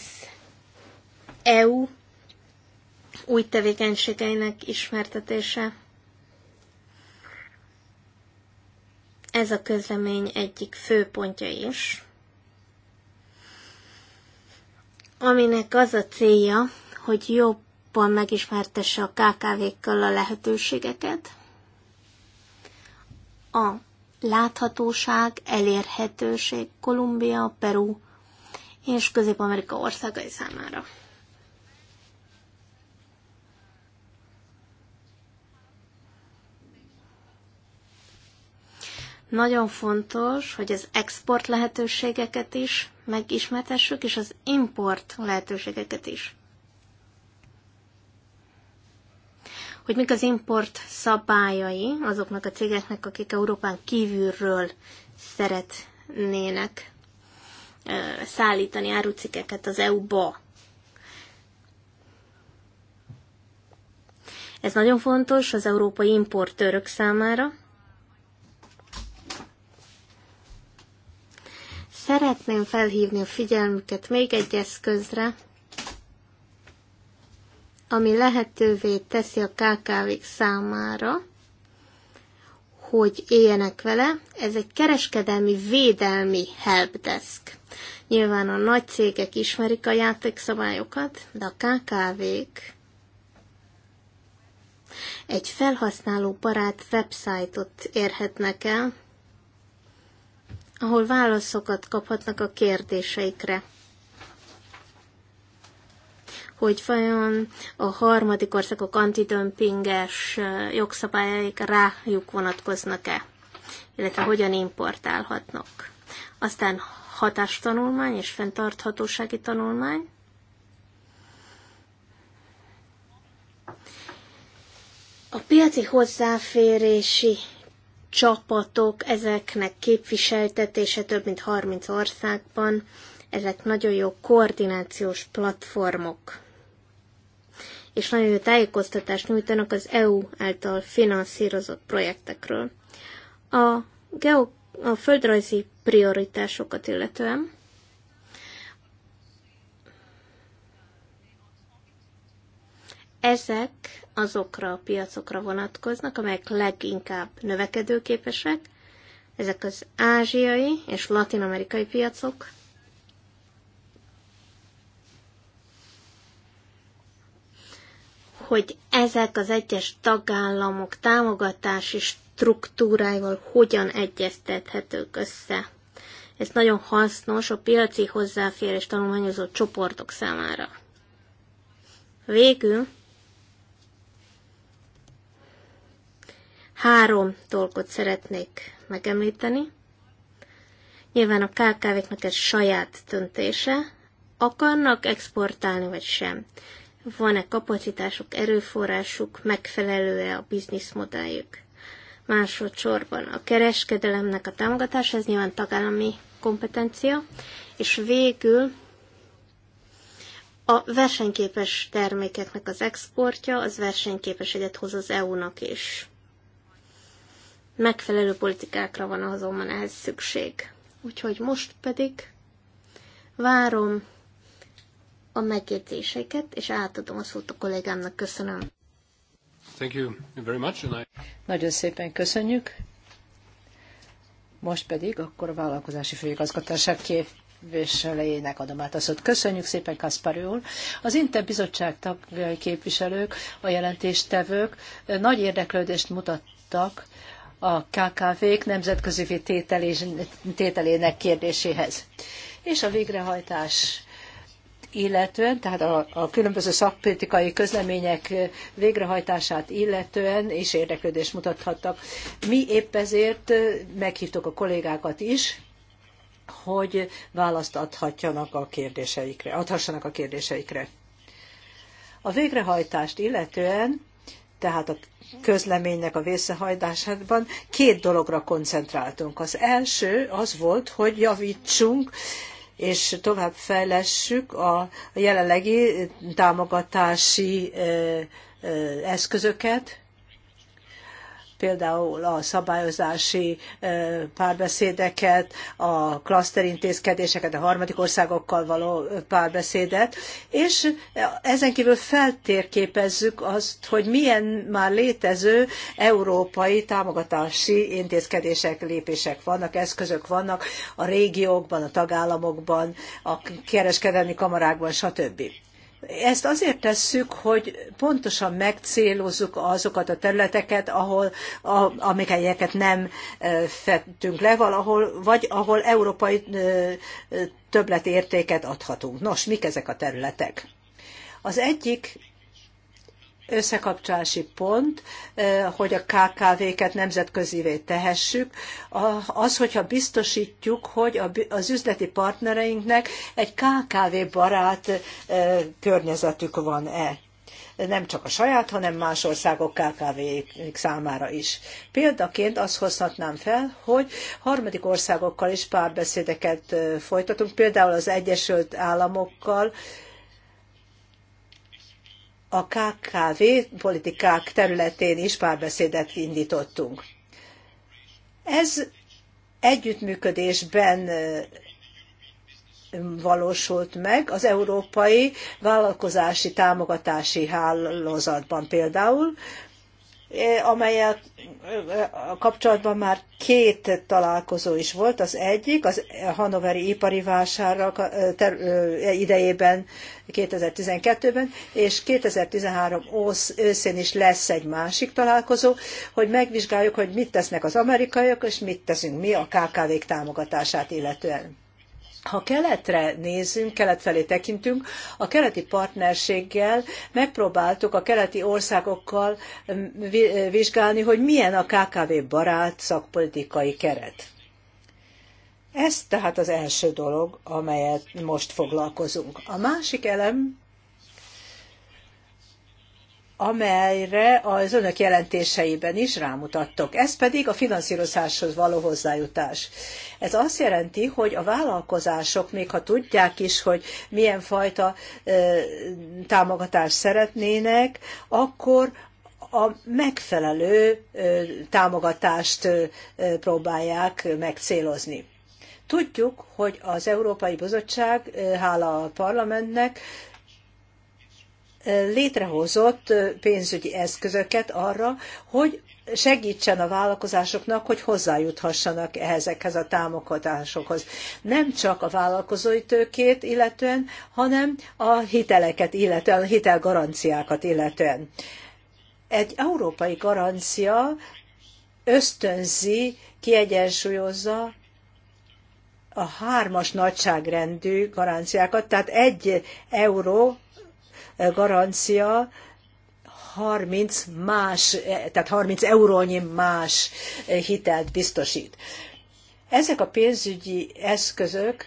EU új tevékenységeinek ismertetése. Ez a közlemény egyik fő pontja is aminek az a célja, hogy jobban megismertesse a KKV-kkal a lehetőségeket, a láthatóság, elérhetőség Kolumbia, Peru és Közép-Amerika országai számára. Nagyon fontos, hogy az export lehetőségeket is megismertessük, és az import lehetőségeket is. Hogy mik az import szabályai azoknak a cégeknek, akik Európán kívülről szeretnének szállítani árucikeket az EU-ba. Ez nagyon fontos az európai importőrök számára, Szeretném felhívni a figyelmüket még egy eszközre, ami lehetővé teszi a kkv számára, hogy éljenek vele. Ez egy kereskedelmi védelmi helpdesk. Nyilván a nagy cégek ismerik a játékszabályokat, de a KKV-k egy felhasználó barát websájtot érhetnek el, ahol válaszokat kaphatnak a kérdéseikre. Hogy vajon a harmadik országok antidömpinges jogszabályaik rájuk vonatkoznak-e, illetve hogyan importálhatnak. Aztán hatástanulmány és fenntarthatósági tanulmány. A piaci hozzáférési csapatok, ezeknek képviseltetése több mint 30 országban, ezek nagyon jó koordinációs platformok és nagyon jó tájékoztatást nyújtanak az EU által finanszírozott projektekről. A, geo, a földrajzi prioritásokat illetően Ezek azokra a piacokra vonatkoznak, amelyek leginkább növekedőképesek. Ezek az ázsiai és latin-amerikai piacok. Hogy ezek az egyes tagállamok támogatási struktúráival hogyan egyeztethetők össze. Ez nagyon hasznos a piaci hozzáférés tanulmányozó csoportok számára. Végül Három dolgot szeretnék megemlíteni. Nyilván a KKV-knek ez saját döntése, akarnak exportálni vagy sem. Van-e kapacitásuk, erőforrásuk, megfelelő-e a bizniszmodelljük. Másodszorban a kereskedelemnek a támogatása, ez nyilván tagállami kompetencia, és végül a versenyképes termékeknek az exportja, az versenyképes egyet hoz az EU-nak is. Megfelelő politikákra van azonban ehhez szükség. Úgyhogy most pedig várom a megjegyzéseket és átadom a szót a kollégámnak. Köszönöm. Thank you very much, and I... Nagyon szépen köszönjük. Most pedig akkor a vállalkozási főigazgatásság képviselőjének adom át a szót. Köszönjük szépen, Kaspari úr. Az Inter bizottság tagjai képviselők, a jelentéstevők nagy érdeklődést mutattak a KKV-k nemzetközi tételének kérdéséhez. És a végrehajtás illetően, tehát a, a különböző szakpolitikai közlemények végrehajtását illetően is érdeklődést mutathattak. Mi épp ezért meghívtuk a kollégákat is, hogy választ adhatjanak a kérdéseikre, adhassanak a kérdéseikre. A végrehajtást illetően tehát a közleménynek a vészehajtásában két dologra koncentráltunk. Az első az volt, hogy javítsunk és tovább fejlessük a jelenlegi támogatási eszközöket, például a szabályozási párbeszédeket, a klaszter intézkedéseket, a harmadik országokkal való párbeszédet, és ezen kívül feltérképezzük azt, hogy milyen már létező európai támogatási intézkedések, lépések vannak, eszközök vannak a régiókban, a tagállamokban, a kereskedelmi kamarákban, stb. Ezt azért tesszük, hogy pontosan megcélozzuk azokat a területeket, ahol, a, amiket nem fettünk le valahol, vagy ahol európai többletértéket adhatunk. Nos, mik ezek a területek? Az egyik összekapcsolási pont, eh, hogy a KKV-ket nemzetközivé tehessük, az, hogyha biztosítjuk, hogy az üzleti partnereinknek egy KKV-barát eh, környezetük van-e nem csak a saját, hanem más országok kkv számára is. Példaként azt hozhatnám fel, hogy harmadik országokkal is párbeszédeket eh, folytatunk, például az Egyesült Államokkal, a KKV politikák területén is párbeszédet indítottunk. Ez együttműködésben valósult meg az európai vállalkozási támogatási hálózatban például, Eh, amelyel eh, kapcsolatban már két találkozó is volt. Az egyik az Hanoveri ipari vásárra eh, idejében 2012-ben, és 2013 őszén is lesz egy másik találkozó, hogy megvizsgáljuk, hogy mit tesznek az amerikaiak, és mit teszünk mi a KKV-k támogatását illetően. Ha keletre nézünk, kelet felé tekintünk, a keleti partnerséggel megpróbáltuk a keleti országokkal vizsgálni, hogy milyen a KKV barát szakpolitikai keret. Ez tehát az első dolog, amelyet most foglalkozunk. A másik elem amelyre az önök jelentéseiben is rámutattok. Ez pedig a finanszírozáshoz való hozzájutás. Ez azt jelenti, hogy a vállalkozások, még ha tudják is, hogy milyen fajta ö, támogatást szeretnének, akkor a megfelelő ö, támogatást ö, próbálják megcélozni. Tudjuk, hogy az Európai Bizottság, hála a parlamentnek, létrehozott pénzügyi eszközöket arra, hogy segítsen a vállalkozásoknak, hogy hozzájuthassanak ezekhez a támogatásokhoz. Nem csak a vállalkozói tőkét illetően, hanem a hiteleket illetően, a hitelgaranciákat illetően. Egy európai garancia ösztönzi, kiegyensúlyozza a hármas nagyságrendű garanciákat, tehát egy euró garancia 30 más, tehát 30 eurónyi más hitelt biztosít. Ezek a pénzügyi eszközök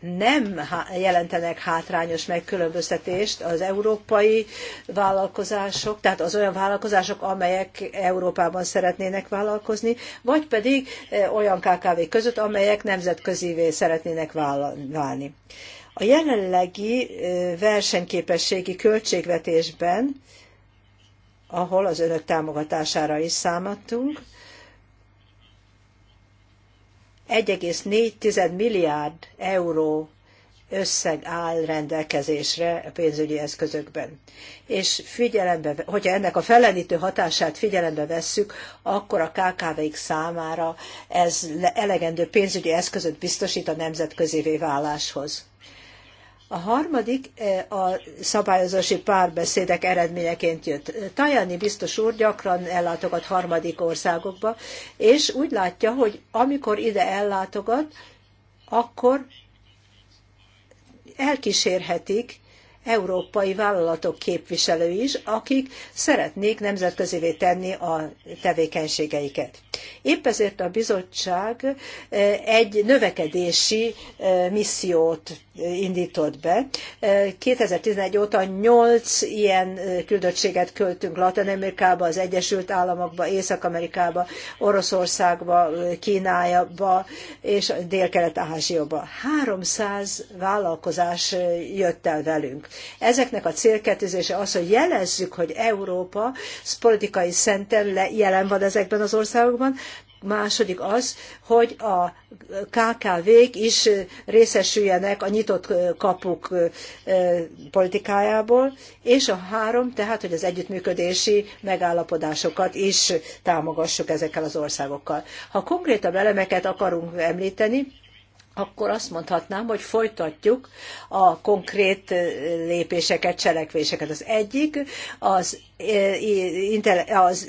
nem jelentenek hátrányos megkülönböztetést az európai vállalkozások, tehát az olyan vállalkozások, amelyek Európában szeretnének vállalkozni, vagy pedig eh, olyan KKV között, amelyek nemzetközivé szeretnének válni. A jelenlegi versenyképességi költségvetésben, ahol az önök támogatására is számadtunk, 1,4 milliárd euró összeg áll rendelkezésre a pénzügyi eszközökben. És figyelembe, hogyha ennek a felenítő hatását figyelembe vesszük, akkor a KKV-k számára ez elegendő pénzügyi eszközöt biztosít a nemzetközi váláshoz. A harmadik eh, a szabályozási párbeszédek eredményeként jött. Tajani biztos úr gyakran ellátogat harmadik országokba, és úgy látja, hogy amikor ide ellátogat, akkor elkísérhetik európai vállalatok képviselői is, akik szeretnék nemzetközivé tenni a tevékenységeiket. Épp ezért a bizottság eh, egy növekedési eh, missziót indított be. 2011 óta 8 ilyen küldöttséget költünk Latin Amerikába, az Egyesült Államokba, Észak-Amerikába, Oroszországba, Kínába és Dél-Kelet-Ázsiába. 300 vállalkozás jött el velünk. Ezeknek a célketűzése az, hogy jelezzük, hogy Európa politikai szenten jelen van ezekben az országokban, második az, hogy a KKV-k is részesüljenek a nyitott kapuk politikájából, és a három, tehát, hogy az együttműködési megállapodásokat is támogassuk ezekkel az országokkal. Ha konkrétabb elemeket akarunk említeni, akkor azt mondhatnám, hogy folytatjuk a konkrét lépéseket, cselekvéseket. Az egyik az, az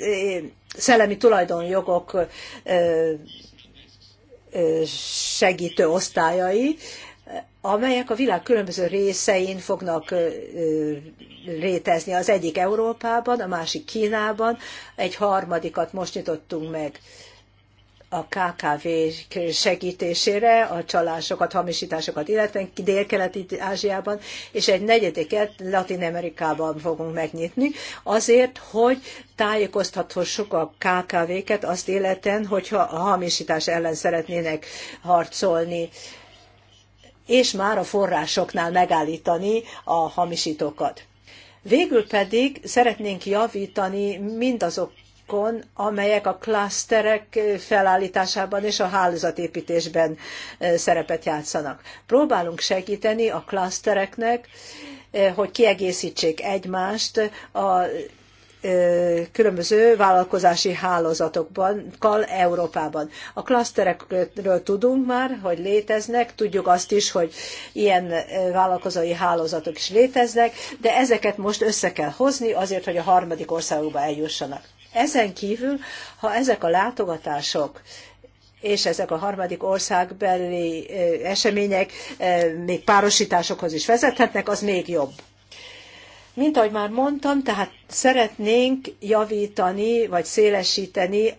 szellemi tulajdonjogok segítő osztályai, amelyek a világ különböző részein fognak rétezni. Az egyik Európában, a másik Kínában, egy harmadikat most nyitottunk meg a KKV segítésére, a csalásokat, hamisításokat, illetve dél-keleti Ázsiában, és egy negyediket Latin Amerikában fogunk megnyitni, azért, hogy tájékoztathassuk a KKV-ket azt életen, hogyha a hamisítás ellen szeretnének harcolni és már a forrásoknál megállítani a hamisítókat. Végül pedig szeretnénk javítani mindazok azokon, amelyek a klaszterek felállításában és a hálózatépítésben szerepet játszanak. Próbálunk segíteni a klasztereknek, hogy kiegészítsék egymást a különböző vállalkozási hálózatokban, kal Európában. A klaszterekről tudunk már, hogy léteznek, tudjuk azt is, hogy ilyen vállalkozói hálózatok is léteznek, de ezeket most össze kell hozni azért, hogy a harmadik országokba eljussanak. Ezen kívül, ha ezek a látogatások és ezek a harmadik országbeli események még párosításokhoz is vezethetnek, az még jobb. Mint ahogy már mondtam, tehát szeretnénk javítani vagy szélesíteni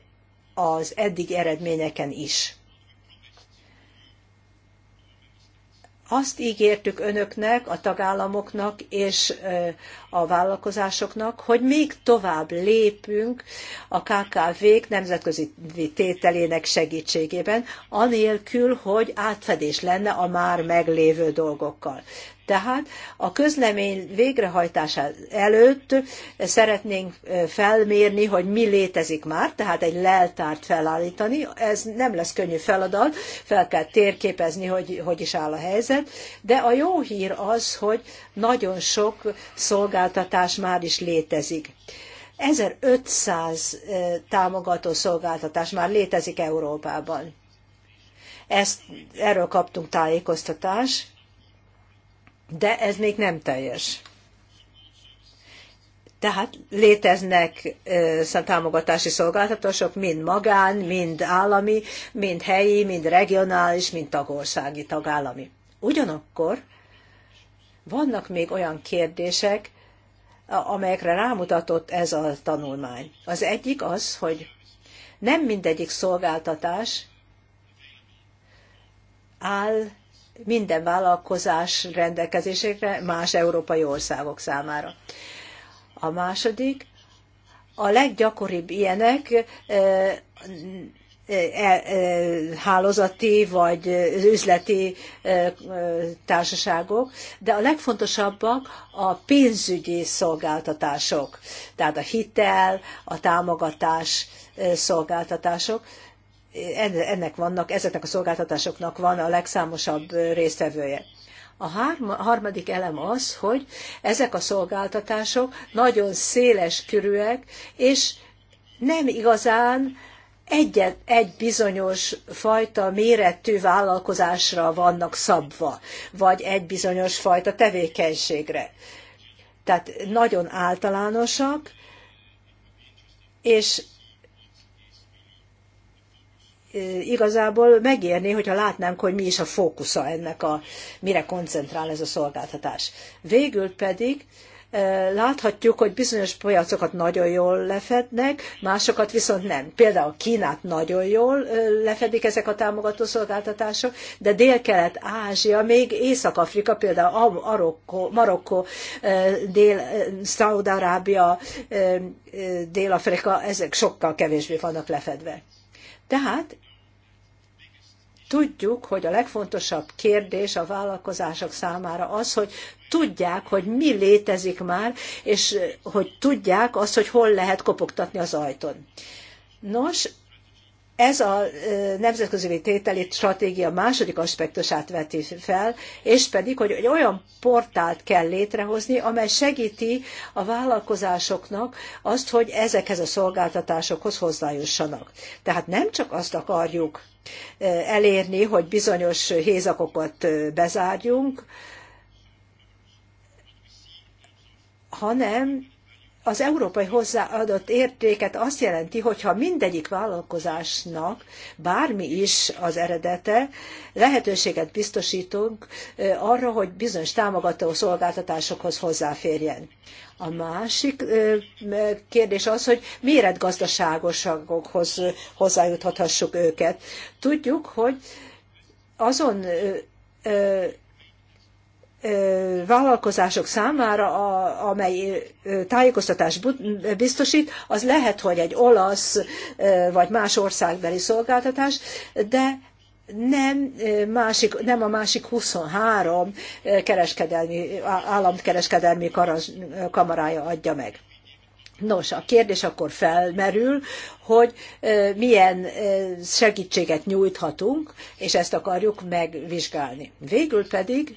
az eddig eredményeken is. Azt ígértük önöknek, a tagállamoknak és a vállalkozásoknak, hogy még tovább lépünk a KKV-k nemzetközi tételének segítségében, anélkül, hogy átfedés lenne a már meglévő dolgokkal. Tehát a közlemény végrehajtása előtt szeretnénk felmérni, hogy mi létezik már, tehát egy leltárt felállítani. Ez nem lesz könnyű feladat, fel kell térképezni, hogy hogy is áll a helyzet, de a jó hír az, hogy nagyon sok szolgáltatás már is létezik. 1500 támogató szolgáltatás már létezik Európában. Ezt, erről kaptunk tájékoztatást, de ez még nem teljes. Tehát léteznek támogatási szolgáltatások, mind magán, mind állami, mind helyi, mind regionális, mind tagországi, tagállami. Ugyanakkor vannak még olyan kérdések, amelyekre rámutatott ez a tanulmány. Az egyik az, hogy nem mindegyik szolgáltatás áll minden vállalkozás rendelkezésére más európai országok számára. A második, a leggyakoribb ilyenek e, hálózati vagy üzleti társaságok, de a legfontosabbak a pénzügyi szolgáltatások, tehát a hitel, a támogatás szolgáltatások, ennek vannak, ezeknek a szolgáltatásoknak van a legszámosabb résztvevője. A harmadik elem az, hogy ezek a szolgáltatások nagyon széles körűek, és nem igazán egyet, egy bizonyos fajta méretű vállalkozásra vannak szabva, vagy egy bizonyos fajta tevékenységre. Tehát nagyon általánosak, és igazából megérné, hogyha látnánk, hogy mi is a fókusza ennek a, mire koncentrál ez a szolgáltatás. Végül pedig láthatjuk, hogy bizonyos piacokat nagyon jól lefednek, másokat viszont nem. Például Kínát nagyon jól lefedik ezek a támogató szolgáltatások, de Dél-Kelet-Ázsia, még Észak-Afrika, például Marokko, Marokko Dél, Szaud-Arábia, Dél-Afrika, ezek sokkal kevésbé vannak lefedve. Tehát tudjuk, hogy a legfontosabb kérdés a vállalkozások számára az, hogy tudják, hogy mi létezik már, és hogy tudják azt, hogy hol lehet kopogtatni az ajtón. Nos, ez a nemzetközi tételi stratégia második aspektusát veti fel, és pedig, hogy egy olyan portált kell létrehozni, amely segíti a vállalkozásoknak azt, hogy ezekhez a szolgáltatásokhoz hozzájussanak. Tehát nem csak azt akarjuk elérni, hogy bizonyos hézakokat bezárjunk, hanem az európai hozzáadott értéket azt jelenti, hogyha mindegyik vállalkozásnak, bármi is az eredete, lehetőséget biztosítunk arra, hogy bizonyos támogató szolgáltatásokhoz hozzáférjen. A másik kérdés az, hogy méretgazdaságosságokhoz hozzájuthathassuk őket. Tudjuk, hogy azon vállalkozások számára, amely tájékoztatást biztosít, az lehet, hogy egy olasz vagy más országbeli szolgáltatás, de nem, másik, nem a másik 23 kereskedelmi, államkereskedelmi kamarája adja meg. Nos, a kérdés akkor felmerül, hogy milyen segítséget nyújthatunk, és ezt akarjuk megvizsgálni. Végül pedig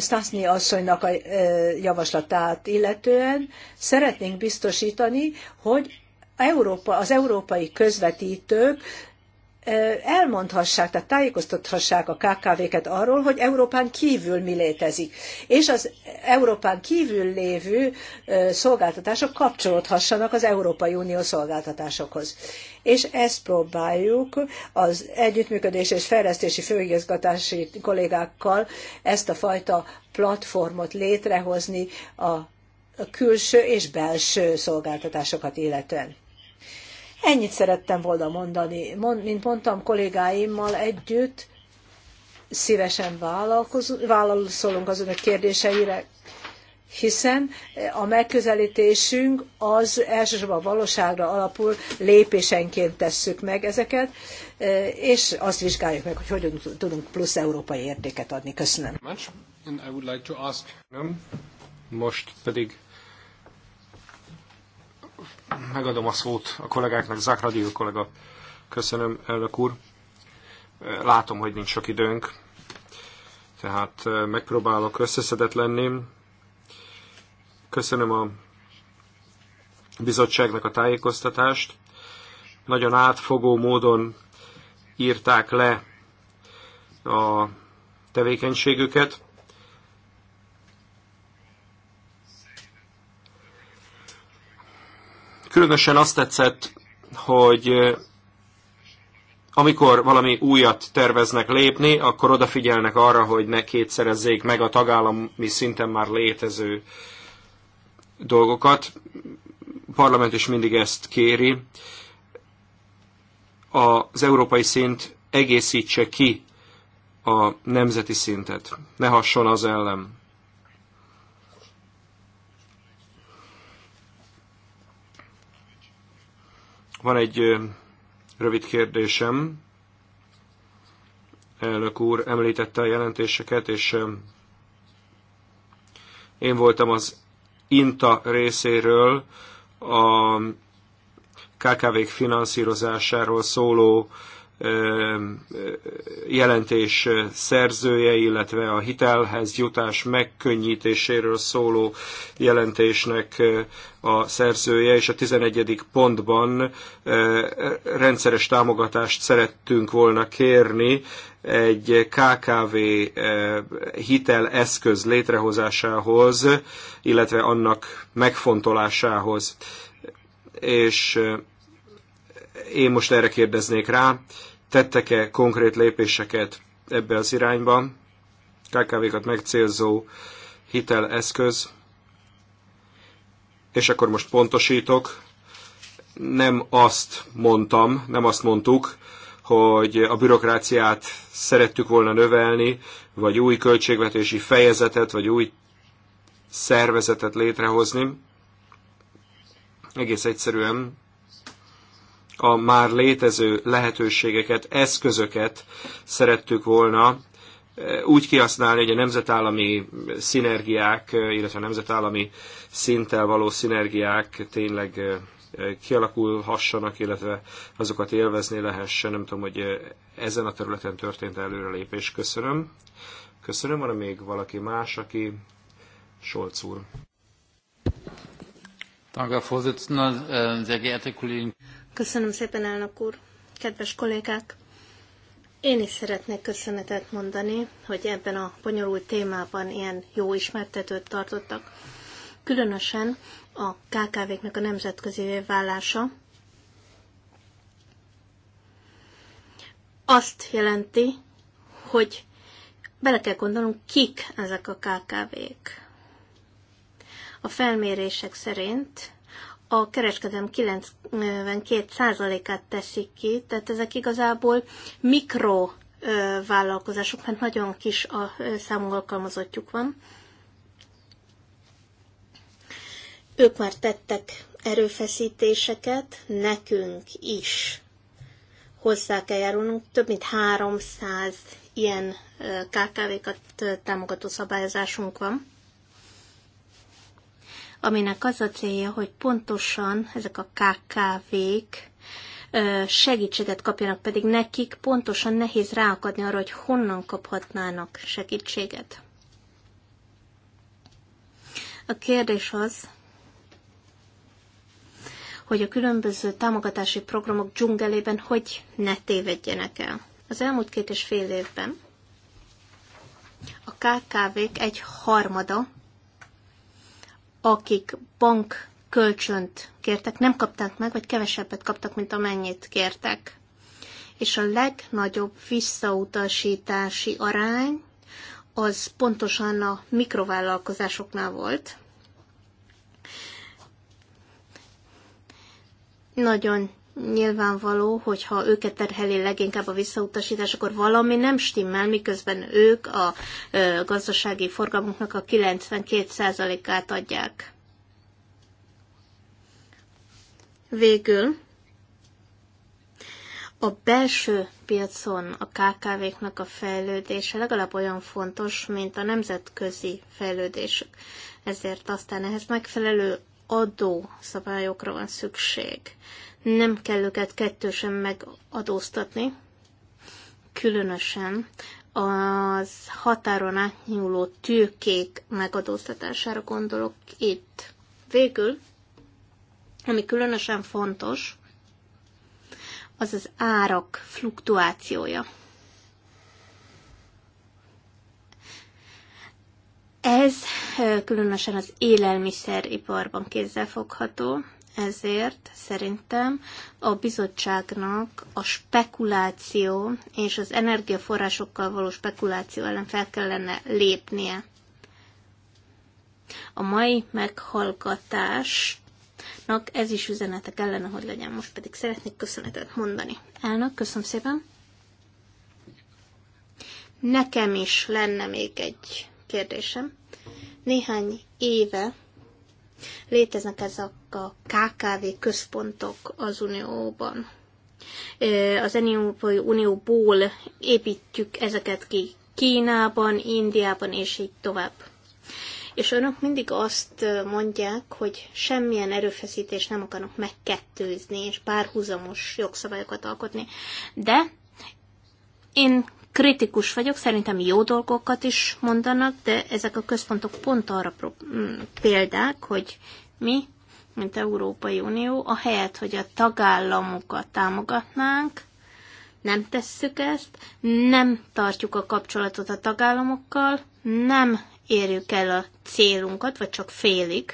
Stasny asszonynak a javaslatát illetően szeretnénk biztosítani, hogy Európa, az európai közvetítők elmondhassák, tehát tájékoztathassák a KKV-ket arról, hogy Európán kívül mi létezik, és az Európán kívül lévő szolgáltatások kapcsolódhassanak az Európai Unió szolgáltatásokhoz. És ezt próbáljuk az együttműködés és fejlesztési főigazgatási kollégákkal ezt a fajta platformot létrehozni a külső és belső szolgáltatásokat illetően. Ennyit szerettem volna mondani. Mint mondtam, kollégáimmal együtt szívesen válaszolunk az önök kérdéseire, hiszen a megközelítésünk az elsősorban valóságra alapul, lépésenként tesszük meg ezeket, és azt vizsgáljuk meg, hogy hogyan tudunk plusz európai értéket adni. Köszönöm. Most pedig Megadom a szót a kollégáknak, Radio kollega. Köszönöm, elnök úr. Látom, hogy nincs sok időnk, tehát eh, megpróbálok összeszedett lenni. Köszönöm a bizottságnak a tájékoztatást. Nagyon átfogó módon írták le a tevékenységüket. Különösen azt tetszett, hogy amikor valami újat terveznek lépni, akkor odafigyelnek arra, hogy ne kétszerezzék meg a tagállami szinten már létező dolgokat. A parlament is mindig ezt kéri. Az európai szint egészítse ki a nemzeti szintet. Ne hasson az ellen. Van egy rövid kérdésem. Elnök úr említette a jelentéseket, és én voltam az INTA részéről a KKV-k finanszírozásáról szóló jelentés szerzője, illetve a hitelhez jutás megkönnyítéséről szóló jelentésnek a szerzője, és a 11. pontban rendszeres támogatást szerettünk volna kérni egy KKV hiteleszköz létrehozásához, illetve annak megfontolásához. És én most erre kérdeznék rá, tettek-e konkrét lépéseket ebbe az irányba, KKV-kat megcélzó hiteleszköz, és akkor most pontosítok, nem azt mondtam, nem azt mondtuk, hogy a bürokráciát szerettük volna növelni, vagy új költségvetési fejezetet, vagy új szervezetet létrehozni. Egész egyszerűen a már létező lehetőségeket, eszközöket szerettük volna eh, úgy kihasználni, hogy a nemzetállami szinergiák, eh, illetve a nemzetállami szinttel való szinergiák tényleg eh, kialakulhassanak, illetve azokat élvezni lehessen. Nem tudom, hogy ezen a területen történt előrelépés. Köszönöm. Köszönöm. Van még valaki más, aki Solc úr? Köszönöm szépen, elnök úr! Kedves kollégák! Én is szeretnék köszönetet mondani, hogy ebben a bonyolult témában ilyen jó ismertetőt tartottak. Különösen a kkv knek a nemzetközi vállása azt jelenti, hogy bele kell gondolnunk, kik ezek a KKV-k. A felmérések szerint a kereskedem 92%-át teszik ki, tehát ezek igazából mikro vállalkozások, mert nagyon kis a számú alkalmazottjuk van. Ők már tettek erőfeszítéseket, nekünk is hozzá kell járulnunk. Több mint 300 ilyen KKV-kat támogató szabályozásunk van aminek az a célja, hogy pontosan ezek a KKV-k segítséget kapjanak, pedig nekik pontosan nehéz ráakadni arra, hogy honnan kaphatnának segítséget. A kérdés az, hogy a különböző támogatási programok dzsungelében hogy ne tévedjenek el. Az elmúlt két és fél évben a KKV-k egy harmada akik bank kölcsönt kértek, nem kapták meg, vagy kevesebbet kaptak, mint amennyit kértek. És a legnagyobb visszautasítási arány az pontosan a mikrovállalkozásoknál volt. Nagyon nyilvánvaló, hogy ha őket terheli leginkább a visszautasítás, akkor valami nem stimmel, miközben ők a gazdasági forgalmunknak a 92%-át adják. Végül a belső piacon a KKV-knak a fejlődése legalább olyan fontos, mint a nemzetközi fejlődésük. Ezért aztán ehhez megfelelő adó szabályokra van szükség. Nem kell őket kettősen megadóztatni, különösen az határon átnyúló tőkék megadóztatására gondolok itt. Végül, ami különösen fontos, az az árak fluktuációja. Ez különösen az élelmiszeriparban kézzelfogható, ezért szerintem a bizottságnak a spekuláció és az energiaforrásokkal való spekuláció ellen fel kellene lépnie. A mai meghallgatásnak ez is üzenete kellene, hogy legyen. Most pedig szeretnék köszönetet mondani. Elnök, köszönöm szépen. Nekem is lenne még egy kérdésem. Néhány éve léteznek ezek a KKV központok az Unióban. Az Európai Unióból építjük ezeket ki Kínában, Indiában és így tovább. És önök mindig azt mondják, hogy semmilyen erőfeszítés nem akarnak megkettőzni és párhuzamos jogszabályokat alkotni. De én kritikus vagyok, szerintem jó dolgokat is mondanak, de ezek a központok pont arra mm, példák, hogy mi, mint Európai Unió, a helyet, hogy a tagállamokat támogatnánk, nem tesszük ezt, nem tartjuk a kapcsolatot a tagállamokkal, nem érjük el a célunkat, vagy csak félig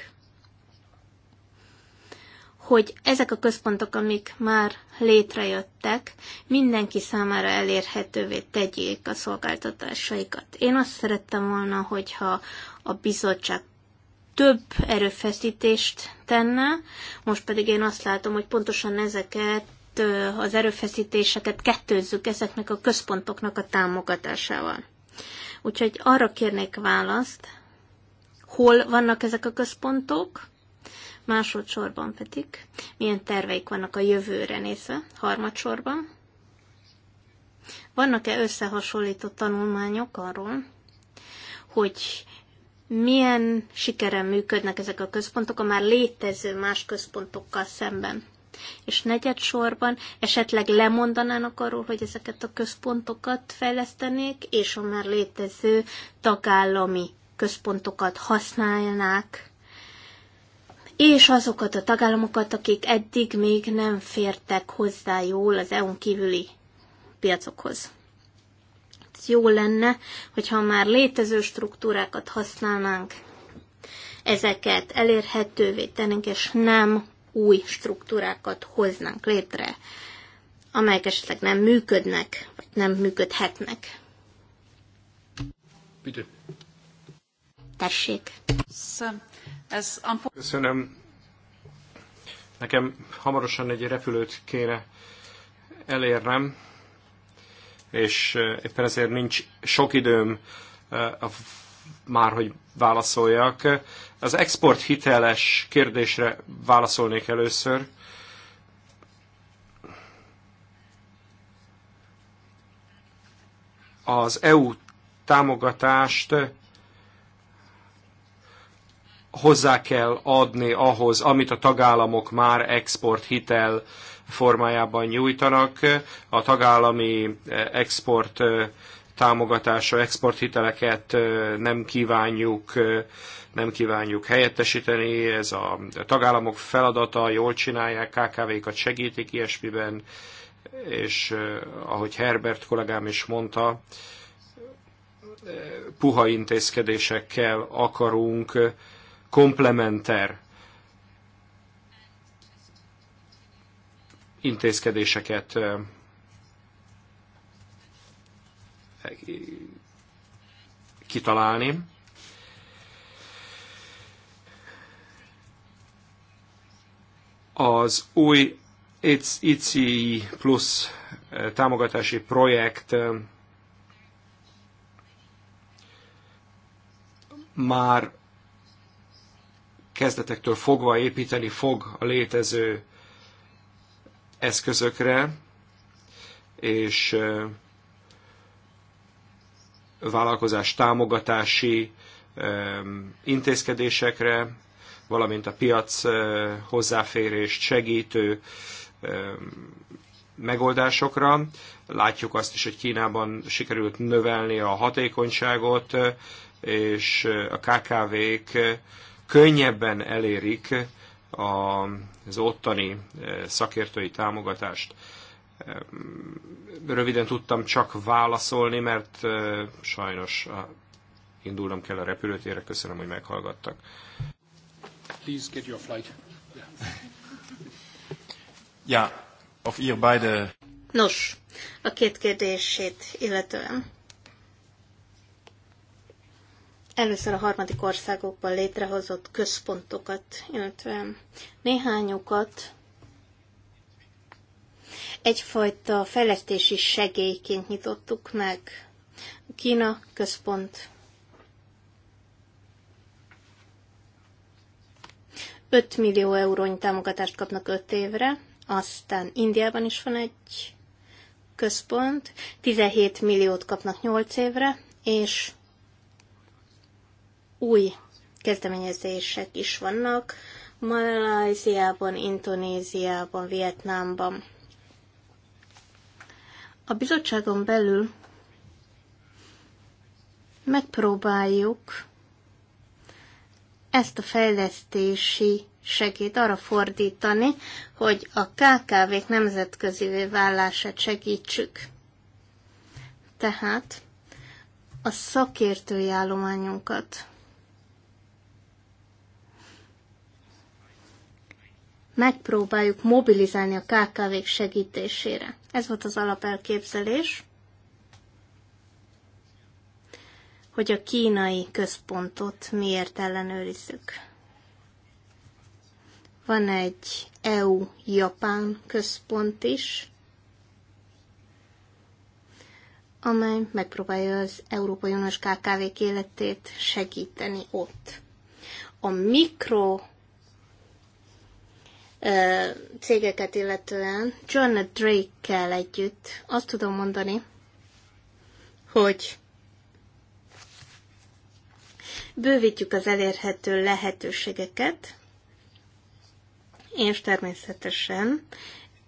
hogy ezek a központok, amik már létrejöttek, mindenki számára elérhetővé tegyék a szolgáltatásaikat. Én azt szerettem volna, hogyha a bizottság több erőfeszítést tenne, most pedig én azt látom, hogy pontosan ezeket az erőfeszítéseket kettőzzük ezeknek a központoknak a támogatásával. Úgyhogy arra kérnék választ, hol vannak ezek a központok, másodszorban pedig milyen terveik vannak a jövőre nézve, harmadsorban vannak-e összehasonlító tanulmányok arról, hogy milyen sikeren működnek ezek a központok a már létező más központokkal szemben. És negyed sorban esetleg lemondanának arról, hogy ezeket a központokat fejlesztenék, és a már létező tagállami központokat használnák és azokat a tagállamokat, akik eddig még nem fértek hozzá jól az EU-n kívüli piacokhoz. Ez jó lenne, hogyha már létező struktúrákat használnánk, ezeket elérhetővé tennénk, és nem új struktúrákat hoznánk létre, amelyek esetleg nem működnek, vagy nem működhetnek. Bitte. Tessék. Köszönöm. Köszönöm. Nekem hamarosan egy repülőt kéne elérnem, és éppen ezért nincs sok időm már, hogy válaszoljak. Az export hiteles kérdésre válaszolnék először. Az EU támogatást hozzá kell adni ahhoz, amit a tagállamok már exporthitel formájában nyújtanak. A tagállami eh, export eh, támogatása, exporthiteleket eh, nem kívánjuk, nem kívánjuk helyettesíteni, ez a tagállamok feladata, jól csinálják, KKV-kat segítik ilyesmiben, és ahogy Herbert kollégám is mondta, puha intézkedésekkel akarunk komplementer intézkedéseket kitalálni. Az új ICI plusz támogatási projekt már kezdetektől fogva építeni fog a létező eszközökre, és vállalkozás támogatási intézkedésekre, valamint a piac hozzáférést segítő megoldásokra. Látjuk azt is, hogy Kínában sikerült növelni a hatékonyságot, és a KKV-k könnyebben elérik az ottani eh, szakértői támogatást. Eh, röviden tudtam csak válaszolni, mert eh, sajnos indulnom kell a repülőtérre. Köszönöm, hogy meghallgattak. Please get your flight. Yeah. ja, auf ihr beide... Nos, a két kérdését illetően először a harmadik országokban létrehozott központokat, illetve néhányukat egyfajta fejlesztési segélyként nyitottuk meg. Kína központ. Öt millió eurónyi támogatást kapnak öt évre, aztán Indiában is van egy központ, 17 milliót kapnak 8 évre, és új kezdeményezések is vannak, Malajziában, Indonéziában, Vietnámban. A bizottságon belül megpróbáljuk ezt a fejlesztési segít arra fordítani, hogy a KKV-k nemzetközi vállását segítsük. Tehát a szakértői állományunkat megpróbáljuk mobilizálni a KKV-k segítésére. Ez volt az alapelképzelés, hogy a kínai központot miért ellenőrizzük. Van egy EU-Japán központ is, amely megpróbálja az Európai Uniós KKV életét segíteni ott. A mikro cégeket illetően John Drake-kel együtt azt tudom mondani, hogy bővítjük az elérhető lehetőségeket, és természetesen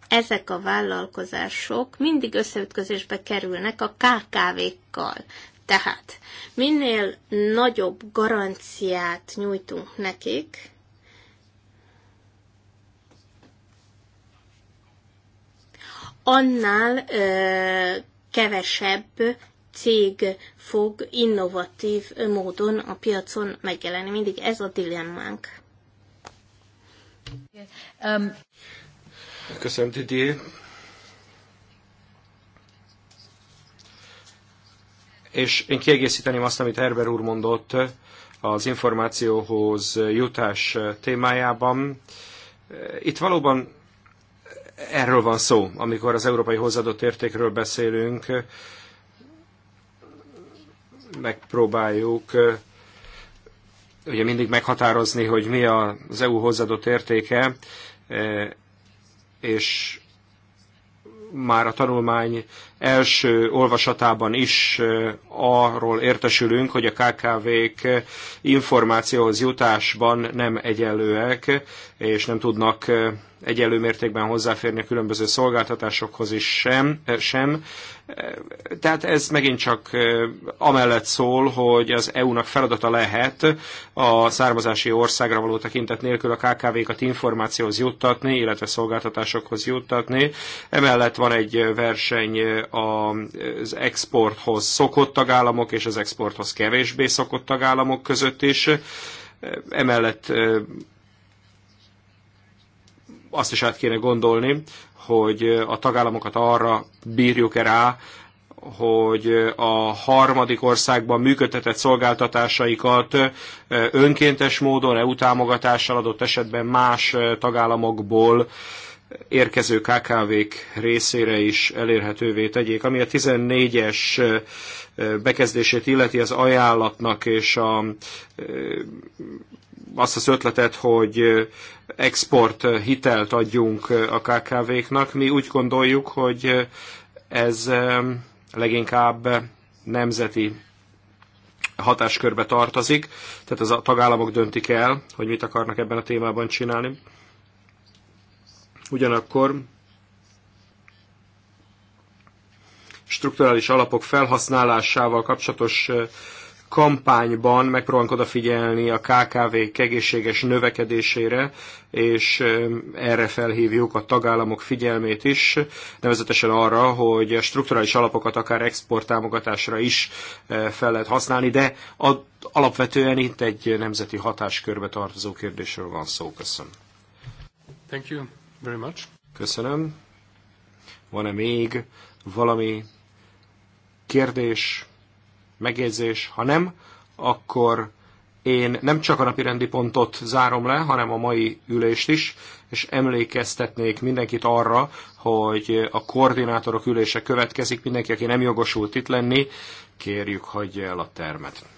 ezek a vállalkozások mindig összeütközésbe kerülnek a KKV-kkal. Tehát minél nagyobb garanciát nyújtunk nekik, annál kevesebb cég fog innovatív módon a piacon megjelenni. Mindig ez a dilemmánk. Um, Köszönöm, Didier. És én kiegészíteném azt, amit Herber úr mondott az információhoz jutás témájában. Itt valóban erről van szó, amikor az európai hozzáadott értékről beszélünk, megpróbáljuk eh, ugye mindig meghatározni, hogy mi az EU hozzáadott értéke, eh, és már a tanulmány első olvasatában is eh, arról értesülünk, hogy a KKV-k információhoz jutásban nem egyenlőek, és nem tudnak egyenlő mértékben hozzáférni a különböző szolgáltatásokhoz is sem, eh, sem. Eh, tehát ez megint csak eh, amellett szól, hogy az EU-nak feladata lehet a származási országra való tekintet nélkül a KKV-kat információhoz juttatni, illetve szolgáltatásokhoz juttatni. Emellett van egy verseny az exporthoz szokott tagállamok és az exporthoz kevésbé szokott tagállamok között is. Emellett azt is át kéne gondolni, hogy a tagállamokat arra bírjuk-e rá, hogy a harmadik országban működtetett szolgáltatásaikat önkéntes módon, EU támogatással adott esetben más tagállamokból érkező KKV-k részére is elérhetővé tegyék. Ami a 14-es bekezdését illeti az ajánlatnak és a, azt az ötletet, hogy export hitelt adjunk eh, a KKV-knak. Mi úgy gondoljuk, hogy eh, ez leginkább nemzeti hatáskörbe tartozik, tehát az a tagállamok döntik el, hogy mit akarnak ebben a témában csinálni. Ugyanakkor strukturális alapok felhasználásával kapcsolatos eh, kampányban megpróbálunk odafigyelni a kkv egészséges növekedésére, és erre felhívjuk a tagállamok figyelmét is, nevezetesen arra, hogy a strukturális alapokat akár exporttámogatásra is fel lehet használni, de alapvetően itt egy nemzeti hatáskörbe tartozó kérdésről van szó. Köszönöm. Thank you very much. Köszönöm. Van-e még valami kérdés? megjegyzés? Ha nem, akkor én nem csak a napi rendi pontot zárom le, hanem a mai ülést is, és emlékeztetnék mindenkit arra, hogy a koordinátorok ülése következik, mindenki, aki nem jogosult itt lenni, kérjük, hagyja el a termet.